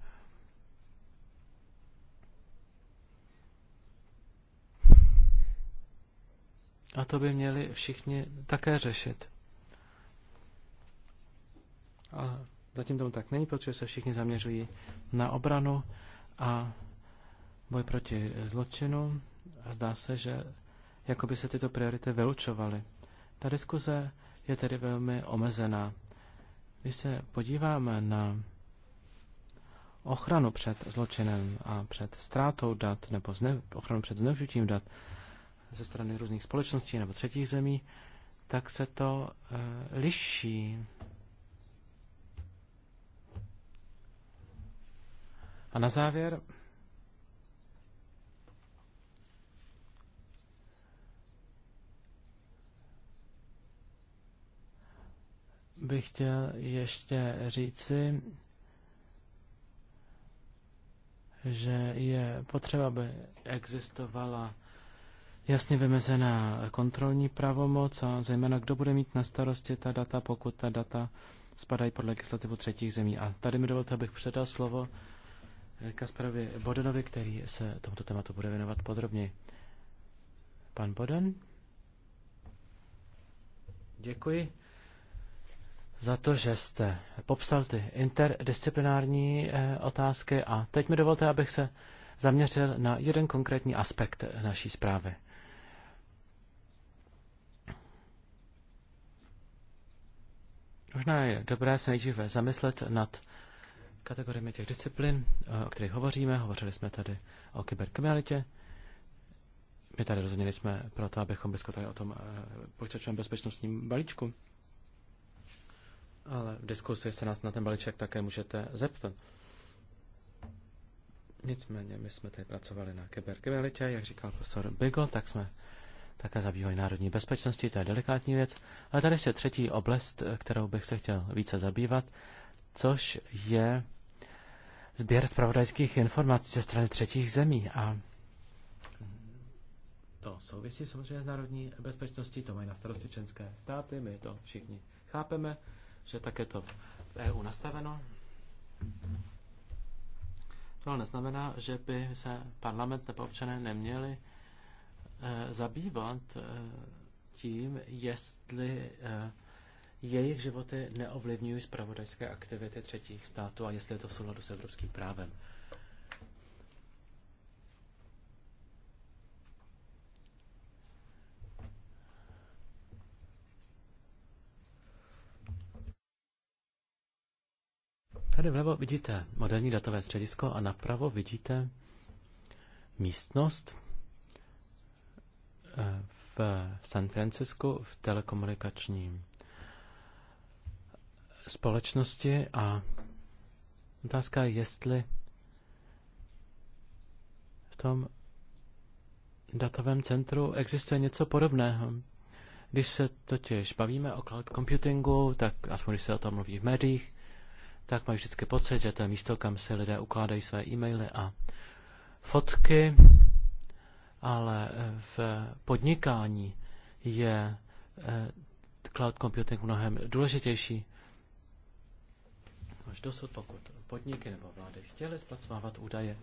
A to by měli všichni také řešit. A zatím tomu tak není, protože se všichni zaměřují na obranu a boj proti zločinu. A zdá se, že jakoby se tyto priority vylučovaly. Ta diskuze je tedy velmi omezená. Když se podíváme na ochranu před zločinem a před ztrátou dat nebo zne, ochranu před zneužitím dat ze strany různých společností nebo třetích zemí, tak se to e, liší A na závěr bych chtěl ještě říci, že je potřeba, aby existovala jasně vymezená kontrolní pravomoc a zejména kdo bude mít na starosti ta data, pokud ta data spadají pod legislativu třetích zemí. A tady mi dovolte, abych předal slovo Kasparovi Bodenovi, který se tomuto tématu bude věnovat podrobněji. Pan Boden? Děkuji za to, že jste popsal ty interdisciplinární eh, otázky a teď mi dovolte, abych se zaměřil na jeden konkrétní aspekt naší zprávy. Možná je dobré se nejdříve zamyslet nad kategoriemi těch disciplín, eh, o kterých hovoříme. Hovořili jsme tady o kyberkriminalitě. My tady rozhodně jsme to, abychom diskutovali o tom eh, počítačovém bezpečnostním balíčku. Ale v diskusi se nás na ten balíček také můžete zeptat. Nicméně my jsme tady pracovali na kyberkriminalitě, jak říkal profesor Bigo, tak jsme také zabývali národní bezpečnosti, to je delikátní věc. Ale tady ještě třetí oblast, eh, kterou bych se chtěl více zabývat, což je sběr zpravodajských informací ze strany třetích zemí. A to souvisí samozřejmě s národní bezpečností, to mají na starosti členské státy, my to všichni chápeme, že tak je to v EU nastaveno. To ale neznamená, že by se parlament nebo občané neměli e, zabývat e, tím, jestli e, jejich životy neovlivňují zpravodajské aktivity třetích států a jestli je to v souladu s evropským právem. Tady vlevo vidíte moderní datové středisko a napravo vidíte místnost eh, v San Francisco v telekomunikačním společnosti a otázka je, jestli v tom datovém centru existuje něco podobného. Když se totiž bavíme o cloud computingu, tak aspoň když se o tom mluví v médiích, tak mají vždycky pocit, že to je místo, kam si lidé ukládají své e-maily a fotky, ale v podnikání je eh, cloud computing mnohem důležitější. Až dosud, pokud podniky nebo vlády chtěly zpracovávat údaje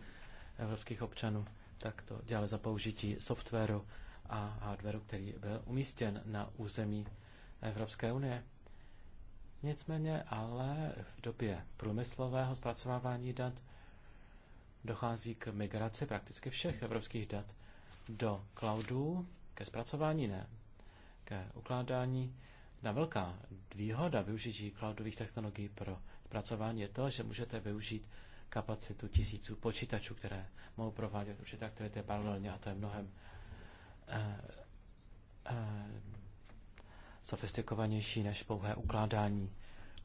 evropských občanů, tak to dělali za použití softwaru a hardwaru, který byl umístěn na území Evropské unie. Nicméně ale v době průmyslového zpracovávání dat dochází k migraci prakticky všech evropských dat do cloudů, ke zpracování ne, ke ukládání. Na velká výhoda využití cloudových technologií pro zpracování je to, že můžete využít kapacitu tisíců počítačů, které mohou provádět určité aktivity paralelně a to je mnohem eh, eh, sofistikovanější než pouhé ukládání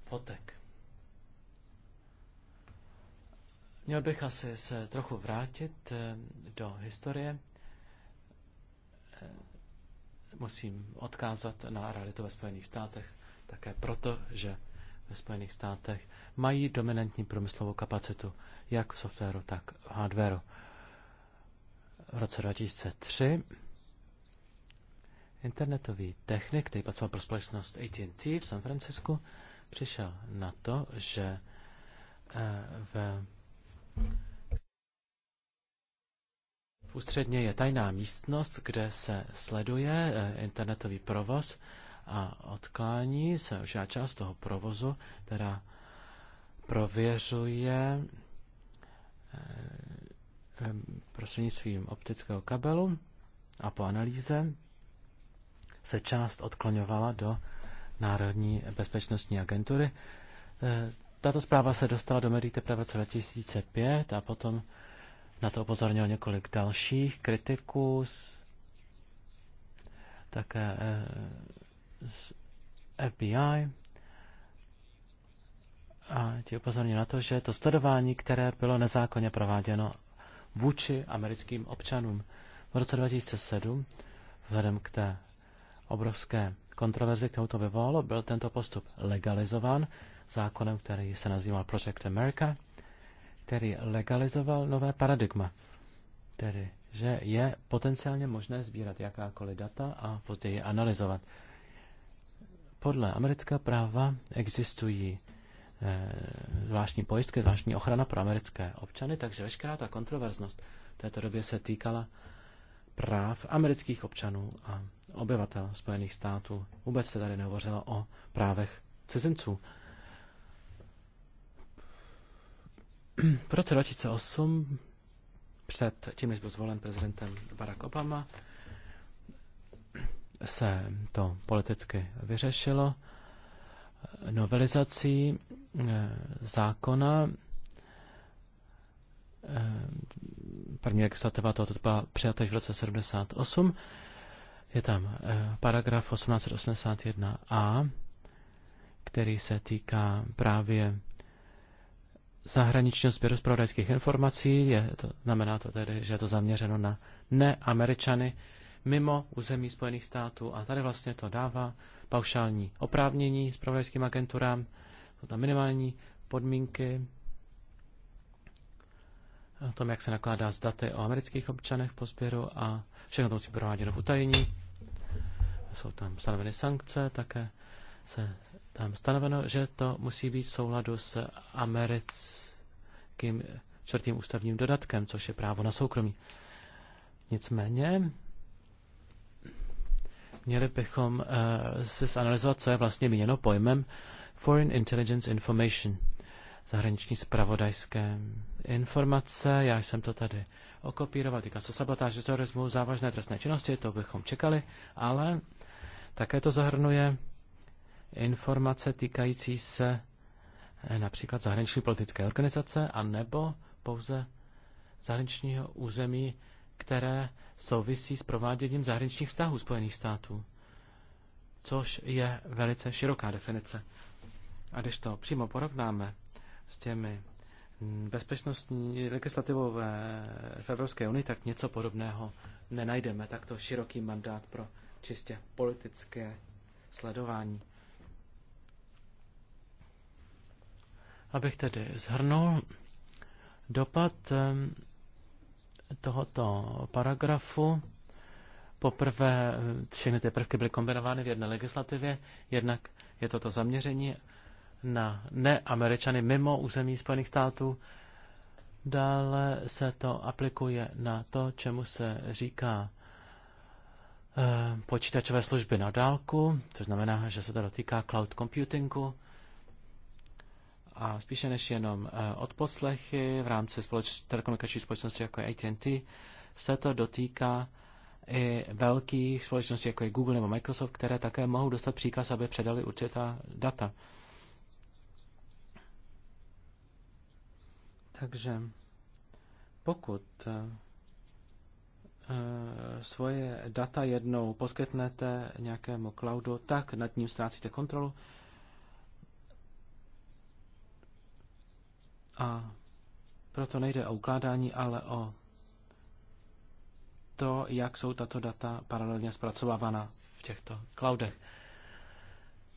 fotek. Měl bych asi se trochu vrátit eh, do historie. Eh, musím odkázat na realitu ve Spojených státech také proto, že ve Spojených státech mají dominantní průmyslovou kapacitu, jak v softwaru, tak v hardwaru. V roce 2003 internetový technik, který pracoval pro společnost AT&T v San Francisku, přišel na to, že eh, v, v ústředně je tajná místnost, kde se sleduje eh, internetový provoz a odklání se už část toho provozu, která prověřuje eh, eh, prostřednictvím optického kabelu a po analýze se část odkloňovala do Národní bezpečnostní agentury. Eh, tato zpráva se dostala do médií teprve v roce 2005 a potom na to upozornil několik dalších kritiků, také FBI a ti upozorní na to, že to sledování, které bylo nezákonně prováděno vůči americkým občanům v roce 2007, vzhledem k té obrovské kontroverzi, kterou to vyvolalo, byl tento postup legalizován zákonem, který se nazýval Project America, který legalizoval nové paradigma, tedy že je potenciálně možné sbírat jakákoliv data a později analyzovat. Podle amerického práva existují eh, zvláštní pojistky, zvláštní ochrana pro americké občany, takže veškerá ta kontroverznost v této době se týkala práv amerických občanů a obyvatel Spojených států. Vůbec se tady nehovořilo o právech cizinců. V roce 2008 před tím, než byl zvolen prezidentem Barack Obama, se to politicky vyřešilo novelizací eh, zákona. Eh, první legislativa tohoto byla přijata v roce 78. Je tam eh, paragraf 1881a, který se týká právě zahraničního sběru zpravodajských informací. Je to, znamená to tedy, že je to zaměřeno na neameričany, mimo území Spojených států a tady vlastně to dává paušální oprávnění spravodajským agenturám, jsou tam minimální podmínky o tom, jak se nakládá s daty o amerických občanech po sběru a všechno to musí prováděno v utajení. Jsou tam stanoveny sankce, také se tam stanoveno, že to musí být v souladu s americkým čtvrtým ústavním dodatkem, což je právo na soukromí. Nicméně Měli bychom eh, si zanalizovat, co je vlastně míněno pojmem Foreign Intelligence Information, zahraniční spravodajské informace. Já jsem to tady okopíroval. Týká se sabotáže terorismu, závažné trestné činnosti, to bychom čekali, ale také to zahrnuje informace týkající se eh, například zahraniční politické organizace a nebo pouze zahraničního území které souvisí s prováděním zahraničních vztahů Spojených států, což je velice široká definice. A když to přímo porovnáme s těmi bezpečnostní legislativou v Evropské unii, tak něco podobného nenajdeme. Takto široký mandát pro čistě politické sledování. Abych tedy zhrnul, dopad tohoto paragrafu. Poprvé všechny ty prvky byly kombinovány v jedné legislativě, jednak je toto zaměření na neameričany mimo území Spojených států. Dále se to aplikuje na to, čemu se říká eh, počítačové služby na dálku, což znamená, že se to dotýká cloud computingu a spíše než jenom eh, odposlechy v rámci společ- telekomunikační společnosti jako je AT&T, se to dotýká i velkých společností jako je Google nebo Microsoft, které také mohou dostat příkaz, aby předali určitá data. Takže pokud eh, eh, svoje data jednou poskytnete nějakému cloudu, tak nad ním ztrácíte kontrolu A proto nejde o ukládání, ale o to, jak jsou tato data paralelně zpracovávána v těchto cloudech.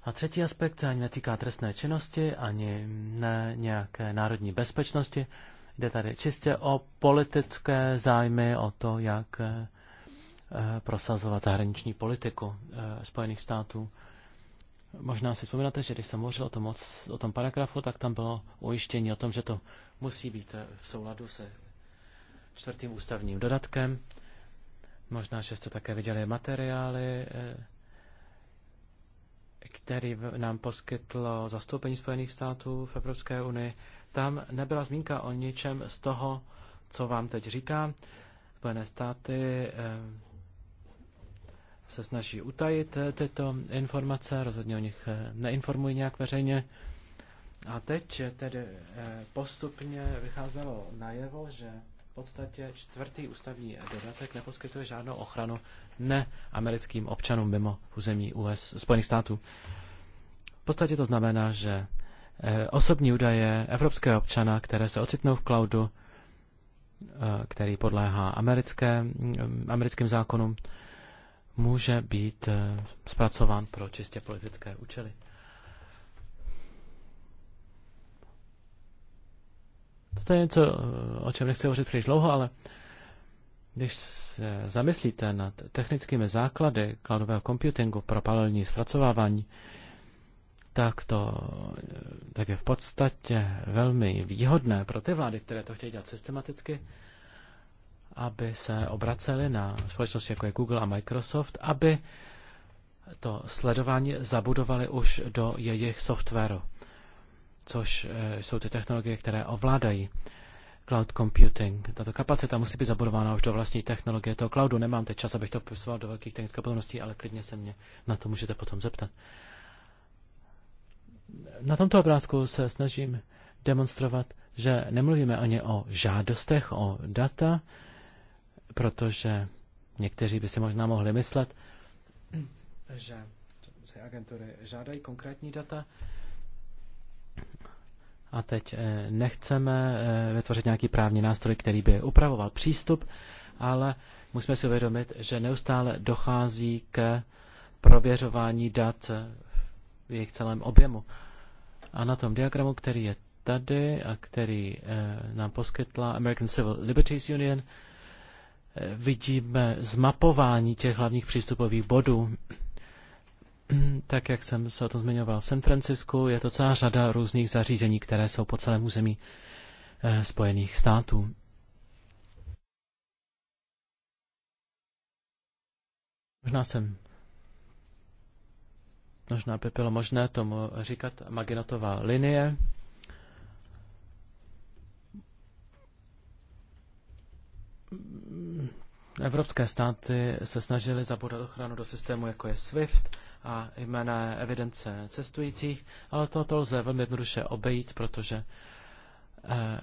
A třetí aspekt se ani netýká trestné činnosti, ani ne nějaké národní bezpečnosti. Jde tady čistě o politické zájmy, o to, jak eh, prosazovat zahraniční politiku eh, Spojených států. Možná si vzpomínáte, že když jsem hovořil o tom, moc, o tom paragrafu, tak tam bylo ujištění o tom, že to musí být eh, v souladu se čtvrtým ústavním dodatkem. Možná, že jste také viděli materiály, eh, který nám poskytlo zastoupení Spojených států v Evropské unii. Tam nebyla zmínka o ničem z toho, co vám teď říkám. Spojené státy eh, se snaží utajit eh, tyto informace, rozhodně o nich eh, neinformují nějak veřejně. A teď eh, tedy postupně vycházelo najevo, že v podstatě čtvrtý ústavní dodatek neposkytuje žádnou ochranu neamerickým občanům mimo území US, Spojených států. V podstatě to znamená, že osobní údaje evropského občana, které se ocitnou v cloudu, který podléhá americké, mm, americkým zákonům, může být eh, zpracován pro čistě politické účely. To je něco, eh, o čem nechci hovořit příliš dlouho, ale když se zamyslíte nad technickými základy cloudového computingu pro paralelní zpracovávání, tak to eh, tak je v podstatě velmi výhodné pro ty vlády, které to chtějí dělat systematicky, aby se obraceli na společnosti jako je Google a Microsoft, aby to sledování zabudovali už do jejich softwaru, což eh, jsou ty technologie, které ovládají cloud computing. Tato kapacita musí být zabudována už do vlastní technologie toho cloudu. Nemám teď čas, abych to popisoval do velkých technických podrobností, ale klidně se mě na to můžete potom zeptat. Na tomto obrázku se snažím demonstrovat, že nemluvíme ani o žádostech, o data, protože někteří by si možná mohli myslet, že se agentury žádají konkrétní data a teď eh, nechceme eh, vytvořit nějaký právní nástroj, který by upravoval přístup, ale musíme si uvědomit, že neustále dochází k prověřování dat v jejich celém objemu. A na tom diagramu, který je tady a který eh, nám poskytla American Civil Liberties Union, vidíme zmapování těch hlavních přístupových bodů. Tak, jak jsem se o tom zmiňoval v San Francisku, je to celá řada různých zařízení, které jsou po celém území eh, Spojených států. Možná jsem možná by bylo možné tomu říkat Maginotová linie, Evropské státy se snažily zapodat ochranu do systému, jako je SWIFT a jména evidence cestujících, ale to, to lze velmi jednoduše obejít, protože eh,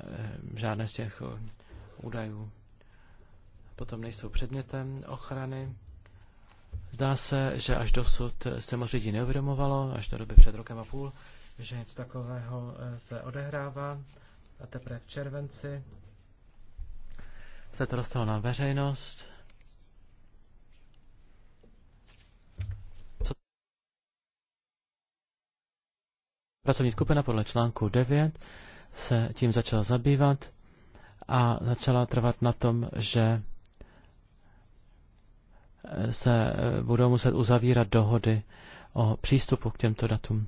žádné z těch eh, údajů potom nejsou předmětem ochrany. Zdá se, že až dosud se moc lidí neuvědomovalo, až do doby před rokem a půl, že něco takového eh, se odehrává. A teprve v červenci se to dostalo na veřejnost. Pracovní skupina podle článku 9 se tím začala zabývat a začala trvat na tom, že eh, se eh, budou muset uzavírat dohody o přístupu k těmto datům.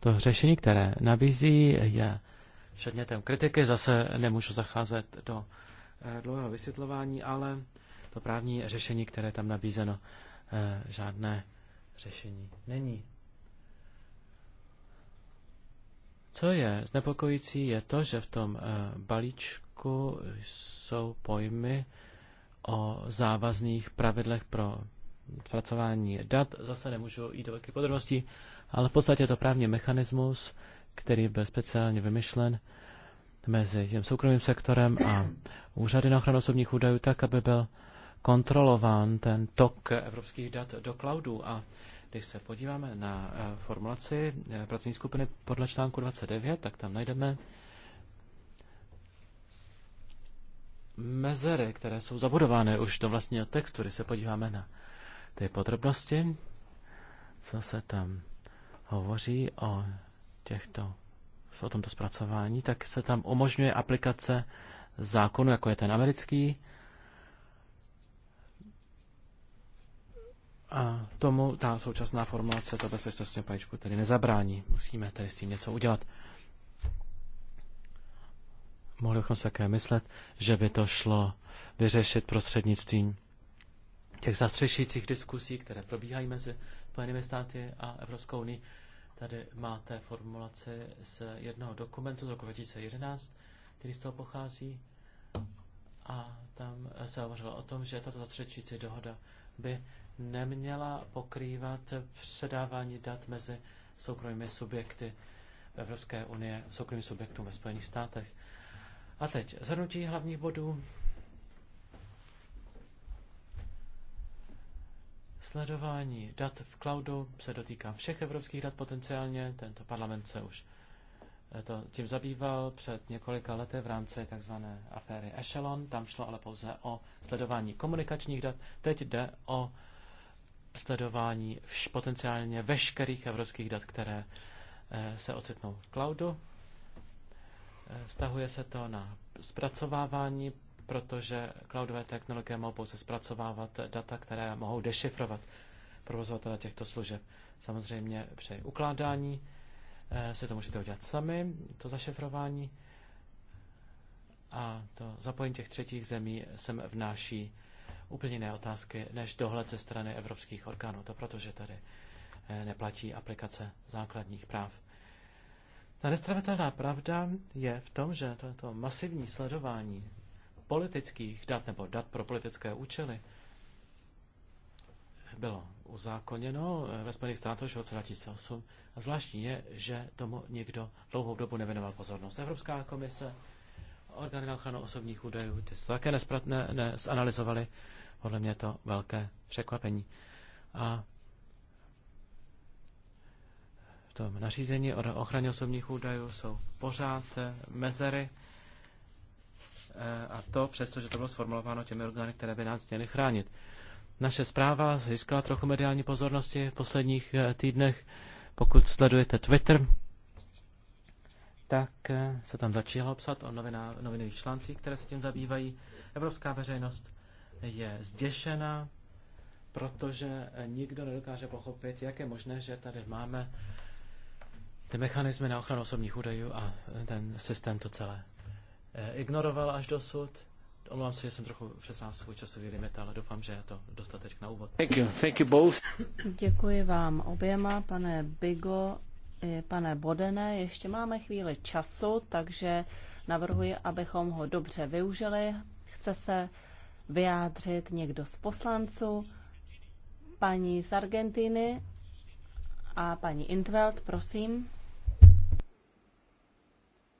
To řešení, které nabízí, je předmětem kritiky. Zase nemůžu zacházet do eh, dlouhého vysvětlování, ale to právní řešení, které tam nabízeno, eh, žádné řešení není. Co je znepokojící, je to, že v tom eh, balíčku jsou pojmy o závazných pravidlech pro zpracování dat. Zase nemůžu jít do velkých podrobností, ale v podstatě je to právní mechanismus, který byl speciálně vymyšlen mezi tím soukromým sektorem a úřady na ochranu osobních údajů tak, aby byl kontrolován ten tok evropských dat do cloudu. A když se podíváme na eh, formulaci eh, pracovní skupiny podle článku 29, tak tam najdeme mezery, které jsou zabudovány už do vlastního textu. Když se podíváme na ty podrobnosti, co se tam hovoří o těchto, o tomto zpracování, tak se tam umožňuje aplikace zákonu, jako je ten americký, A tomu ta současná formulace to bezpečnostního pajíčku tedy nezabrání. Musíme tedy s tím něco udělat. Mohli bychom se také myslet, že by to šlo vyřešit prostřednictvím těch zastřešujících diskusí, které probíhají mezi Spojenými státy a Evropskou unii, Tady máte formulaci z jednoho dokumentu z roku 2011, který z toho pochází. A tam se hovořilo o tom, že tato zastřečující dohoda by neměla pokrývat předávání dat mezi soukromými subjekty Evropské unie, soukromým subjektům ve Spojených státech. A teď zhrnutí hlavních bodů. Sledování dat v cloudu se dotýká všech evropských dat potenciálně. Tento parlament se už eh, to tím zabýval před několika lety v rámci tzv. aféry Echelon. Tam šlo ale pouze o sledování komunikačních dat. Teď jde o sledování vš, potenciálně veškerých evropských dat, které eh, se ocitnou v cloudu. Stahuje eh, se to na zpracovávání protože cloudové technologie mohou pouze zpracovávat data, které mohou dešifrovat provozovatele těchto služeb. Samozřejmě při ukládání eh, si to můžete udělat sami, to zašifrování a to zapojení těch třetích zemí sem vnáší úplně jiné otázky než dohled ze strany evropských orgánů. To protože tady eh, neplatí aplikace základních práv. Ta nestravitelná pravda je v tom, že toto masivní sledování politických dat nebo dat pro politické účely bylo uzákoněno eh, ve Spojených státech v roce 2008 a zvláštní je, že tomu nikdo dlouhou dobu nevěnoval pozornost. Evropská komise, orgány na ochranu osobních údajů, ty se také nespratné nesanalizovali. Podle mě to velké překvapení. A v tom nařízení o ochraně osobních údajů jsou pořád eh, mezery. Eh, a to přesto, že to bylo sformulováno těmi orgány, které by nás měly chránit. Naše zpráva získala trochu mediální pozornosti v posledních eh, týdnech. Pokud sledujete Twitter, tak eh, se tam začalo psat o novina, novinových článcích, které se tím zabývají. Evropská veřejnost je zděšena, protože nikdo nedokáže pochopit, jak je možné, že tady máme ty mechanismy na ochranu osobních údajů a ten systém to celé Eh, ignoroval až dosud. Omlouvám se, že jsem trochu přesáhl svůj časový limit, ale doufám, že je to dostatečný na úvod. Thank you. Thank you both. Děkuji vám oběma, pane Bigo i pane Bodene. Ještě máme chvíli času, takže navrhuji, abychom ho dobře využili. Chce se vyjádřit někdo z poslanců, paní z Argentiny a paní Intveld, prosím.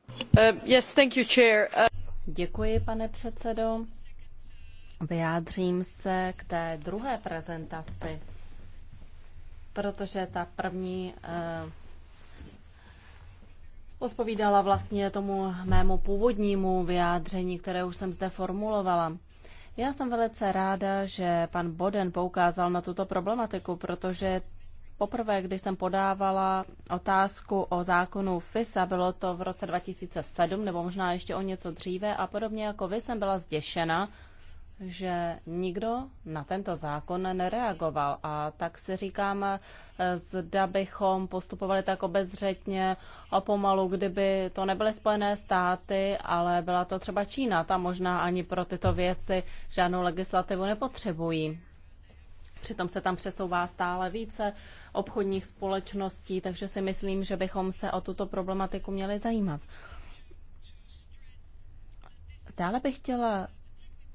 Uh, uh, Děkuji, pane předsedo. Vyjádřím se k té druhé prezentaci, protože ta první eh, odpovídala vlastně tomu mému původnímu vyjádření, které už jsem zde formulovala. Já jsem velice ráda, že pan Boden poukázal na tuto problematiku, protože poprvé, když jsem podávala otázku o zákonu FISA, bylo to v roce 2007 nebo možná ještě o něco dříve a podobně jako vy jsem byla zděšena, že nikdo na tento zákon nereagoval a tak si říkám, eh, zda bychom postupovali tak obezřetně a pomalu, kdyby to nebyly Spojené státy, ale byla to třeba Čína, ta možná ani pro tyto věci žádnou legislativu nepotřebují. Přitom se tam přesouvá stále více obchodních společností, takže si myslím, že bychom se o tuto problematiku měli zajímat. Dále bych chtěla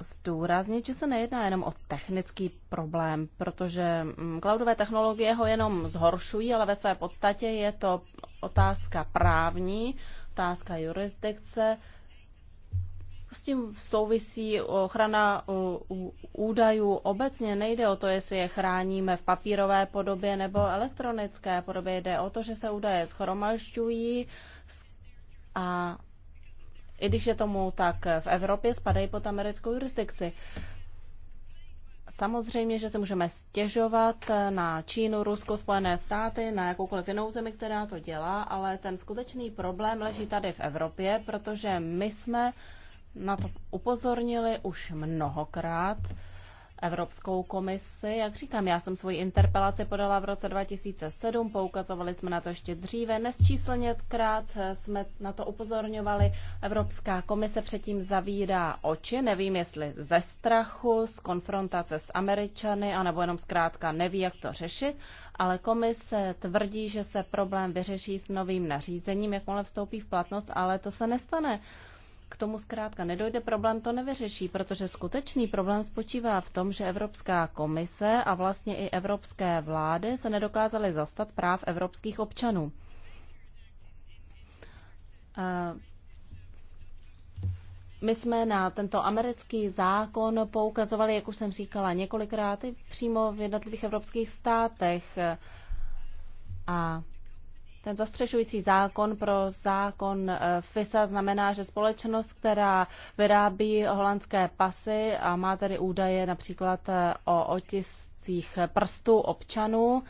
zdůraznit, že se nejedná jenom o technický problém, protože mm, cloudové technologie ho jenom zhoršují, ale ve své podstatě je to otázka právní, otázka jurisdikce, s tím souvisí ochrana údajů obecně. Nejde o to, jestli je chráníme v papírové podobě nebo elektronické podobě. Jde o to, že se údaje schromažďují a i když je tomu tak v Evropě, spadají pod americkou jurisdikci. Samozřejmě, že se můžeme stěžovat na Čínu, Rusko, Spojené státy, na jakoukoliv jinou zemi, která to dělá, ale ten skutečný problém leží tady v Evropě, protože my jsme na to upozornili už mnohokrát Evropskou komisi. Jak říkám, já jsem svoji interpelaci podala v roce 2007, poukazovali jsme na to ještě dříve. Nesčíslněkrát jsme na to upozorňovali. Evropská komise předtím zavírá oči, nevím jestli ze strachu, z konfrontace s Američany, anebo jenom zkrátka neví, jak to řešit. Ale komise tvrdí, že se problém vyřeší s novým nařízením, jakmile vstoupí v platnost, ale to se nestane k tomu zkrátka nedojde, problém to nevyřeší, protože skutečný problém spočívá v tom, že Evropská komise a vlastně i evropské vlády se nedokázaly zastat práv evropských občanů. A my jsme na tento americký zákon poukazovali, jak už jsem říkala, několikrát i přímo v jednotlivých evropských státech. A ten zastřešující zákon pro zákon e, FISA znamená, že společnost, která vyrábí holandské pasy a má tedy údaje například e, o otiscích prstů občanů,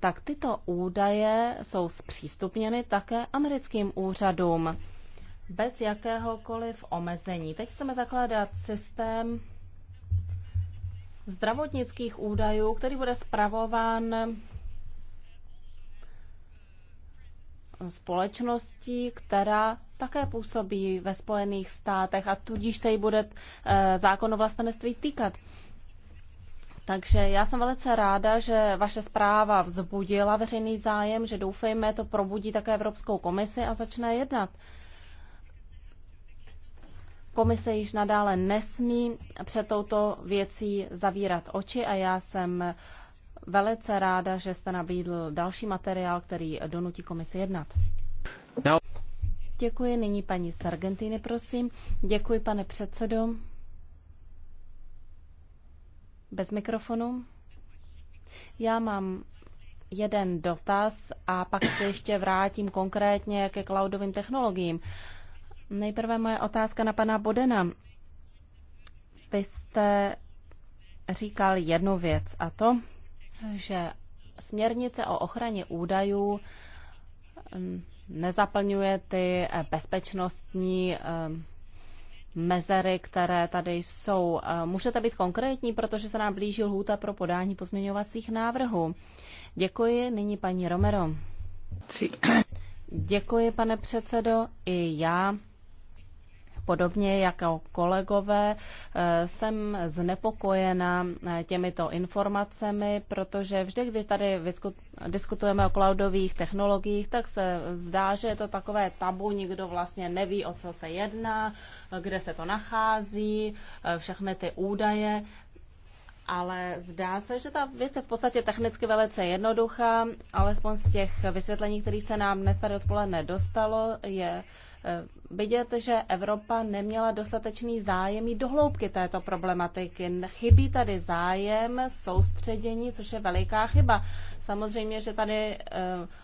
tak tyto údaje jsou zpřístupněny také americkým úřadům bez jakéhokoliv omezení. Teď chceme zakládat systém zdravotnických údajů, který bude spravován společností, která také působí ve Spojených státech a tudíž se jí bude eh, zákon o vlastenectví týkat. Takže já jsem velice ráda, že vaše zpráva vzbudila veřejný zájem, že doufejme, to probudí také Evropskou komisi a začne jednat. Komise již nadále nesmí před touto věcí zavírat oči a já jsem velice ráda, že jste nabídl další materiál, který donutí komisi jednat. No. Děkuji. Nyní paní z Argentiny, prosím. Děkuji, pane předsedo. Bez mikrofonu. Já mám jeden dotaz a pak se ještě vrátím konkrétně ke cloudovým technologiím. Nejprve moje otázka na pana Bodena. Vy jste říkal jednu věc a to, že směrnice o ochraně údajů mm, nezaplňuje ty eh, bezpečnostní eh, mezery, které tady jsou. Eh, Můžete být konkrétní, protože se nám blíží lhůta pro podání pozměňovacích návrhů. Děkuji. Nyní paní Romero. Děkuji, pane předsedo. I já Podobně jako kolegové eh, jsem znepokojena eh, těmito informacemi, protože vždy, když tady diskutujeme o cloudových technologiích, tak se zdá, že je to takové tabu, nikdo vlastně neví, o co se jedná, kde se to nachází, eh, všechny ty údaje. Ale zdá se, že ta věc je v podstatě technicky velice jednoduchá, alespoň z těch vysvětlení, které se nám dnes tady odpoledne dostalo, je Eh, vidět, že Evropa neměla dostatečný zájem i do hloubky této problematiky. Chybí tady zájem, soustředění, což je veliká chyba. Samozřejmě, že tady eh,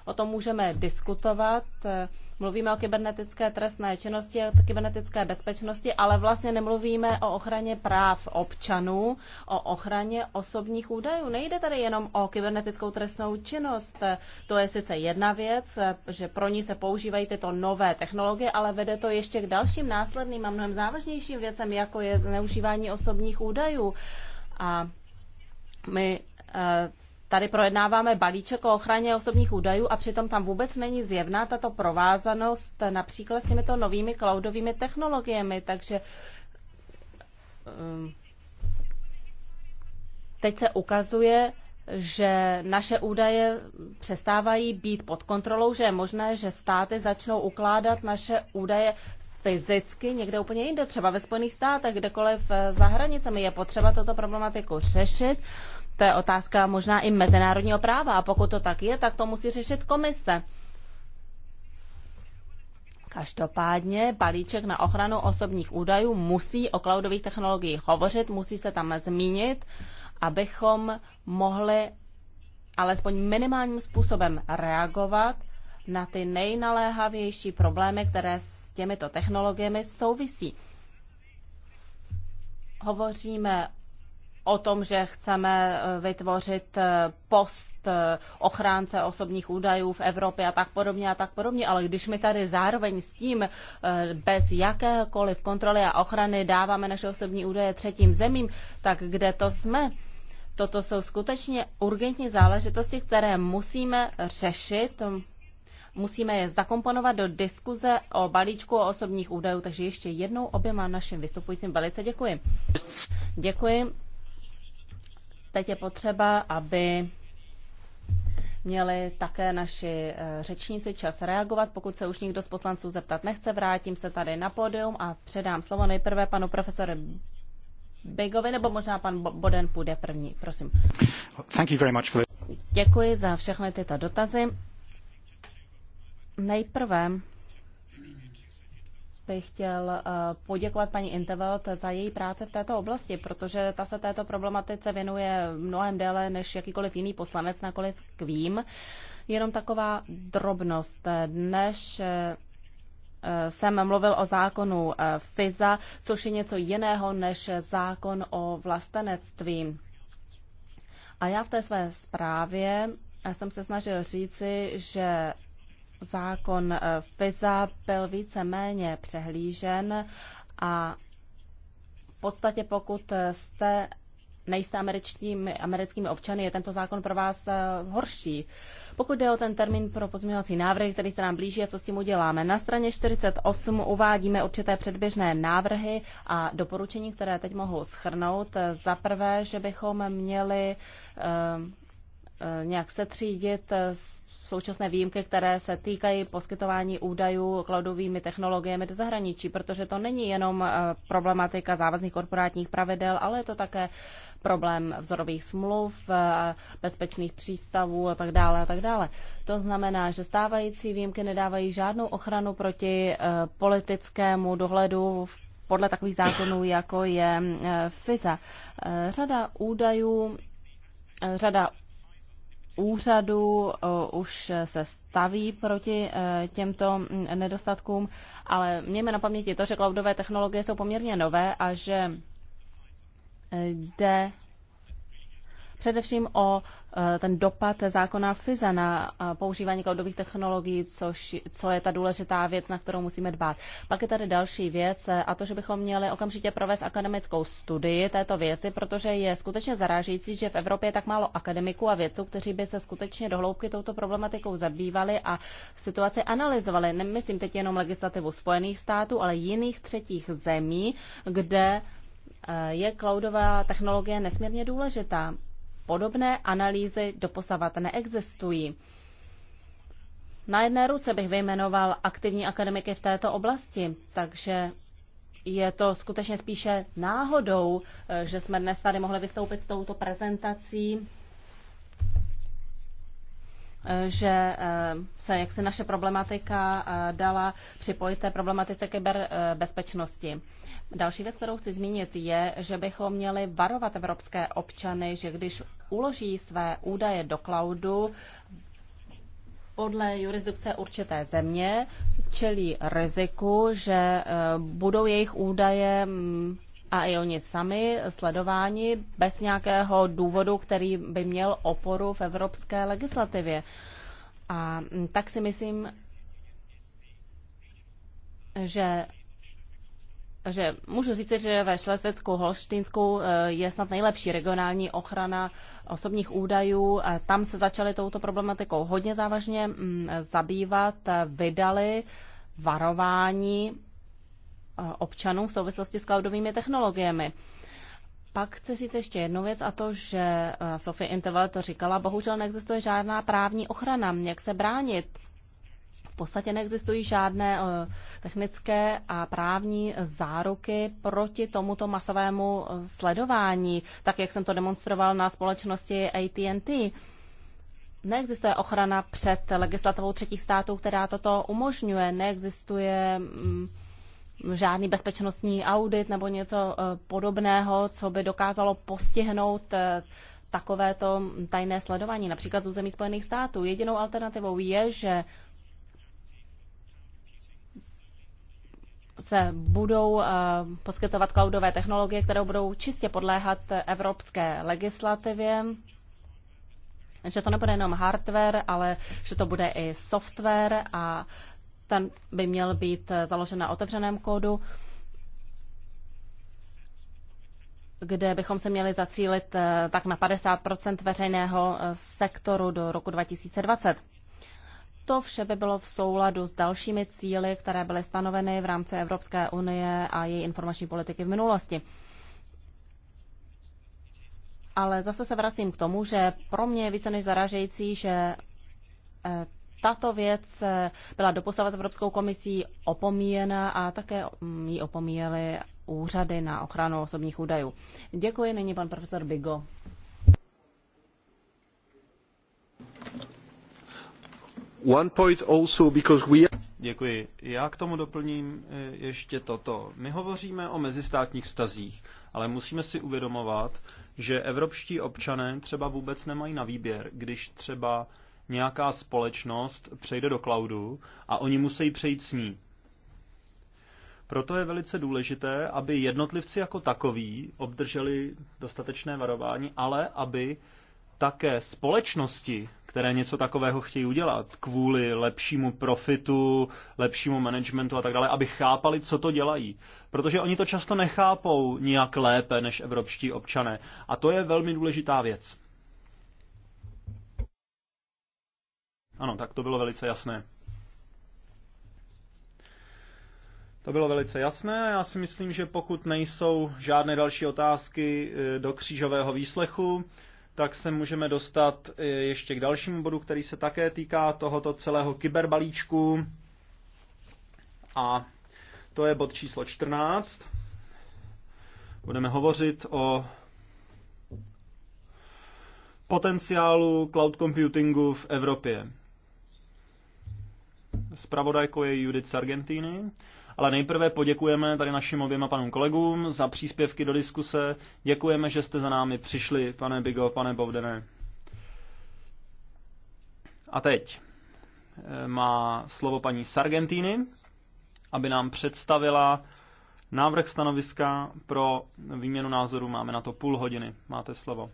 o tom můžeme diskutovat. Eh, mluvíme o kybernetické trestné činnosti a kybernetické bezpečnosti, ale vlastně nemluvíme o ochraně práv občanů, o ochraně osobních údajů. Nejde tady jenom o kybernetickou trestnou činnost. To je sice jedna věc, eh, že pro ní se používají tyto nové technologie, ale vede to ještě k dalším následným a mnohem závažnějším věcem, jako je zneužívání osobních údajů. A my Tady projednáváme balíček o ochraně osobních údajů a přitom tam vůbec není zjevná tato provázanost například s těmito novými cloudovými technologiemi. Takže ehm, teď se ukazuje, že naše údaje přestávají být pod kontrolou, že je možné, že státy začnou ukládat naše údaje fyzicky někde úplně jinde, třeba ve Spojených státech, kdekoliv za hranicemi. Je potřeba toto problematiku řešit otázka možná i mezinárodního práva. A pokud to tak je, tak to musí řešit komise. Každopádně balíček na ochranu osobních údajů musí o cloudových technologiích hovořit, musí se tam zmínit, abychom mohli alespoň minimálním způsobem reagovat na ty nejnaléhavější problémy, které s těmito technologiemi souvisí. Hovoříme o tom, že chceme eh, vytvořit eh, post eh, ochránce osobních údajů v Evropě a tak podobně a tak podobně, ale když my tady zároveň s tím bez jakékoliv kontroly a ochrany dáváme naše osobní údaje třetím zemím, tak kde to jsme? Toto jsou skutečně urgentní záležitosti, které musíme řešit, musíme je zakomponovat do diskuze o balíčku o osobních údajů, takže ještě jednou oběma našim vystupujícím velice děkuji. Děkuji. Teď je potřeba, aby měli také naši eh, řečníci čas reagovat. Pokud se už nikdo z poslanců zeptat nechce, vrátím se tady na pódium a předám slovo nejprve panu profesoru Bigovi, nebo možná pan Boden půjde první. Prosím. Thank you very much for... Děkuji za všechny tyto dotazy. Nejprve bych chtěl eh, poděkovat paní Intervelt za její práci v této oblasti, protože ta se této problematice věnuje mnohem déle než jakýkoliv jiný poslanec, nakolik vím. Jenom taková drobnost. Dnes eh, jsem mluvil o zákonu eh, FISA, což je něco jiného než zákon o vlastenectví. A já v té své zprávě jsem se snažil říci, že zákon eh, FISA byl víceméně přehlížen a v podstatě pokud jste nejste američními, americkými občany, je tento zákon pro vás eh, horší. Pokud jde o ten termín pro pozměňovací návrhy, který se nám blíží a co s tím uděláme, na straně 48 uvádíme určité předběžné návrhy a doporučení, které teď mohu schrnout. Za prvé, že bychom měli uh, nějak setřídit současné výjimky, které se týkají poskytování údajů cloudovými technologiemi do zahraničí, protože to není jenom eh, problematika závazných korporátních pravidel, ale je to také problém vzorových smluv, eh, bezpečných přístavů a tak dále a tak dále. To znamená, že stávající výjimky nedávají žádnou ochranu proti eh, politickému dohledu v podle takových zákonů, jako je FISA. Řada údajů, řada úřadů už se staví proti e, těmto nedostatkům, ale mějme na paměti to, že cloudové technologie jsou poměrně nové a že e, jde především o e, ten dopad zákona FISA na e, používání cloudových technologií, což, co je ta důležitá věc, na kterou musíme dbát. Pak je tady další věc e, a to, že bychom měli okamžitě provést akademickou studii této věci, protože je skutečně zarážející, že v Evropě je tak málo akademiků a vědců, kteří by se skutečně dohloubky touto problematikou zabývali a situaci analyzovali. Nemyslím teď jenom legislativu Spojených států, ale jiných třetích zemí, kde je cloudová technologie nesmírně důležitá podobné analýzy doposavat neexistují. Na jedné ruce bych vyjmenoval aktivní akademiky v této oblasti, takže je to skutečně spíše náhodou, eh, že jsme dnes tady mohli vystoupit s touto prezentací, eh, že eh, se jak se naše problematika dala připojit té problematice kyberbezpečnosti. Další věc, kterou chci zmínit, je, že bychom měli varovat evropské občany, že když uloží své údaje do cloudu, podle jurisdikce určité země čelí riziku, že eh, budou jejich údaje mm, a i oni sami sledováni bez nějakého důvodu, který by měl oporu v evropské legislativě. A mm, tak si myslím, že že můžu říct, že ve Šlesvicku Holštinsku eh, je snad nejlepší regionální ochrana osobních údajů. Tam se začaly touto problematikou hodně závažně mm, zabývat, eh, vydali varování eh, občanů v souvislosti s cloudovými technologiemi. Pak chci říct ještě jednu věc a to, že Sofie Intervale to říkala, bohužel neexistuje žádná právní ochrana, jak se bránit podstatě neexistují žádné eh, technické a právní záruky proti tomuto masovému eh, sledování, tak jak jsem to demonstroval na společnosti AT&T. Neexistuje ochrana před legislativou třetích států, která toto umožňuje. Neexistuje mm, žádný bezpečnostní audit nebo něco eh, podobného, co by dokázalo postihnout takovéto tajné sledování, například z území Spojených států. Jedinou alternativou je, že se budou eh, poskytovat cloudové technologie, které budou čistě podléhat evropské legislativě, že to nebude jenom hardware, ale že to bude i software a ten by měl být eh, založen na otevřeném kódu, kde bychom se měli zacílit eh, tak na 50 veřejného sektoru do roku 2020. To vše by bylo v souladu s dalšími cíly, které byly stanoveny v rámci Evropské unie a její informační politiky v minulosti. Ale zase se vracím k tomu, že pro mě je více než zaražející, že eh, tato věc eh, byla doposavat Evropskou komisí opomíjena a také mm, ji opomíjely úřady na ochranu osobních údajů. Děkuji, nyní pan profesor Bigo. Já k tomu doplním eh, ještě toto. My hovoříme o mezistátních vztazích, ale musíme si uvědomovat, že evropští občané třeba vůbec nemají na výběr, když třeba nějaká společnost přejde do cloudu a oni musí přejít s ní. Proto je velice důležité, aby jednotlivci jako takoví obdrželi dostatečné varování, ale aby také společnosti které něco takového chtějí udělat kvůli lepšímu profitu, lepšímu managementu a tak dále, aby chápali, co to dělají. Protože oni to často nechápou nijak lépe než evropští občané. A to je velmi důležitá věc. Ano, tak to bylo velice jasné. To bylo velice jasné a já si myslím, že pokud nejsou žádné další otázky eh, do křížového výslechu, tak se můžeme dostat eh, ještě k dalšímu bodu, který se také týká tohoto celého kyberbalíčku. A to je bod číslo 14. Budeme hovořit o potenciálu cloud computingu v Evropě. Spravodajkou je Judith z Argentiny. Ale nejprve poděkujeme tady našim oběma panům kolegům za příspěvky do diskuse. Děkujeme, že jste za námi přišli, pane Bigo, pane Bovdene. A teď eh, má slovo paní Sargentini, aby nám představila návrh stanoviska pro výměnu názoru. Máme na to půl hodiny. Máte slovo.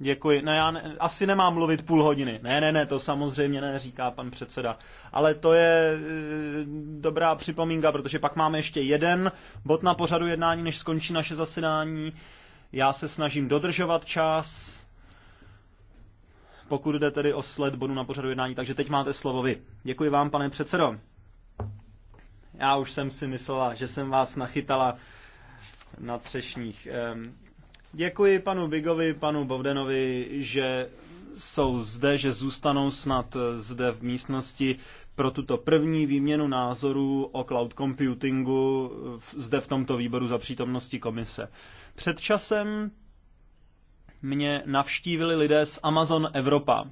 Děkuji. No já ne, asi nemám mluvit půl hodiny. Ne, ne, ne, to samozřejmě ne, říká pan předseda. Ale to je e, dobrá připomínka, protože pak máme ještě jeden bod na pořadu jednání, než skončí naše zasedání. Já se snažím dodržovat čas, pokud jde tedy o sled bodu na pořadu jednání. Takže teď máte slovo vy. Děkuji vám, pane předsedo. Já už jsem si myslela, že jsem vás nachytala na třešních. Ehm. Děkuji panu Bigovi, panu Bovdenovi, že jsou zde, že zůstanou snad zde v místnosti pro tuto první výměnu názorů o cloud computingu zde v tomto výboru za přítomnosti komise. Před časem mě navštívili lidé z Amazon Evropa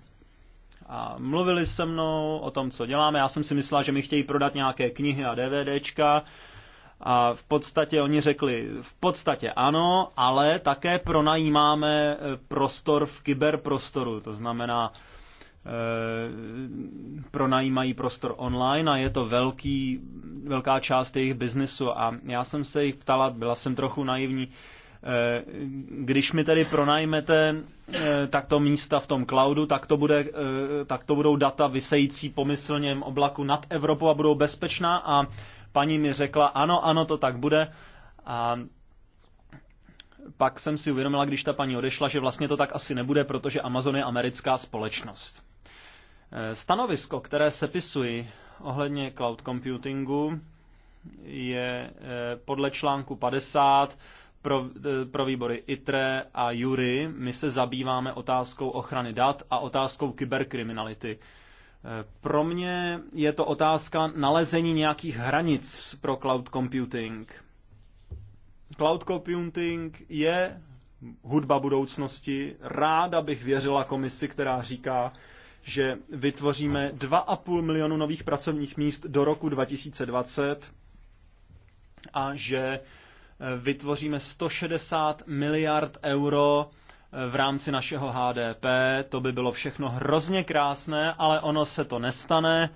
a mluvili se mnou o tom, co děláme. Já jsem si myslela, že mi chtějí prodat nějaké knihy a DVDčka, a v podstatě oni řekli, v podstatě ano, ale také pronajímáme eh, prostor v kyberprostoru, to znamená, e, pronajímají prostor online a je to velký, velká část jejich biznesu. A já jsem se jich ptala, byla jsem trochu naivní, e, když mi tedy pronajmete e, takto místa v tom cloudu, tak to, bude, e, tak to budou data vysející pomyslněm oblaku nad Evropou a budou bezpečná a paní mi řekla, ano, ano, to tak bude. A pak jsem si uvědomila, když ta paní odešla, že vlastně to tak asi nebude, protože Amazon je americká společnost. E, stanovisko, které sepisuji ohledně cloud computingu, je e, podle článku 50 pro, e, pro výbory ITRE a JURY. My se zabýváme otázkou ochrany dat a otázkou kyberkriminality. Pro mě je to otázka nalezení nějakých hranic pro cloud computing. Cloud computing je hudba budoucnosti. Ráda bych věřila komisi, která říká, že vytvoříme 2,5 milionu nových pracovních míst do roku 2020 a že eh, vytvoříme 160 miliard euro v rámci našeho HDP. To by bylo všechno hrozně krásné, ale ono se to nestane,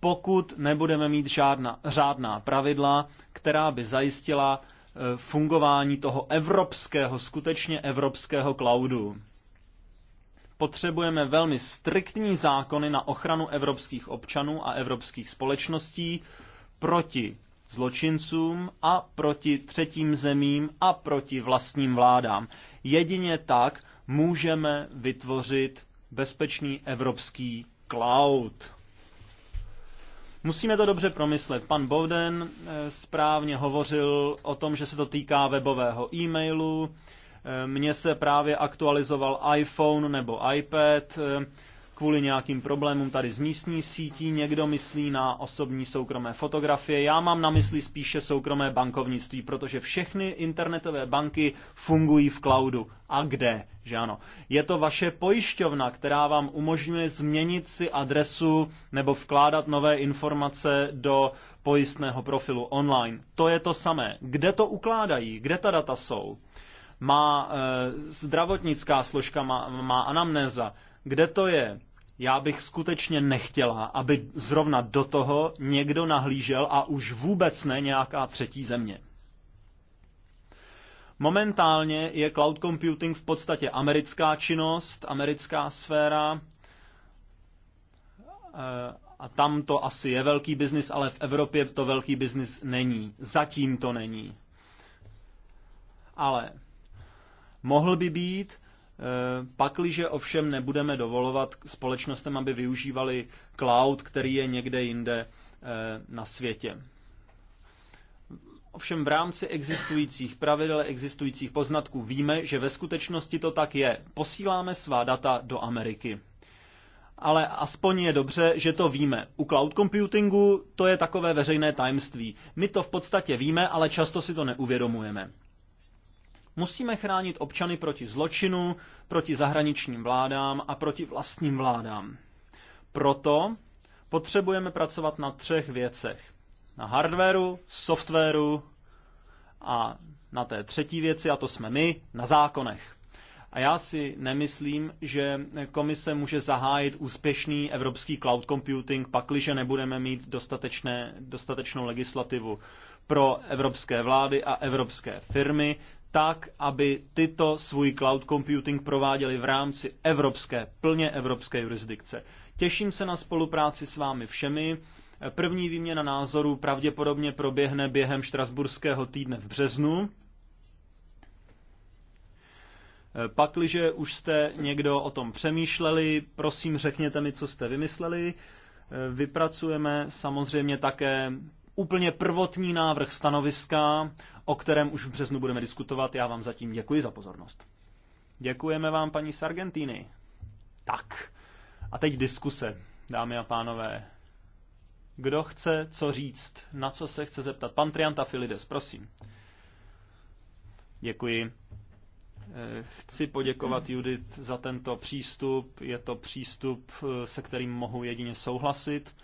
pokud nebudeme mít žádná řádná pravidla, která by zajistila eh, fungování toho evropského, skutečně evropského cloudu. Potřebujeme velmi striktní zákony na ochranu evropských občanů a evropských společností proti zločincům a proti třetím zemím a proti vlastním vládám. Jedině tak můžeme vytvořit bezpečný evropský cloud. Musíme to dobře promyslet. Pan Bowden eh, správně hovořil o tom, že se to týká webového e-mailu. Eh, mně se právě aktualizoval iPhone nebo iPad eh, kvůli nějakým problémům tady z místní sítí, někdo myslí na osobní soukromé fotografie, já mám na mysli spíše soukromé bankovnictví, protože všechny internetové banky fungují v cloudu. A kde? Že ano. Je to vaše pojišťovna, která vám umožňuje změnit si adresu nebo vkládat nové informace do pojistného profilu online. To je to samé. Kde to ukládají? Kde ta data jsou? Má e, zdravotnická složka, má, má anamnéza, kde to je? Já bych skutečně nechtěla, aby zrovna do toho někdo nahlížel a už vůbec ne nějaká třetí země. Momentálně je cloud computing v podstatě americká činnost, americká sféra eh, a tam to asi je velký biznis, ale v Evropě to velký biznis není. Zatím to není. Ale mohl by být, Eh, pakliže ovšem nebudeme dovolovat společnostem, aby využívali cloud, který je někde jinde eh, na světě. Ovšem v rámci existujících pravidel, existujících poznatků víme, že ve skutečnosti to tak je. Posíláme svá data do Ameriky. Ale aspoň je dobře, že to víme. U cloud computingu to je takové veřejné tajemství. My to v podstatě víme, ale často si to neuvědomujeme. Musíme chránit občany proti zločinu, proti zahraničním vládám a proti vlastním vládám. Proto potřebujeme pracovat na třech věcech. Na hardwareu, softwaru a na té třetí věci, a to jsme my, na zákonech. A já si nemyslím, že komise může zahájit úspěšný evropský cloud computing, pakliže nebudeme mít dostatečné, dostatečnou legislativu pro evropské vlády a evropské firmy, tak, aby tyto svůj cloud computing prováděli v rámci evropské, plně evropské jurisdikce. Těším se na spolupráci s vámi všemi. První výměna názorů pravděpodobně proběhne během štrasburského týdne v březnu. Pakliže už jste někdo o tom přemýšleli, prosím řekněte mi, co jste vymysleli. Vypracujeme samozřejmě také úplně prvotní návrh stanoviska, o kterém už v březnu budeme diskutovat. Já vám zatím děkuji za pozornost. Děkujeme vám, paní Sargentini. Tak, a teď diskuse, dámy a pánové. Kdo chce co říct? Na co se chce zeptat? Pan Trianta Filides, prosím. Děkuji. Eh, chci poděkovat Judith za tento přístup. Je to přístup, eh, se kterým mohu jedině souhlasit.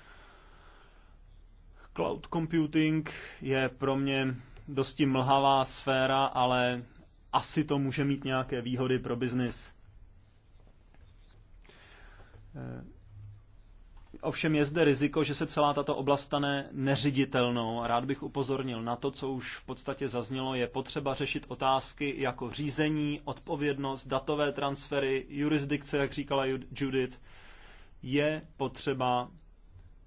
Cloud computing je pro mě dosti mlhavá sféra, ale asi to může mít nějaké výhody pro biznis. Eh, ovšem je zde riziko, že se celá tato oblast stane neřiditelnou. Rád bych upozornil na to, co už v podstatě zaznělo, je potřeba řešit otázky jako řízení, odpovědnost, datové transfery, jurisdikce, jak říkala Judith. Je potřeba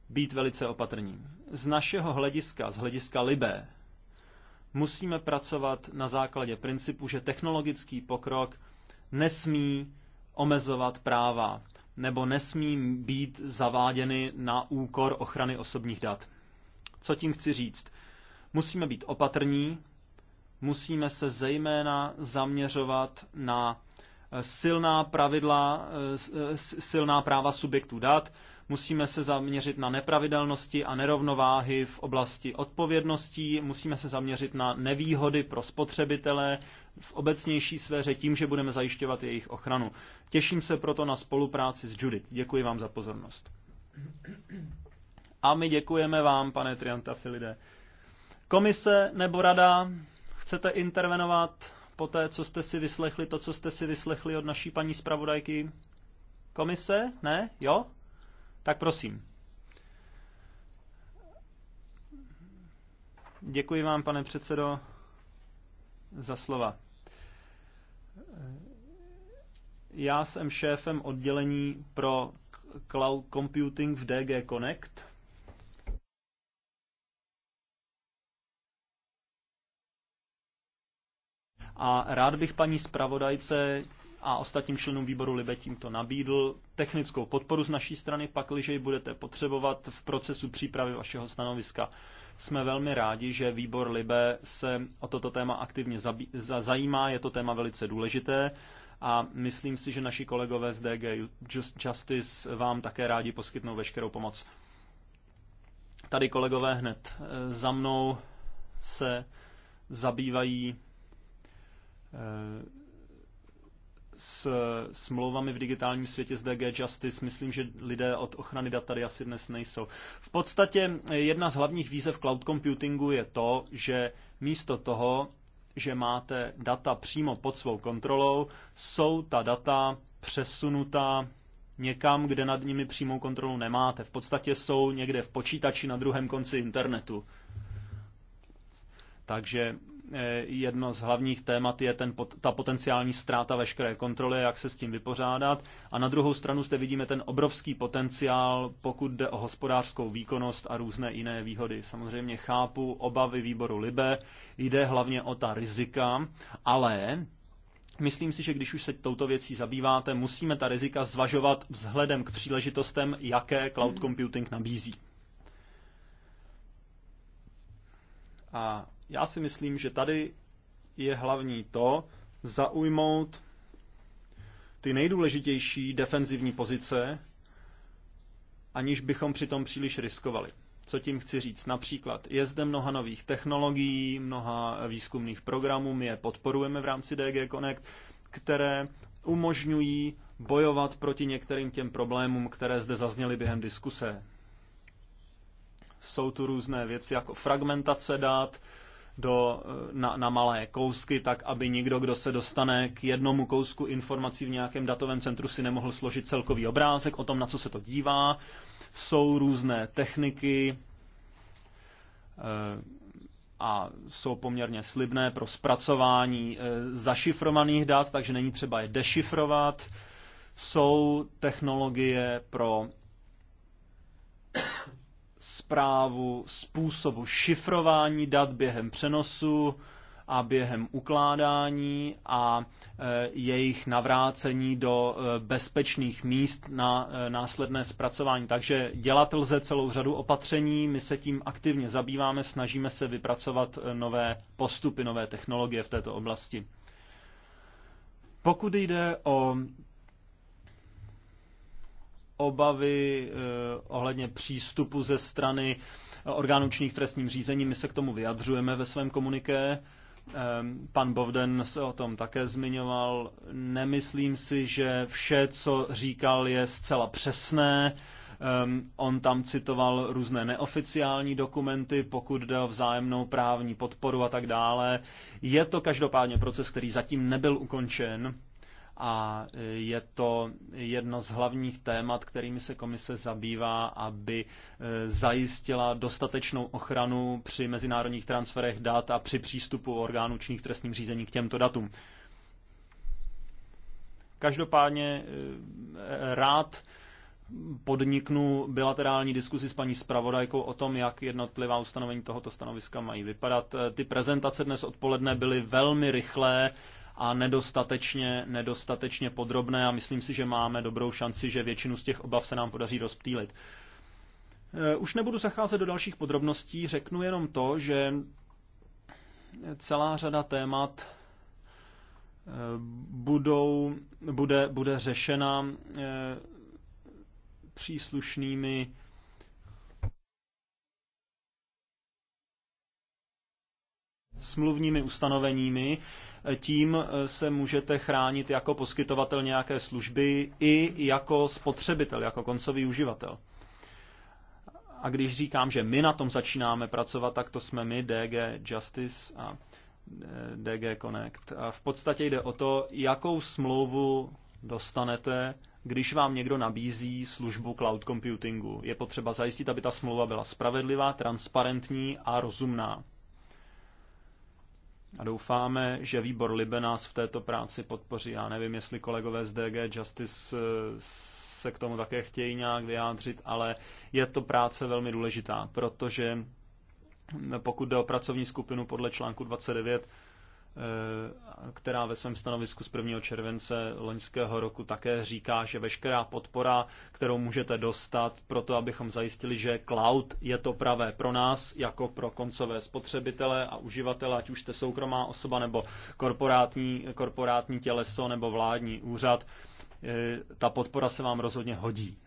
být velice opatrní. Z našeho hlediska, z hlediska Libé, musíme pracovat na základě principu, že technologický pokrok nesmí omezovat práva nebo nesmí být zaváděny na úkor ochrany osobních dat. Co tím chci říct? Musíme být opatrní, musíme se zejména zaměřovat na silná pravidla, silná práva subjektů dat, musíme se zaměřit na nepravidelnosti a nerovnováhy v oblasti odpovědností, musíme se zaměřit na nevýhody pro spotřebitele v obecnější sféře tím, že budeme zajišťovat jejich ochranu. Těším se proto na spolupráci s Judith. Děkuji vám za pozornost. A my děkujeme vám, pane Filide. Komise nebo rada, chcete intervenovat po té, co jste si vyslechli, to, co jste si vyslechli od naší paní zpravodajky? Komise? Ne? Jo? Tak prosím. Děkuji vám, pane předsedo, za slova. Já jsem šéfem oddělení pro cloud computing v DG Connect. A rád bych paní zpravodajce a ostatním členům výboru Libe tímto nabídl technickou podporu z naší strany, pakliže ji budete potřebovat v procesu přípravy vašeho stanoviska. Jsme velmi rádi, že výbor Libe se o toto téma aktivně zajímá, je to téma velice důležité a myslím si, že naši kolegové z DG Justice vám také rádi poskytnou veškerou pomoc. Tady kolegové hned eh, za mnou se zabývají eh, s smlouvami v digitálním světě z DG Justice. Myslím, že lidé od ochrany dat tady asi dnes nejsou. V podstatě eh, jedna z hlavních výzev cloud computingu je to, že místo toho, že máte data přímo pod svou kontrolou, jsou ta data přesunutá někam, kde nad nimi přímou kontrolu nemáte. V podstatě jsou někde v počítači na druhém konci internetu. Takže Eh, jedno z hlavních témat je ten, ta potenciální ztráta veškeré kontroly, jak se s tím vypořádat. A na druhou stranu zde vidíme ten obrovský potenciál, pokud jde o hospodářskou výkonnost a různé jiné výhody. Samozřejmě chápu obavy výboru Libe, jde hlavně o ta rizika, ale Myslím si, že když už se touto věcí zabýváte, musíme ta rizika zvažovat vzhledem k příležitostem, jaké cloud computing nabízí. A já si myslím, že tady je hlavní to zaujmout ty nejdůležitější defenzivní pozice, aniž bychom přitom příliš riskovali. Co tím chci říct? Například je zde mnoha nových technologií, mnoha výzkumných programů, my je podporujeme v rámci DG Connect, které umožňují bojovat proti některým těm problémům, které zde zazněly během diskuse. Jsou tu různé věci jako fragmentace dat, do, eh, na, na malé kousky, tak aby nikdo, kdo se dostane k jednomu kousku informací v nějakém datovém centru, si nemohl složit celkový obrázek o tom, na co se to dívá. Jsou různé techniky eh, a jsou poměrně slibné pro zpracování eh, zašifrovaných dat, takže není třeba je dešifrovat. Jsou technologie pro zprávu způsobu šifrování dat během přenosu a během ukládání a e, jejich navrácení do e, bezpečných míst na e, následné zpracování. Takže dělat lze celou řadu opatření, my se tím aktivně zabýváme, snažíme se vypracovat nové postupy, nové technologie v této oblasti. Pokud jde o obavy eh, ohledně přístupu ze strany eh, orgánů činných trestním řízení. My se k tomu vyjadřujeme ve svém komuniké. Ehm, pan Bovden se o tom také zmiňoval. Nemyslím si, že vše, co říkal, je zcela přesné. Um, on tam citoval různé neoficiální dokumenty, pokud jde o vzájemnou právní podporu a tak dále. Je to každopádně proces, který zatím nebyl ukončen a e, je to jedno z hlavních témat, kterými se komise zabývá, aby e, zajistila dostatečnou ochranu při mezinárodních transferech dat a při přístupu orgánů činných trestním řízení k těmto datům. Každopádně e, rád podniknu bilaterální diskuzi s paní zpravodajkou o tom, jak jednotlivá ustanovení tohoto stanoviska mají vypadat. Ty prezentace dnes odpoledne byly velmi rychlé, a nedostatečně, nedostatečně podrobné a myslím si, že máme dobrou šanci, že většinu z těch obav se nám podaří rozptýlit. E, už nebudu zacházet do dalších podrobností, řeknu jenom to, že celá řada témat e, budou, bude, bude řešena e, příslušnými smluvními ustanoveními. Tím eh, se můžete chránit jako poskytovatel nějaké služby i jako spotřebitel, jako koncový uživatel. A když říkám, že my na tom začínáme pracovat, tak to jsme my, DG Justice a eh, DG Connect. A v podstatě jde o to, jakou smlouvu dostanete, když vám někdo nabízí službu cloud computingu. Je potřeba zajistit, aby ta smlouva byla spravedlivá, transparentní a rozumná. A doufáme, že výbor Libe nás v této práci podpoří. Já nevím, jestli kolegové z DG Justice eh, se k tomu také chtějí nějak vyjádřit, ale je to práce velmi důležitá, protože pokud jde o pracovní skupinu podle článku 29, Eh, která ve svém stanovisku z 1. července loňského roku také říká, že veškerá podpora, kterou můžete dostat pro to, abychom zajistili, že cloud je to pravé pro nás, jako pro koncové spotřebitele a uživatele, ať už jste soukromá osoba nebo korporátní, korporátní těleso nebo vládní úřad, eh, ta podpora se vám rozhodně hodí.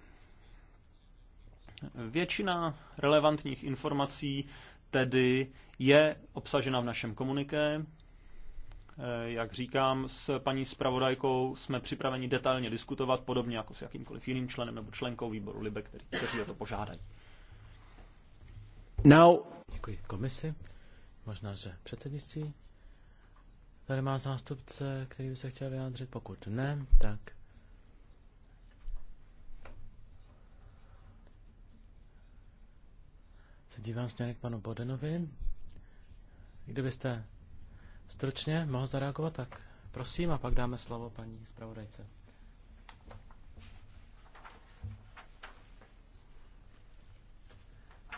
Většina relevantních informací tedy je obsažena v našem komuniké, Eh, jak říkám, s paní zpravodajkou jsme připraveni detailně diskutovat, podobně jako s jakýmkoliv jiným členem nebo členkou výboru LIBE, který, kteří o to požádají. Now. Děkuji komisi. Možná, že předsednictví. Tady má zástupce, který by se chtěl vyjádřit. Pokud ne, tak se dívám směrem k panu Bodenovi. Kdybyste stručně mohl zareagovat, tak prosím a pak dáme slovo paní zpravodajce.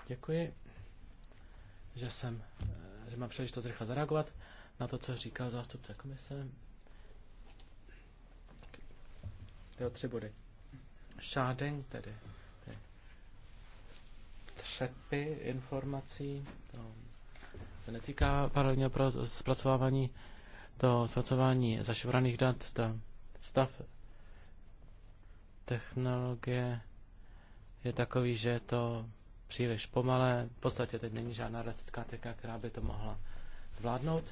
Děkuji, že jsem, že mám příležitost rychle zareagovat na to, co říkal zástupce komise. ty o tři body. Šádeng, tedy, tedy třepy informací, to genetika paralelně pro zpracovávání, to zpracování zašifrovaných dat, ta stav technologie je takový, že je to příliš pomalé. V podstatě teď není žádná realistická technika, která by to mohla zvládnout.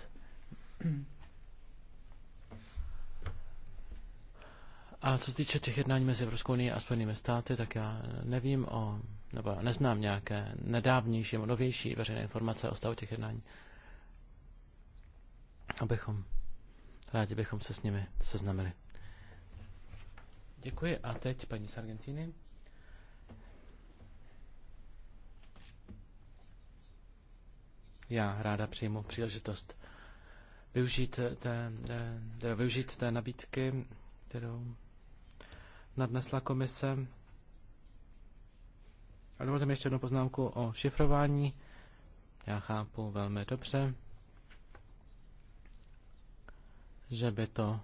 A co se týče těch jednání mezi Evropskou unii a Spojenými státy, tak já nevím o nebo neznám nějaké nedávnější nebo novější veřejné informace o stavu těch jednání. Abychom, rádi bychom se s nimi seznamili. Děkuji a teď paní z Argentíny. Já ráda přijmu příležitost využít té, té, využít té nabídky, kterou nadnesla komise a dovolte mi ještě jednu poznámku o šifrování. Já chápu velmi dobře, že by to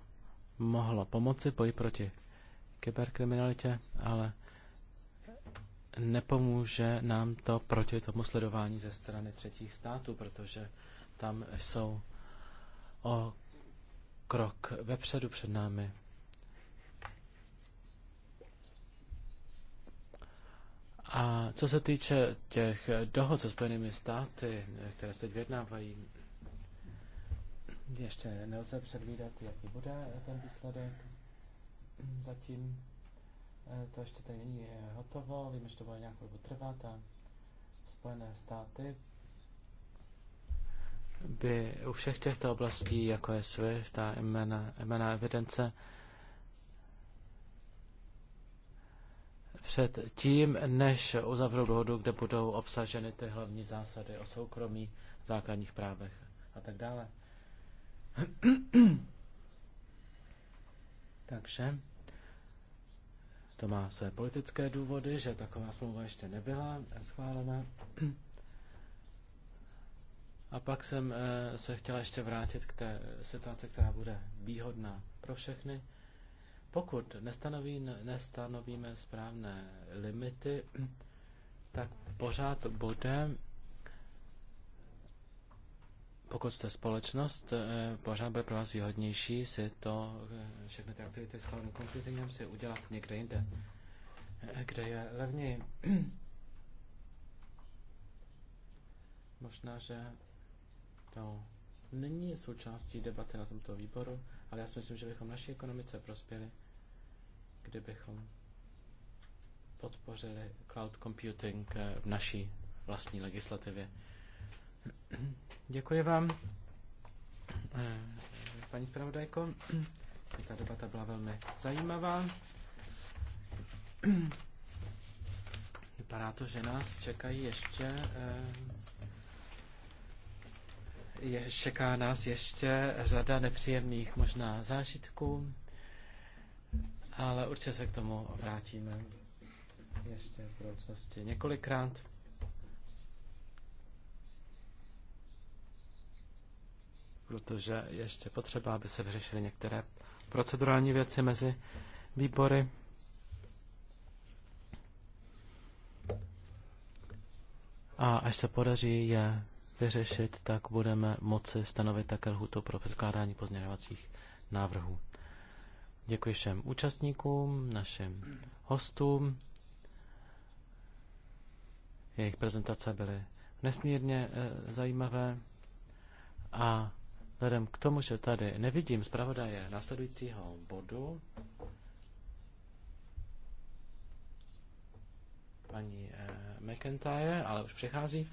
mohlo pomoci boji proti kyberkriminalitě, ale nepomůže nám to proti tomu sledování ze strany třetích států, protože tam jsou o krok vepředu před námi. A co se týče těch dohod se Spojenými státy, které se vyjednávají, ještě nelze předvídat, jaký bude ten výsledek. Zatím eh, to ještě tady není eh, hotovo, víme, že to bude nějakou dobu trvat a Spojené státy by u všech těchto oblastí, jako je SWIFT a jména, jména evidence, před tím, než uzavřou dohodu, kde budou obsaženy ty hlavní zásady o soukromí, základních právech a tak dále. Takže to má své politické důvody, že taková smlouva ještě nebyla schválena. A pak jsem eh, se chtěla ještě vrátit k té situaci, která bude výhodná pro všechny. Pokud nestanoví, nestanovíme správné limity, tak pořád bude, pokud jste společnost, eh, pořád bude pro vás výhodnější si to, eh, všechny ty aktivity s cloudovým computingem si udělat někde jinde, eh, kde je levněji. Možná, že to není součástí debaty na tomto výboru, ale já si myslím, že bychom naší ekonomice prospěli kdybychom podpořili cloud computing eh, v naší vlastní legislativě. Děkuji vám, eh, paní zpravodajko. Ta debata byla velmi zajímavá. Vypadá to, že nás čekají ještě eh, je, čeká nás ještě řada nepříjemných možná zážitků ale určitě se k tomu vrátíme ještě v budoucnosti několikrát. protože ještě potřeba, aby se vyřešily některé procedurální věci mezi výbory. A až se podaří je vyřešit, tak budeme moci stanovit také lhutu pro předkládání pozměňovacích návrhů. Děkuji všem účastníkům, našim hostům. Jejich prezentace byly nesmírně e, zajímavé a vzhledem k tomu, že tady nevidím zpravodaje následujícího bodu, paní e, McIntyre, ale už přechází,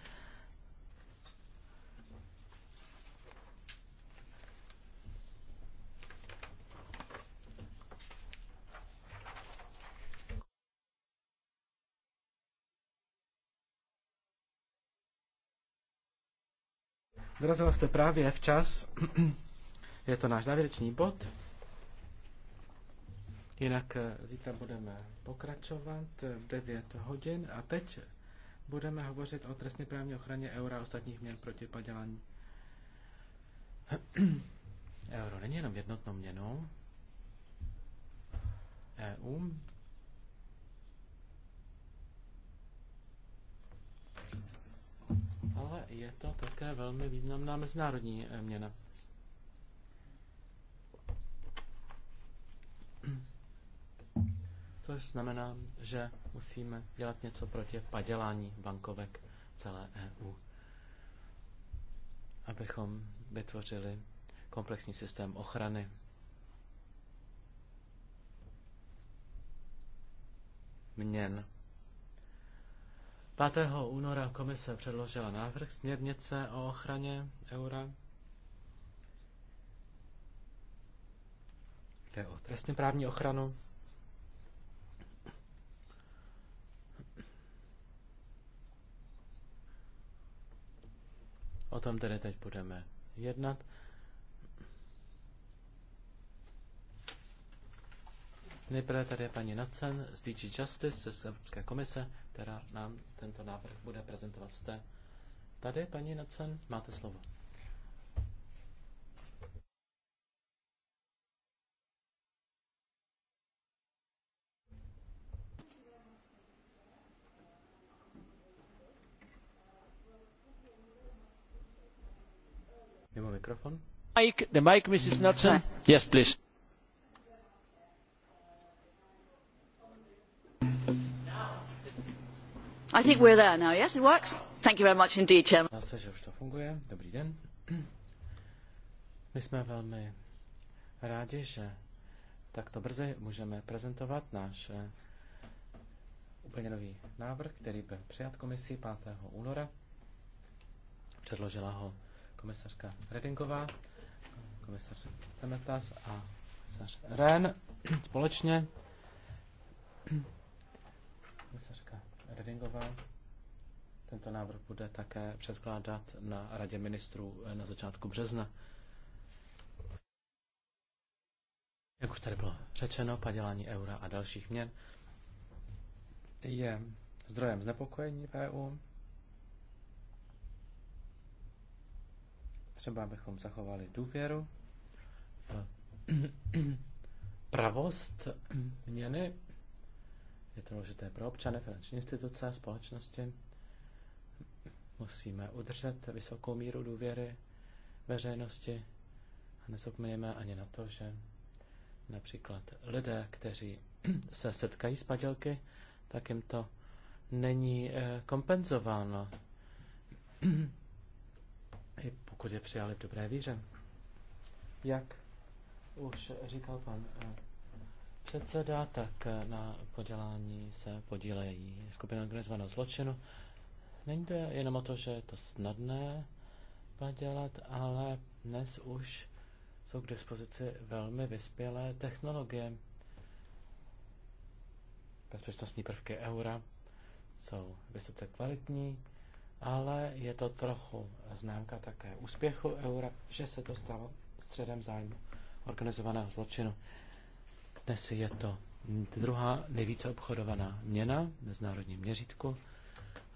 Dorazila jste právě včas. Je to náš závěrečný bod. Jinak eh, zítra budeme pokračovat v 9 hodin a teď budeme hovořit o trestně právní ochraně eura a ostatních měn proti padělání. Euro není jenom jednotnou měnou. EU ale je to také velmi významná mezinárodní eh, měna. To znamená, že musíme dělat něco proti padělání bankovek celé EU, abychom vytvořili komplexní systém ochrany. Měn. 5. února komise předložila návrh směrnice o ochraně eura. Jde o trestně právní ochranu. O tom tedy teď budeme jednat. Nejprve tady je paní Nacen z DG Justice, z Evropské komise, která nám tento návrh bude prezentovat. zde. tady, paní Nacen, máte slovo. Mimo mikrofon. Mike, the mic, Mrs. Nacen. Yes, please. I think we're there now. Yes, it works. Thank you very much indeed, Chairman. že už to funguje. Dobrý den. My jsme velmi rádi, že takto brzy můžeme prezentovat náš eh, úplně nový návrh, který byl přijat komisí 5. února. Předložila ho komisařka Redingová, komisař Cemetas a komisař Ren společně. Komisařka Redingová. Tento návrh bude také předkládat na Radě ministrů eh, na začátku března. Jak už tady bylo řečeno, padělání eura a dalších měn je zdrojem znepokojení v EU. Třeba bychom zachovali důvěru, pravost měny je to důležité pro občany, finanční instituce, společnosti. Musíme udržet vysokou míru důvěry veřejnosti a nezapomeňme ani na to, že například lidé, kteří se setkají s padělky, tak jim to není eh, kompenzováno, i pokud je přijali v dobré víře. Jak už říkal pan eh, předseda, tak eh, na podělání se podílejí skupina organizovaného zločinu. Není to jenom o to, že je to snadné padělat, ale dnes už jsou k dispozici velmi vyspělé technologie. Bezpečnostní prvky eura jsou vysoce kvalitní, ale je to trochu známka také úspěchu eura, že se to stalo středem zájmu organizovaného zločinu. Dnes je to druhá nejvíce obchodovaná měna v mezinárodním měřítku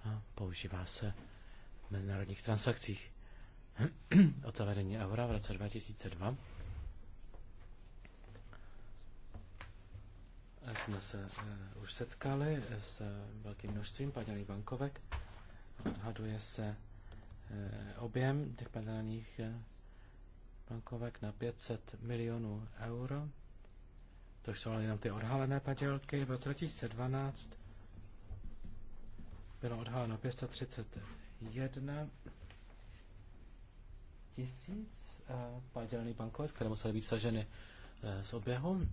a používá se v mezinárodních transakcích. Od zavedení eura v roce 2002 jsme se uh, už setkali s velkým množstvím padělaných bankovek. Odhaduje se uh, objem těch padělaných uh, bankovek na 500 milionů euro to jsou ale jenom ty odhalené padělky. V roce 2012 bylo odhaleno 531 tisíc eh, padělných bankovet, které musely být saženy eh, z oběhu.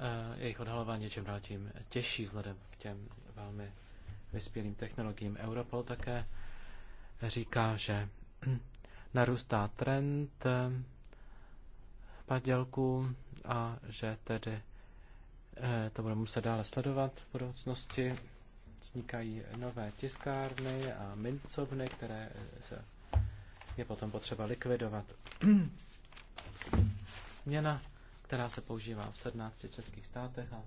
Eh, jejich odhalování je čím dál tím těžší vzhledem k těm velmi vyspělým technologiím. Europol také říká, že narůstá trend padělků a že tedy eh, to budeme muset dále sledovat v budoucnosti. Vznikají nové tiskárny a mincovny, které eh, se je potom potřeba likvidovat. Měna, která se používá v 17 českých státech a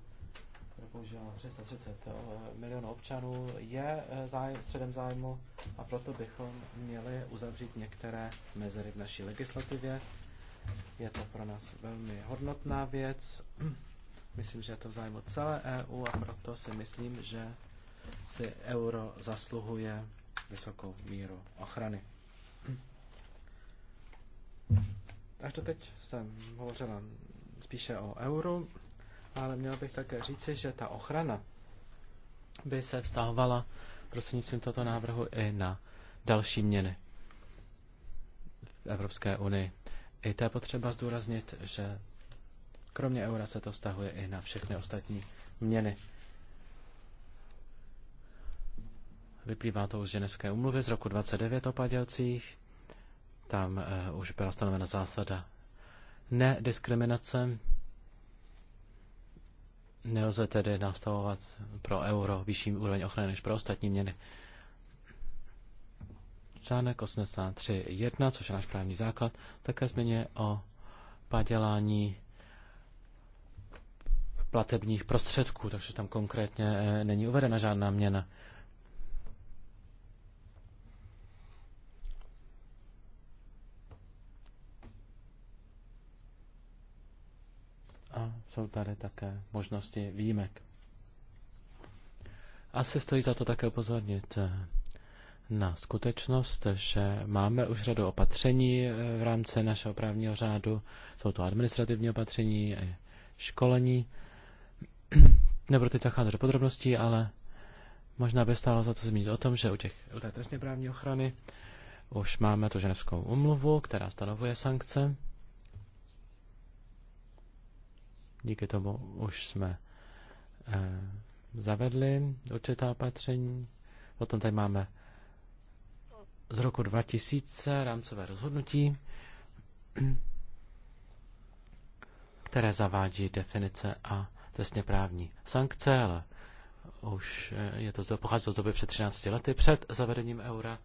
používá 330 eh, milionů občanů, je zájem, středem zájmu a proto bychom měli uzavřít některé mezery v naší legislativě. Je to pro nás velmi hodnotná věc. Myslím, že je to v zájmu celé EU a proto si myslím, že si euro zasluhuje vysokou míru ochrany. Až to teď jsem hovořila spíše o euro, ale měl bych také říci, že ta ochrana by se vztahovala prostřednictvím tohoto návrhu i na další měny v Evropské unii. I to je potřeba zdůraznit, že kromě eura se to vztahuje i na všechny ostatní měny. Vyplývá to už z ženevské umluvy z roku 29 o padělcích. Tam eh, už byla stanovena zásada nediskriminace. Nelze tedy nastavovat pro euro vyšší úroveň ochrany než pro ostatní měny. Článek 83.1, což je náš právní základ, také změně o padělání platebních prostředků, takže tam konkrétně eh, není uvedena žádná měna. A jsou tady také možnosti výjimek. Asi stojí za to také upozornit eh, na skutečnost, že máme už řadu opatření eh, v rámci našeho právního řádu. Jsou to administrativní opatření, školení. Nebudu teď zacházet do podrobností, ale možná by stálo za to zmínit o tom, že u, těch, u té trestně právní ochrany už máme tu ženevskou umluvu, která stanovuje sankce. Díky tomu už jsme eh, zavedli určitá opatření. Potom tady máme z roku 2000 rámcové rozhodnutí, které zavádí definice a trestně právní sankce, ale už eh, je to pochází z doby před 13 lety, před zavedením eura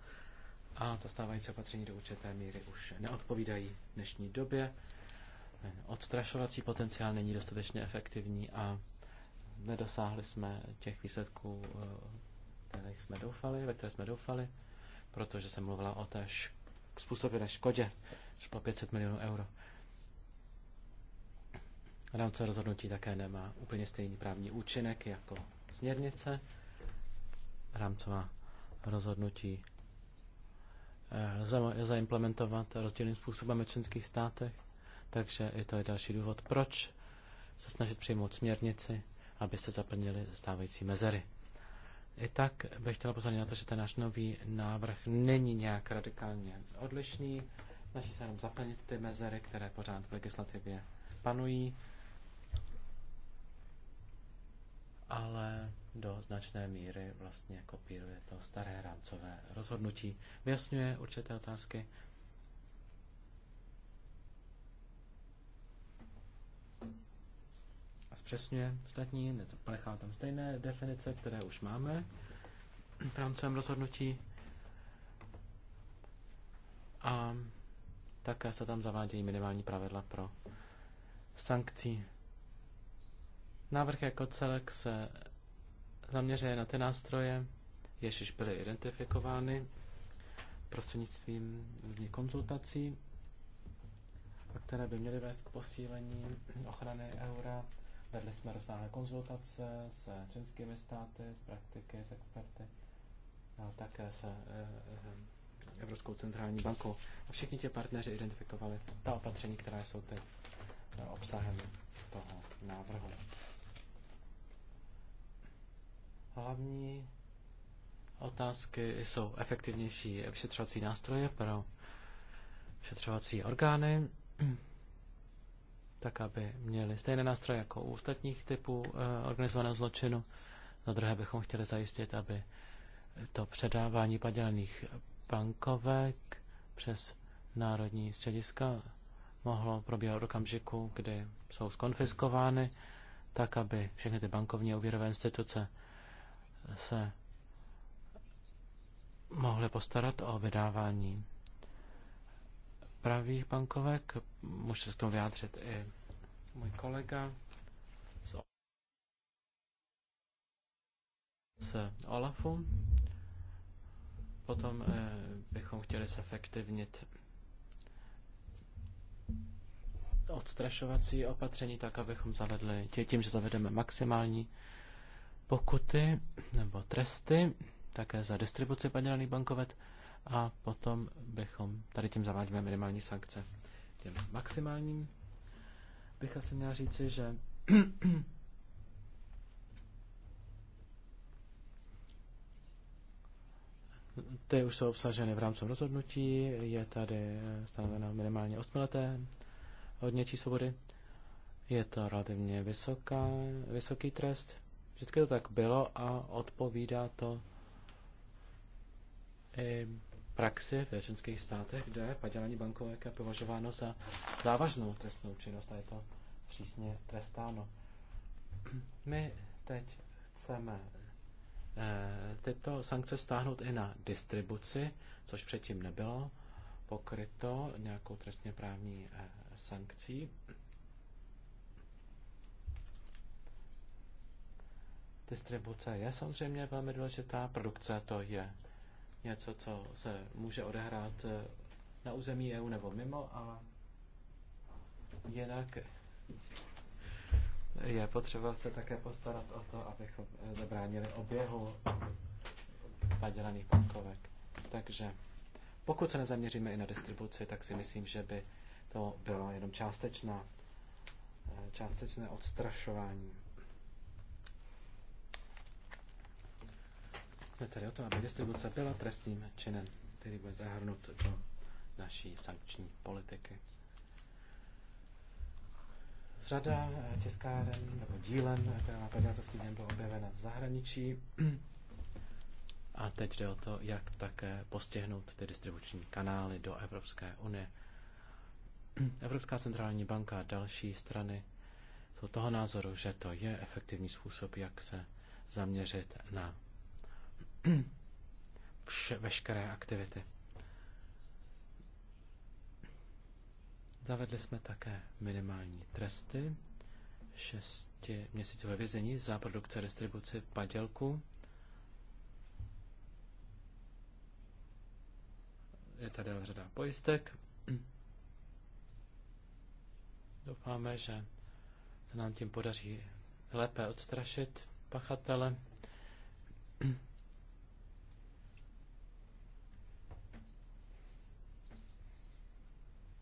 a ta stávající opatření do určité míry už neodpovídají dnešní době. Odstrašovací potenciál není dostatečně efektivní a nedosáhli jsme těch výsledků, eh, které jsme doufali, ve které jsme doufali protože jsem mluvila o té š- způsobené škodě, třeba 500 milionů euro. Rámce rozhodnutí také nemá úplně stejný právní účinek jako směrnice. Rámcová rozhodnutí lze eh, zaimplementovat rozdílným způsobem ve členských státech, takže i to je další důvod, proč se snažit přijmout směrnici, aby se zaplnily stávající mezery. I tak bych chtěla pozornit na to, že ten náš nový návrh není nějak radikálně odlišný. Snaží se jenom zaplnit ty mezery, které pořád v legislativě panují, ale do značné míry vlastně kopíruje to staré rámcové rozhodnutí. Vyjasňuje určité otázky, zpřesňuje ostatní, ponechá tam stejné definice, které už máme v rámcovém rozhodnutí. A také se tam zavádějí minimální pravidla pro sankcí. Návrh jako celek se zaměřuje na ty nástroje, jež již byly identifikovány prostřednictvím různých konzultací, které by měly vést k posílení ochrany eura Vedli jsme rozsáhlé konzultace s členskými státy, s praktiky, s experty a také se eh, eh, Evropskou centrální bankou. A všichni ti partneři identifikovali ta opatření, která jsou teď eh, obsahem toho návrhu. Hlavní otázky jsou efektivnější vyšetřovací nástroje pro vyšetřovací orgány tak aby měli stejné nástroje jako u ostatních typů eh, organizovaného zločinu. Na druhé bychom chtěli zajistit, aby to předávání padělených bankovek přes národní střediska mohlo probíhat do okamžiku, kdy jsou skonfiskovány, tak aby všechny ty bankovní a úvěrové instituce se mohly postarat o vydávání pravých bankovek Můžete se k tomu vyjádřit i můj kolega z OLAFu. Potom eh, bychom chtěli zefektivnit odstrašovací opatření tak, abychom zavedli tím, že zavedeme maximální pokuty nebo tresty, také za distribuci padělaných bankovet a potom bychom tady tím zavádíme minimální sankce těm maximálním, bych asi měl říci, že ty už jsou obsaženy v rámci rozhodnutí, je tady eh, stanoveno minimálně osmileté odnětí svobody. Je to relativně vysoká, vysoký trest. Vždycky to tak bylo a odpovídá to i praxi ve členských státech, kde padělání bankovek je považováno za závažnou trestnou činnost a je to přísně trestáno. My teď chceme eh, tyto sankce stáhnout i na distribuci, což předtím nebylo pokryto nějakou trestně právní eh, sankcí. Distribuce je samozřejmě velmi důležitá, produkce to je něco, co se může odehrát eh, na území EU nebo mimo a jinak je potřeba se také postarat o to, abychom eh, zabránili oběhu padělaných bankovek. Takže pokud se nezaměříme i na distribuci, tak si myslím, že by to bylo jenom částečná, eh, částečné odstrašování. Jde tedy o to, aby distribuce byla trestním činem, který bude zahrnut do naší sankční politiky. Řada tiskáren nebo dílen byla pedagogický den byla objevena v zahraničí. A teď jde o to, jak také postihnout ty distribuční kanály do Evropské unie. Evropská centrální banka a další strany jsou toho názoru, že to je efektivní způsob, jak se zaměřit na vše, veškeré aktivity. Zavedli jsme také minimální tresty, šesti měsícové vězení za produkce a distribuci padělku. Je tady řada pojistek. Doufáme, že se nám tím podaří lépe odstrašit pachatele.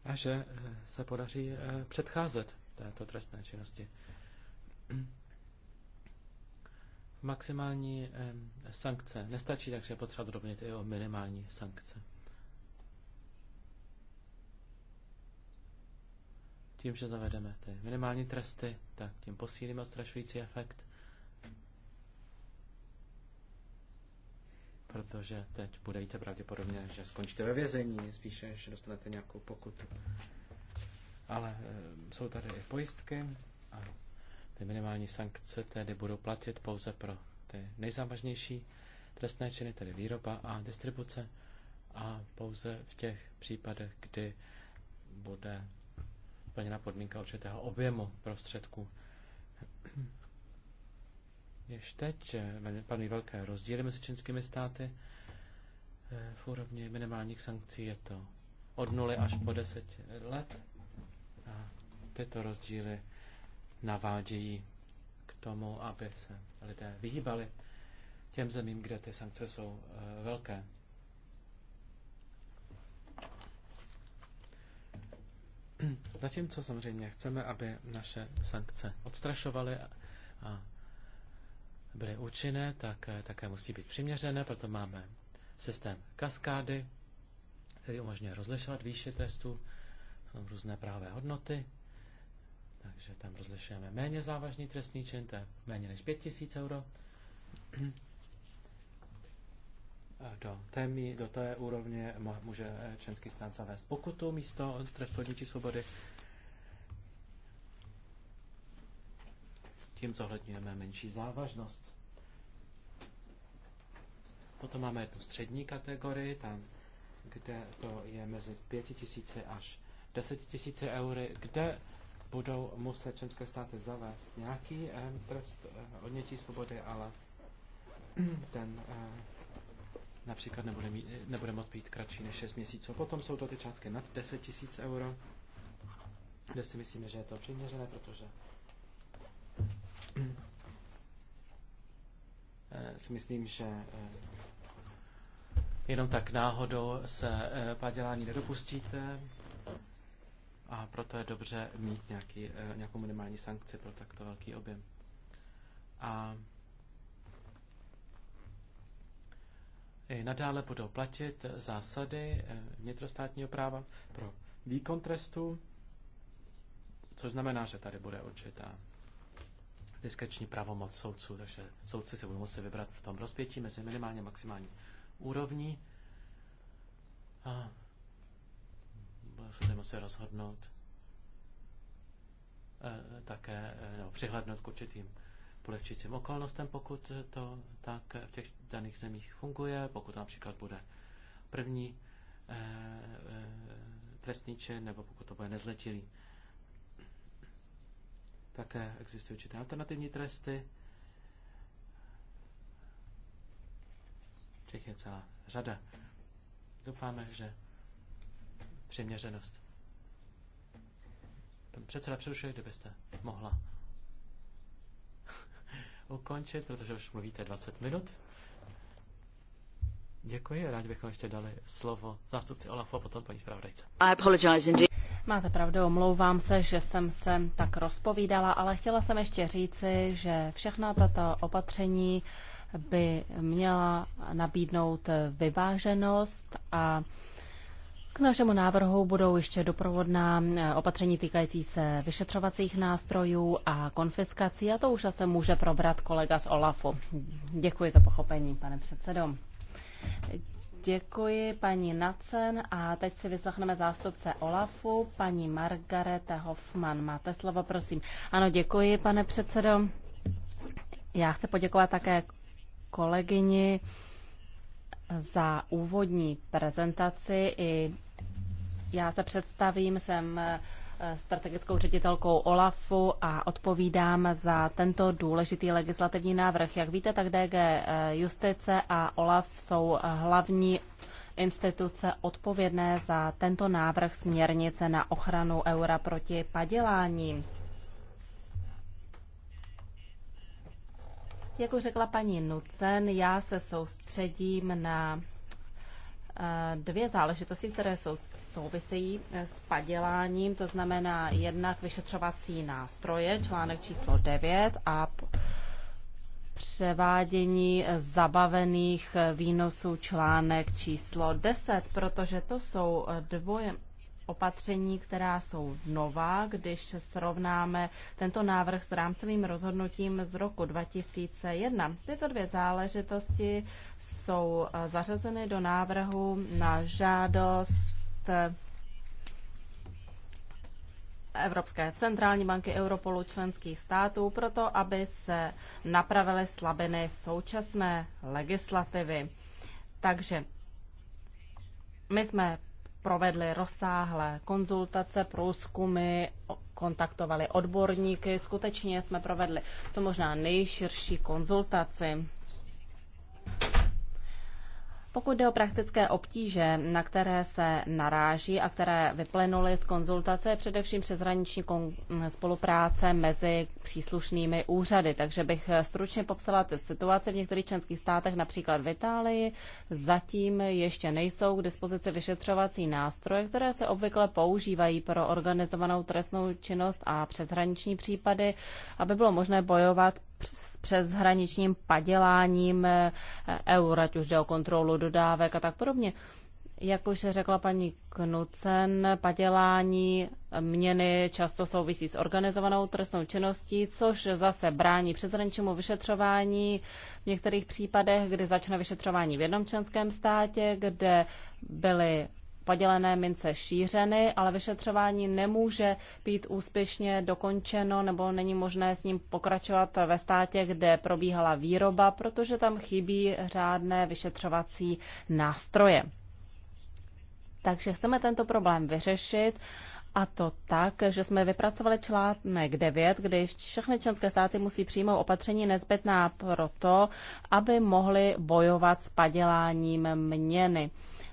a že eh, se podaří eh, předcházet této trestné činnosti. Maximální eh, sankce nestačí, takže potřeba drobnit i o minimální sankce. Tím, že zavedeme ty minimální tresty, tak tím posílíme odstrašující efekt protože teď bude více pravděpodobně, že skončíte ve vězení, spíše, že dostanete nějakou pokutu. Ale e, jsou tady i pojistky a ty minimální sankce tedy budou platit pouze pro ty nejzávažnější trestné činy, tedy výroba a distribuce a pouze v těch případech, kdy bude plněna podmínka určitého objemu prostředků. Jež teď eh, panují velké rozdíly mezi čínskými státy. Eh, v úrovni minimálních sankcí je to od 0 až po 10 let. A tyto rozdíly navádějí k tomu, aby se lidé vyhýbali těm zemím, kde ty sankce jsou eh, velké. Zatímco samozřejmě chceme, aby naše sankce odstrašovaly a byly účinné, tak eh, také musí být přiměřené, proto máme systém kaskády, který umožňuje rozlišovat výši trestu, v různé právé hodnoty, takže tam rozlišujeme méně závažný trestný čin, to je méně než 5000 euro. Do té, do té úrovně může eh, členský stát zavést pokutu místo trestu odnětí svobody tím zohledňujeme menší závažnost. Potom máme jednu střední kategorii, tam, kde to je mezi 5 tisíci až 10 tisíci eury, kde budou muset členské státy zavést nějaký eh, trest eh, odnětí svobody, ale ten eh, například nebude, mít, nebude moct být kratší než 6 měsíců. Potom jsou to ty částky nad 10 tisíc euro, kde si myslíme, že je to přiměřené, protože Eh, si myslím, že eh, jenom tak náhodou se eh, padělání nedopustíte a proto je dobře mít nějaký, nějakou minimální sankci pro takto velký objem. A i nadále budou platit zásady vnitrostátního práva pro výkon trestu, což znamená, že tady bude určitá diskreční pravomoc soudců, takže soudci se budou moci vybrat v tom rozpětí mezi minimálně a maximální úrovní. A budou se tady moci rozhodnout e, také, e, nebo přihlednout k určitým polehčícím okolnostem, pokud to tak v těch daných zemích funguje, pokud například bude první e, e, trestný čin, nebo pokud to bude nezletilý. Také existují určité alternativní tresty. Těch je celá řada. Doufáme, že přiměřenost. Pan předseda přerušuje, kdybyste mohla ukončit, protože už mluvíte 20 minut. Děkuji, rád bychom ještě dali slovo zástupci Olafu a potom paní zpravodajce. I apologize indeed. Máte pravdu, omlouvám se, že jsem se tak rozpovídala, ale chtěla jsem ještě říci, že všechna tato opatření by měla nabídnout vyváženost a k našemu návrhu budou ještě doprovodná opatření týkající se vyšetřovacích nástrojů a konfiskací a to už se může probrat kolega z OLAFu. Děkuji za pochopení, pane předsedo. Děkuji paní Nacen a teď si vyslechneme zástupce OLAFu, paní Margarete Hoffman. Máte slovo, prosím. Ano, děkuji, pane předsedo. Já chci poděkovat také kolegyni za úvodní prezentaci i já se představím, jsem E, strategickou ředitelkou OLAFu a odpovídám za tento důležitý legislativní návrh. Jak víte, tak DG e, Justice a OLAF jsou hlavní instituce odpovědné za tento návrh směrnice na ochranu eura proti padělání. Jak už řekla paní Nucen, já se soustředím na Eh, dvě záležitosti, které jsou, souvisejí eh, s paděláním, to znamená jednak vyšetřovací nástroje, článek číslo 9 a převádění eh, zabavených výnosů článek číslo 10, protože to jsou dvoje opatření, která jsou nová, když srovnáme tento návrh s rámcovým rozhodnutím z roku 2001. Tyto dvě záležitosti jsou eh, zařazeny do návrhu na žádost eh, Evropské centrální banky Europolu členských států proto, aby se napravily slabiny současné legislativy. Takže my jsme provedli rozsáhlé konzultace, průzkumy, kontaktovali odborníky. Skutečně jsme provedli co možná nejširší konzultaci pokud jde o praktické obtíže, na které se naráží a které vyplynuly z konzultace, především přeshraniční spolupráce mezi příslušnými úřady. Takže bych stručně popsala tu situaci v některých členských státech, například v Itálii. Zatím ještě nejsou k dispozici vyšetřovací nástroje, které se obvykle používají pro organizovanou trestnou činnost a přeshraniční případy, aby bylo možné bojovat s přeshraničním paděláním eh, eur, ať už jde o kontrolu dodávek a tak podobně. Jak už řekla paní Knucen, padělání měny často souvisí s organizovanou trestnou činností, což zase brání přeshraničnímu vyšetřování v některých případech, kdy začne vyšetřování v jednom členském státě, kde byly padělené mince šířeny, ale vyšetřování nemůže být úspěšně dokončeno nebo není možné s ním pokračovat ve státě, kde probíhala výroba, protože tam chybí řádné vyšetřovací nástroje. Takže chceme tento problém vyřešit. A to tak, že jsme vypracovali článek 9, kdy všechny členské státy musí přijmout opatření nezbytná proto, aby mohly bojovat s paděláním měny.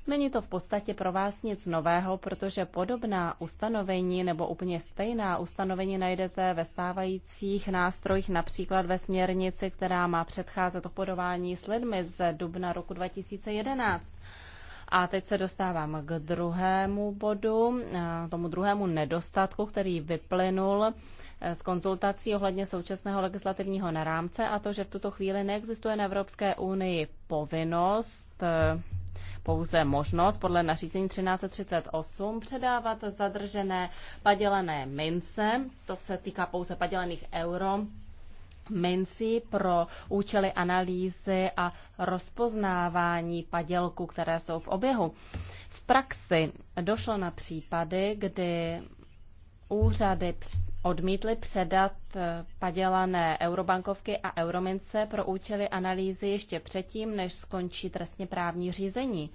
Není to v podstatě pro vás nic nového, protože podobná ustanovení nebo úplně stejná ustanovení najdete ve stávajících nástrojích, například ve směrnici, která má předcházet obchodování s lidmi z dubna roku 2011. A teď se dostávám k druhému bodu, eh, tomu druhému nedostatku, který vyplynul eh, z konzultací ohledně současného legislativního narámce a to, že v tuto chvíli neexistuje na Evropské unii povinnost eh, pouze možnost podle nařízení 1338 předávat zadržené padělené mince, to se týká pouze padělených euro, minci pro účely analýzy a rozpoznávání padělků, které jsou v oběhu. V praxi došlo na případy, kdy úřady odmítli předat eh, padělané eurobankovky a euromince pro účely analýzy ještě předtím, než skončí trestně právní řízení.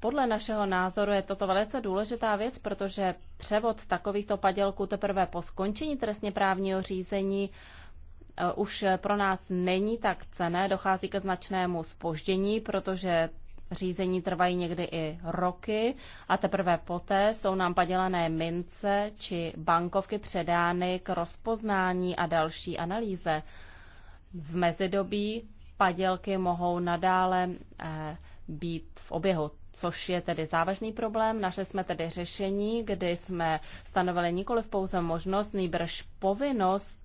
Podle našeho názoru je toto velice důležitá věc, protože převod takovýchto padělků teprve po skončení trestně právního řízení eh, už pro nás není tak cené, dochází ke značnému spoždění, protože řízení trvají někdy i roky a teprve poté jsou nám padělané mince či bankovky předány k rozpoznání a další analýze. V mezidobí padělky mohou nadále eh, být v oběhu, což je tedy závažný problém. Našli jsme tedy řešení, kdy jsme stanovili nikoli pouze možnost, nýbrž povinnost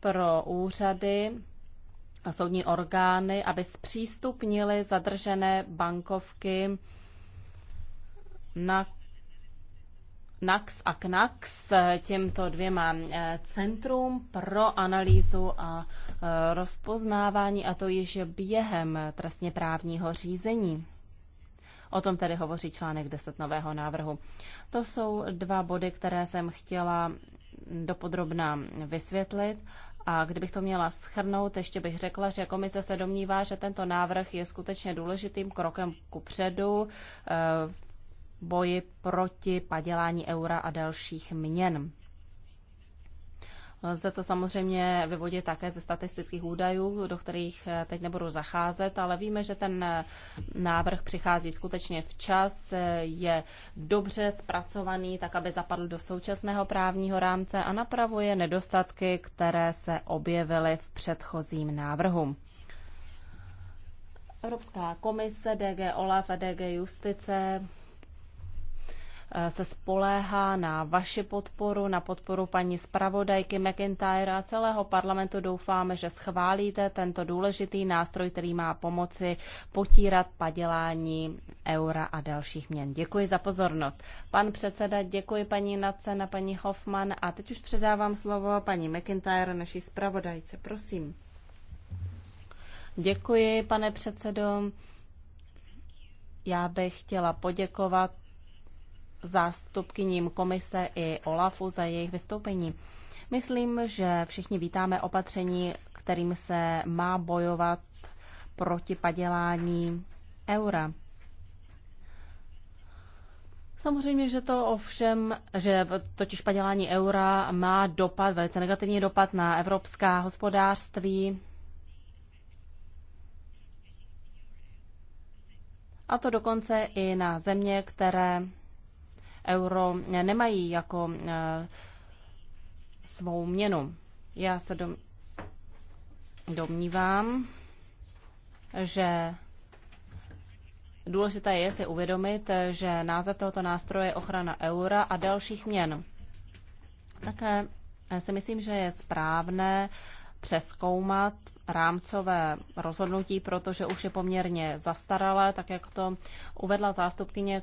pro úřady a soudní orgány, aby zpřístupnili zadržené bankovky na NAX a KNAX těmto dvěma eh, centrum pro analýzu a eh, rozpoznávání, a to již během trestně právního řízení. O tom tedy hovoří článek 10 nového návrhu. To jsou dva body, které jsem chtěla dopodrobná vysvětlit a kdybych to měla schrnout, ještě bych řekla, že komise se domnívá, že tento návrh je skutečně důležitým krokem ku předu eh, v boji proti padělání eura a dalších měn. Lze to samozřejmě vyvodit také ze statistických údajů, do kterých eh, teď nebudu zacházet, ale víme, že ten eh, návrh přichází skutečně včas, eh, je dobře zpracovaný, tak aby zapadl do současného právního rámce a napravuje nedostatky, které se objevily v předchozím návrhu. Evropská komise, DG OLAF a DG Justice Eh, se spoléhá na vaši podporu, na podporu paní zpravodajky McIntyre a celého parlamentu. Doufáme, že schválíte tento důležitý nástroj, který má pomoci potírat padělání eura a dalších měn. Děkuji za pozornost. Pan předseda, děkuji paní Nace a paní Hoffman a teď už předávám slovo paní McIntyre, naší zpravodajce. Prosím. Děkuji, pane předsedo. Já bych chtěla poděkovat zástupkyním komise i OLAFu za jejich vystoupení. Myslím, že všichni vítáme opatření, kterým se má bojovat proti padělání eura. Samozřejmě, že to ovšem, že totiž padělání eura má dopad, velice negativní dopad na evropská hospodářství. A to dokonce i na země, které euro nemají jako eh, svou měnu. Já se dom, domnívám, že důležité je si uvědomit, že název tohoto nástroje je ochrana eura a dalších měn. Také eh, si myslím, že je správné přeskoumat rámcové rozhodnutí, protože už je poměrně zastaralé, tak jak to uvedla zástupkyně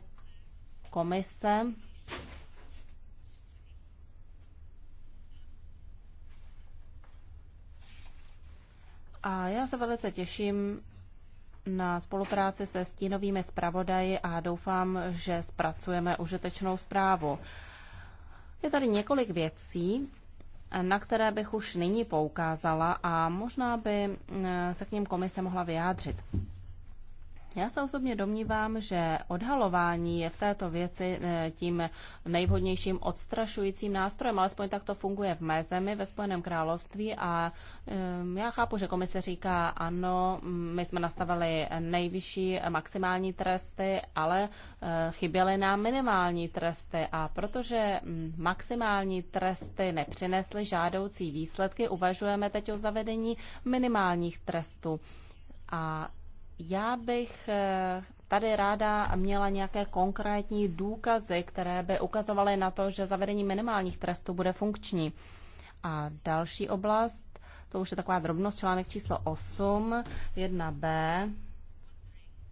komise. A já se velice těším na spolupráci se stínovými zpravodaji a doufám, že zpracujeme užitečnou zprávu. Je tady několik věcí, na které bych už nyní poukázala a možná by eh, se k ním komise mohla vyjádřit. Já se osobně domnívám, že odhalování je v této věci eh, tím nejvhodnějším odstrašujícím nástrojem, alespoň tak to funguje v mé zemi, ve Spojeném království a ehm, já chápu, že komise říká ano, my jsme nastavili nejvyšší maximální tresty, ale eh, chyběly nám minimální tresty a protože hm, maximální tresty nepřinesly žádoucí výsledky, uvažujeme teď o zavedení minimálních trestů. A já bych eh, tady ráda měla nějaké konkrétní důkazy, které by ukazovaly na to, že zavedení minimálních trestů bude funkční. A další oblast, to už je taková drobnost, článek číslo 8, 1b.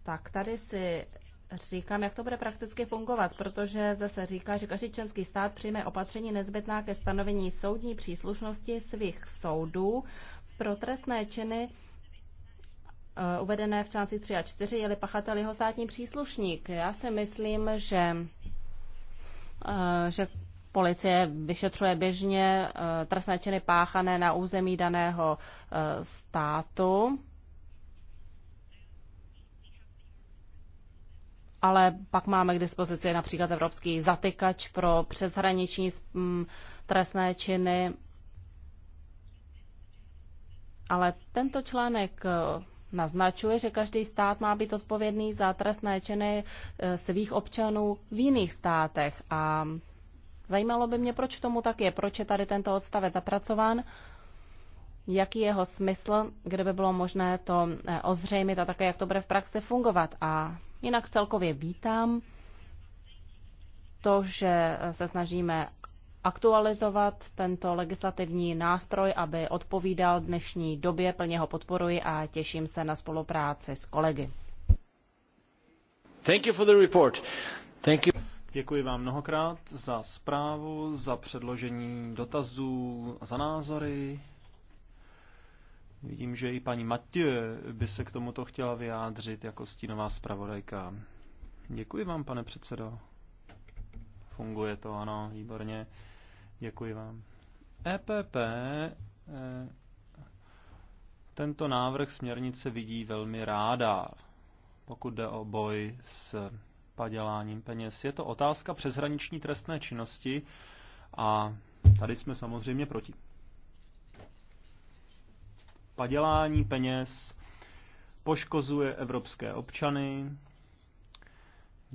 Tak tady si říkám, jak to bude prakticky fungovat, protože zase říká, že každý členský stát přijme opatření nezbytná ke stanovení soudní příslušnosti svých soudů pro trestné činy, Eh, uvedené v článcích 3 a 4, je-li pachatel jeho státní příslušník. Já si myslím, že, eh, že policie vyšetřuje běžně eh, trestné činy páchané na území daného státu. ale pak máme k dispozici například evropský zatykač pro přeshraniční mm, trestné činy. Ale tento článek naznačuje, že každý stát má být odpovědný za trestné činy eh, svých občanů v jiných státech. A zajímalo by mě, proč tomu tak je, proč je tady tento odstavec zapracován, jaký je jeho smysl, kde by bylo možné to eh, ozřejmit a také, jak to bude v praxi fungovat. A jinak celkově vítám to, že eh, se snažíme aktualizovat tento legislativní nástroj, aby odpovídal dnešní době. Plně ho podporuji a těším se na spolupráci s kolegy. Thank you for the report. Thank you. Děkuji vám mnohokrát za zprávu, za předložení dotazů, za názory. Vidím, že i paní Matěje by se k tomuto chtěla vyjádřit jako stínová zpravodajka. Děkuji vám, pane předsedo. Funguje to, ano, výborně. Děkuji vám. EPP eh, tento návrh směrnice vidí velmi ráda, pokud jde o boj s paděláním peněz. Je to otázka přeshraniční trestné činnosti a tady jsme samozřejmě proti. Padělání peněz poškozuje evropské občany,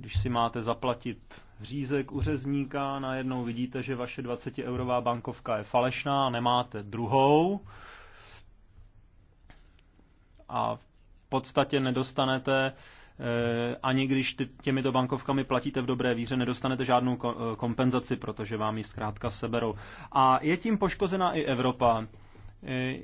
když si máte zaplatit řízek u řezníka, najednou vidíte, že vaše 20-eurová bankovka je falešná, nemáte druhou a v podstatě nedostanete eh, ani když těmito bankovkami platíte v dobré víře, nedostanete žádnou eh, kompenzaci, protože vám ji zkrátka seberou. A je tím poškozená i Evropa. Eh,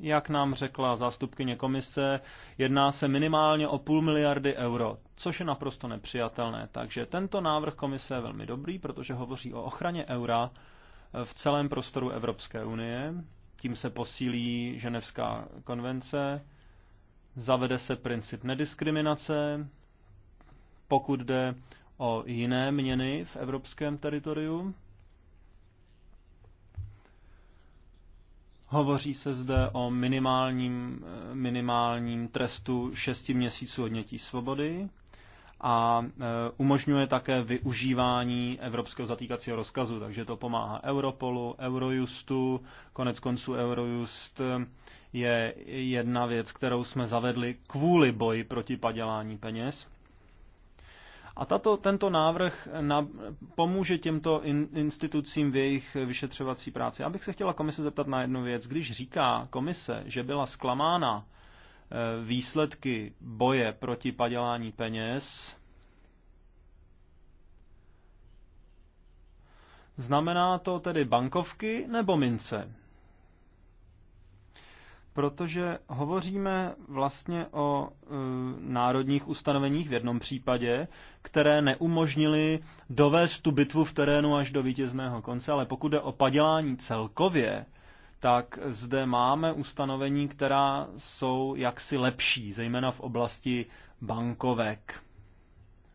jak nám řekla zástupkyně komise, jedná se minimálně o půl miliardy euro, což je naprosto nepřijatelné. Takže tento návrh komise je velmi dobrý, protože hovoří o ochraně eura v celém prostoru Evropské unie. Tím se posílí Ženevská konvence, zavede se princip nediskriminace, pokud jde o jiné měny v evropském teritoriu, Hovoří se zde o minimálním, minimálním trestu 6 měsíců odnětí svobody a e, umožňuje také využívání evropského zatýkacího rozkazu, takže to pomáhá Europolu, Eurojustu, konec konců Eurojust e, je jedna věc, kterou jsme zavedli kvůli boji proti padělání peněz. A tato, tento návrh na, pomůže těmto in, institucím v jejich vyšetřovací práci. Abych se chtěla komise zeptat na jednu věc. Když říká komise, že byla zklamána eh, výsledky boje proti padělání peněz, znamená to tedy bankovky nebo mince? protože hovoříme vlastně o e, národních ustanoveních v jednom případě, které neumožnili dovést tu bitvu v terénu až do vítězného konce, ale pokud jde o padělání celkově, tak zde máme ustanovení, která jsou jaksi lepší, zejména v oblasti bankovek.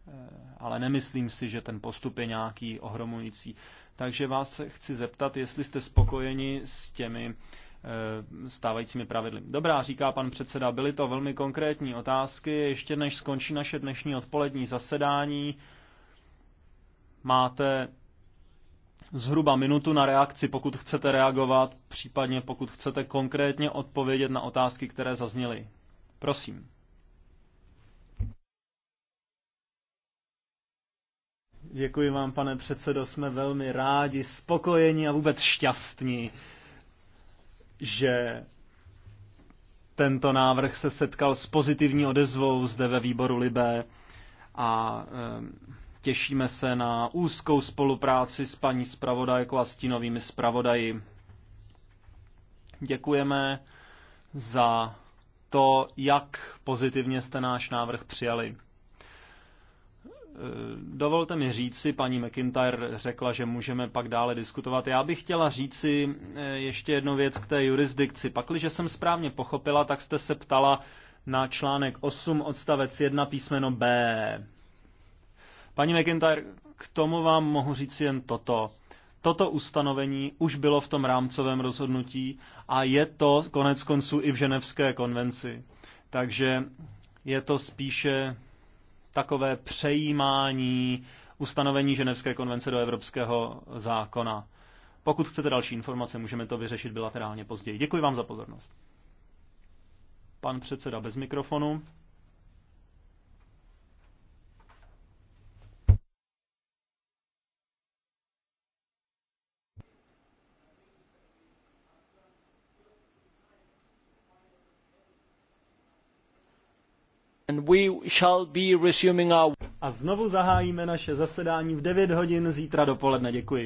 E, ale nemyslím si, že ten postup je nějaký ohromující. Takže vás chci zeptat, jestli jste spokojeni s těmi Eh, stávajícími pravidly. Dobrá, říká pan předseda, byly to velmi konkrétní otázky. Ještě než skončí naše dnešní odpolední zasedání, máte zhruba minutu na reakci, pokud chcete reagovat, případně pokud chcete konkrétně odpovědět na otázky, které zazněly. Prosím. Děkuji vám, pane předsedo, jsme velmi rádi, spokojeni a vůbec šťastní, že tento návrh se setkal s pozitivní odezvou zde ve výboru Libé a těšíme se na úzkou spolupráci s paní spravodajkou a stínovými spravodaji. Děkujeme za to, jak pozitivně jste náš návrh přijali. Eh, dovolte mi říci, paní McIntyre řekla, že můžeme pak dále diskutovat. Já bych chtěla říci eh, ještě jednu věc k té jurisdikci. Pakliže jsem správně pochopila, tak jste se ptala na článek 8 odstavec 1 písmeno B. Paní McIntyre, k tomu vám mohu říci jen toto. Toto ustanovení už bylo v tom rámcovém rozhodnutí a je to konec konců i v Ženevské konvenci. Takže je to spíše takové přejímání ustanovení Ženevské konvence do evropského zákona. Pokud chcete další informace, můžeme to vyřešit bilaterálně později. Děkuji vám za pozornost. Pan předseda bez mikrofonu. A znovu zahájíme naše zasedání v 9 hodin zítra dopoledne. Děkuji.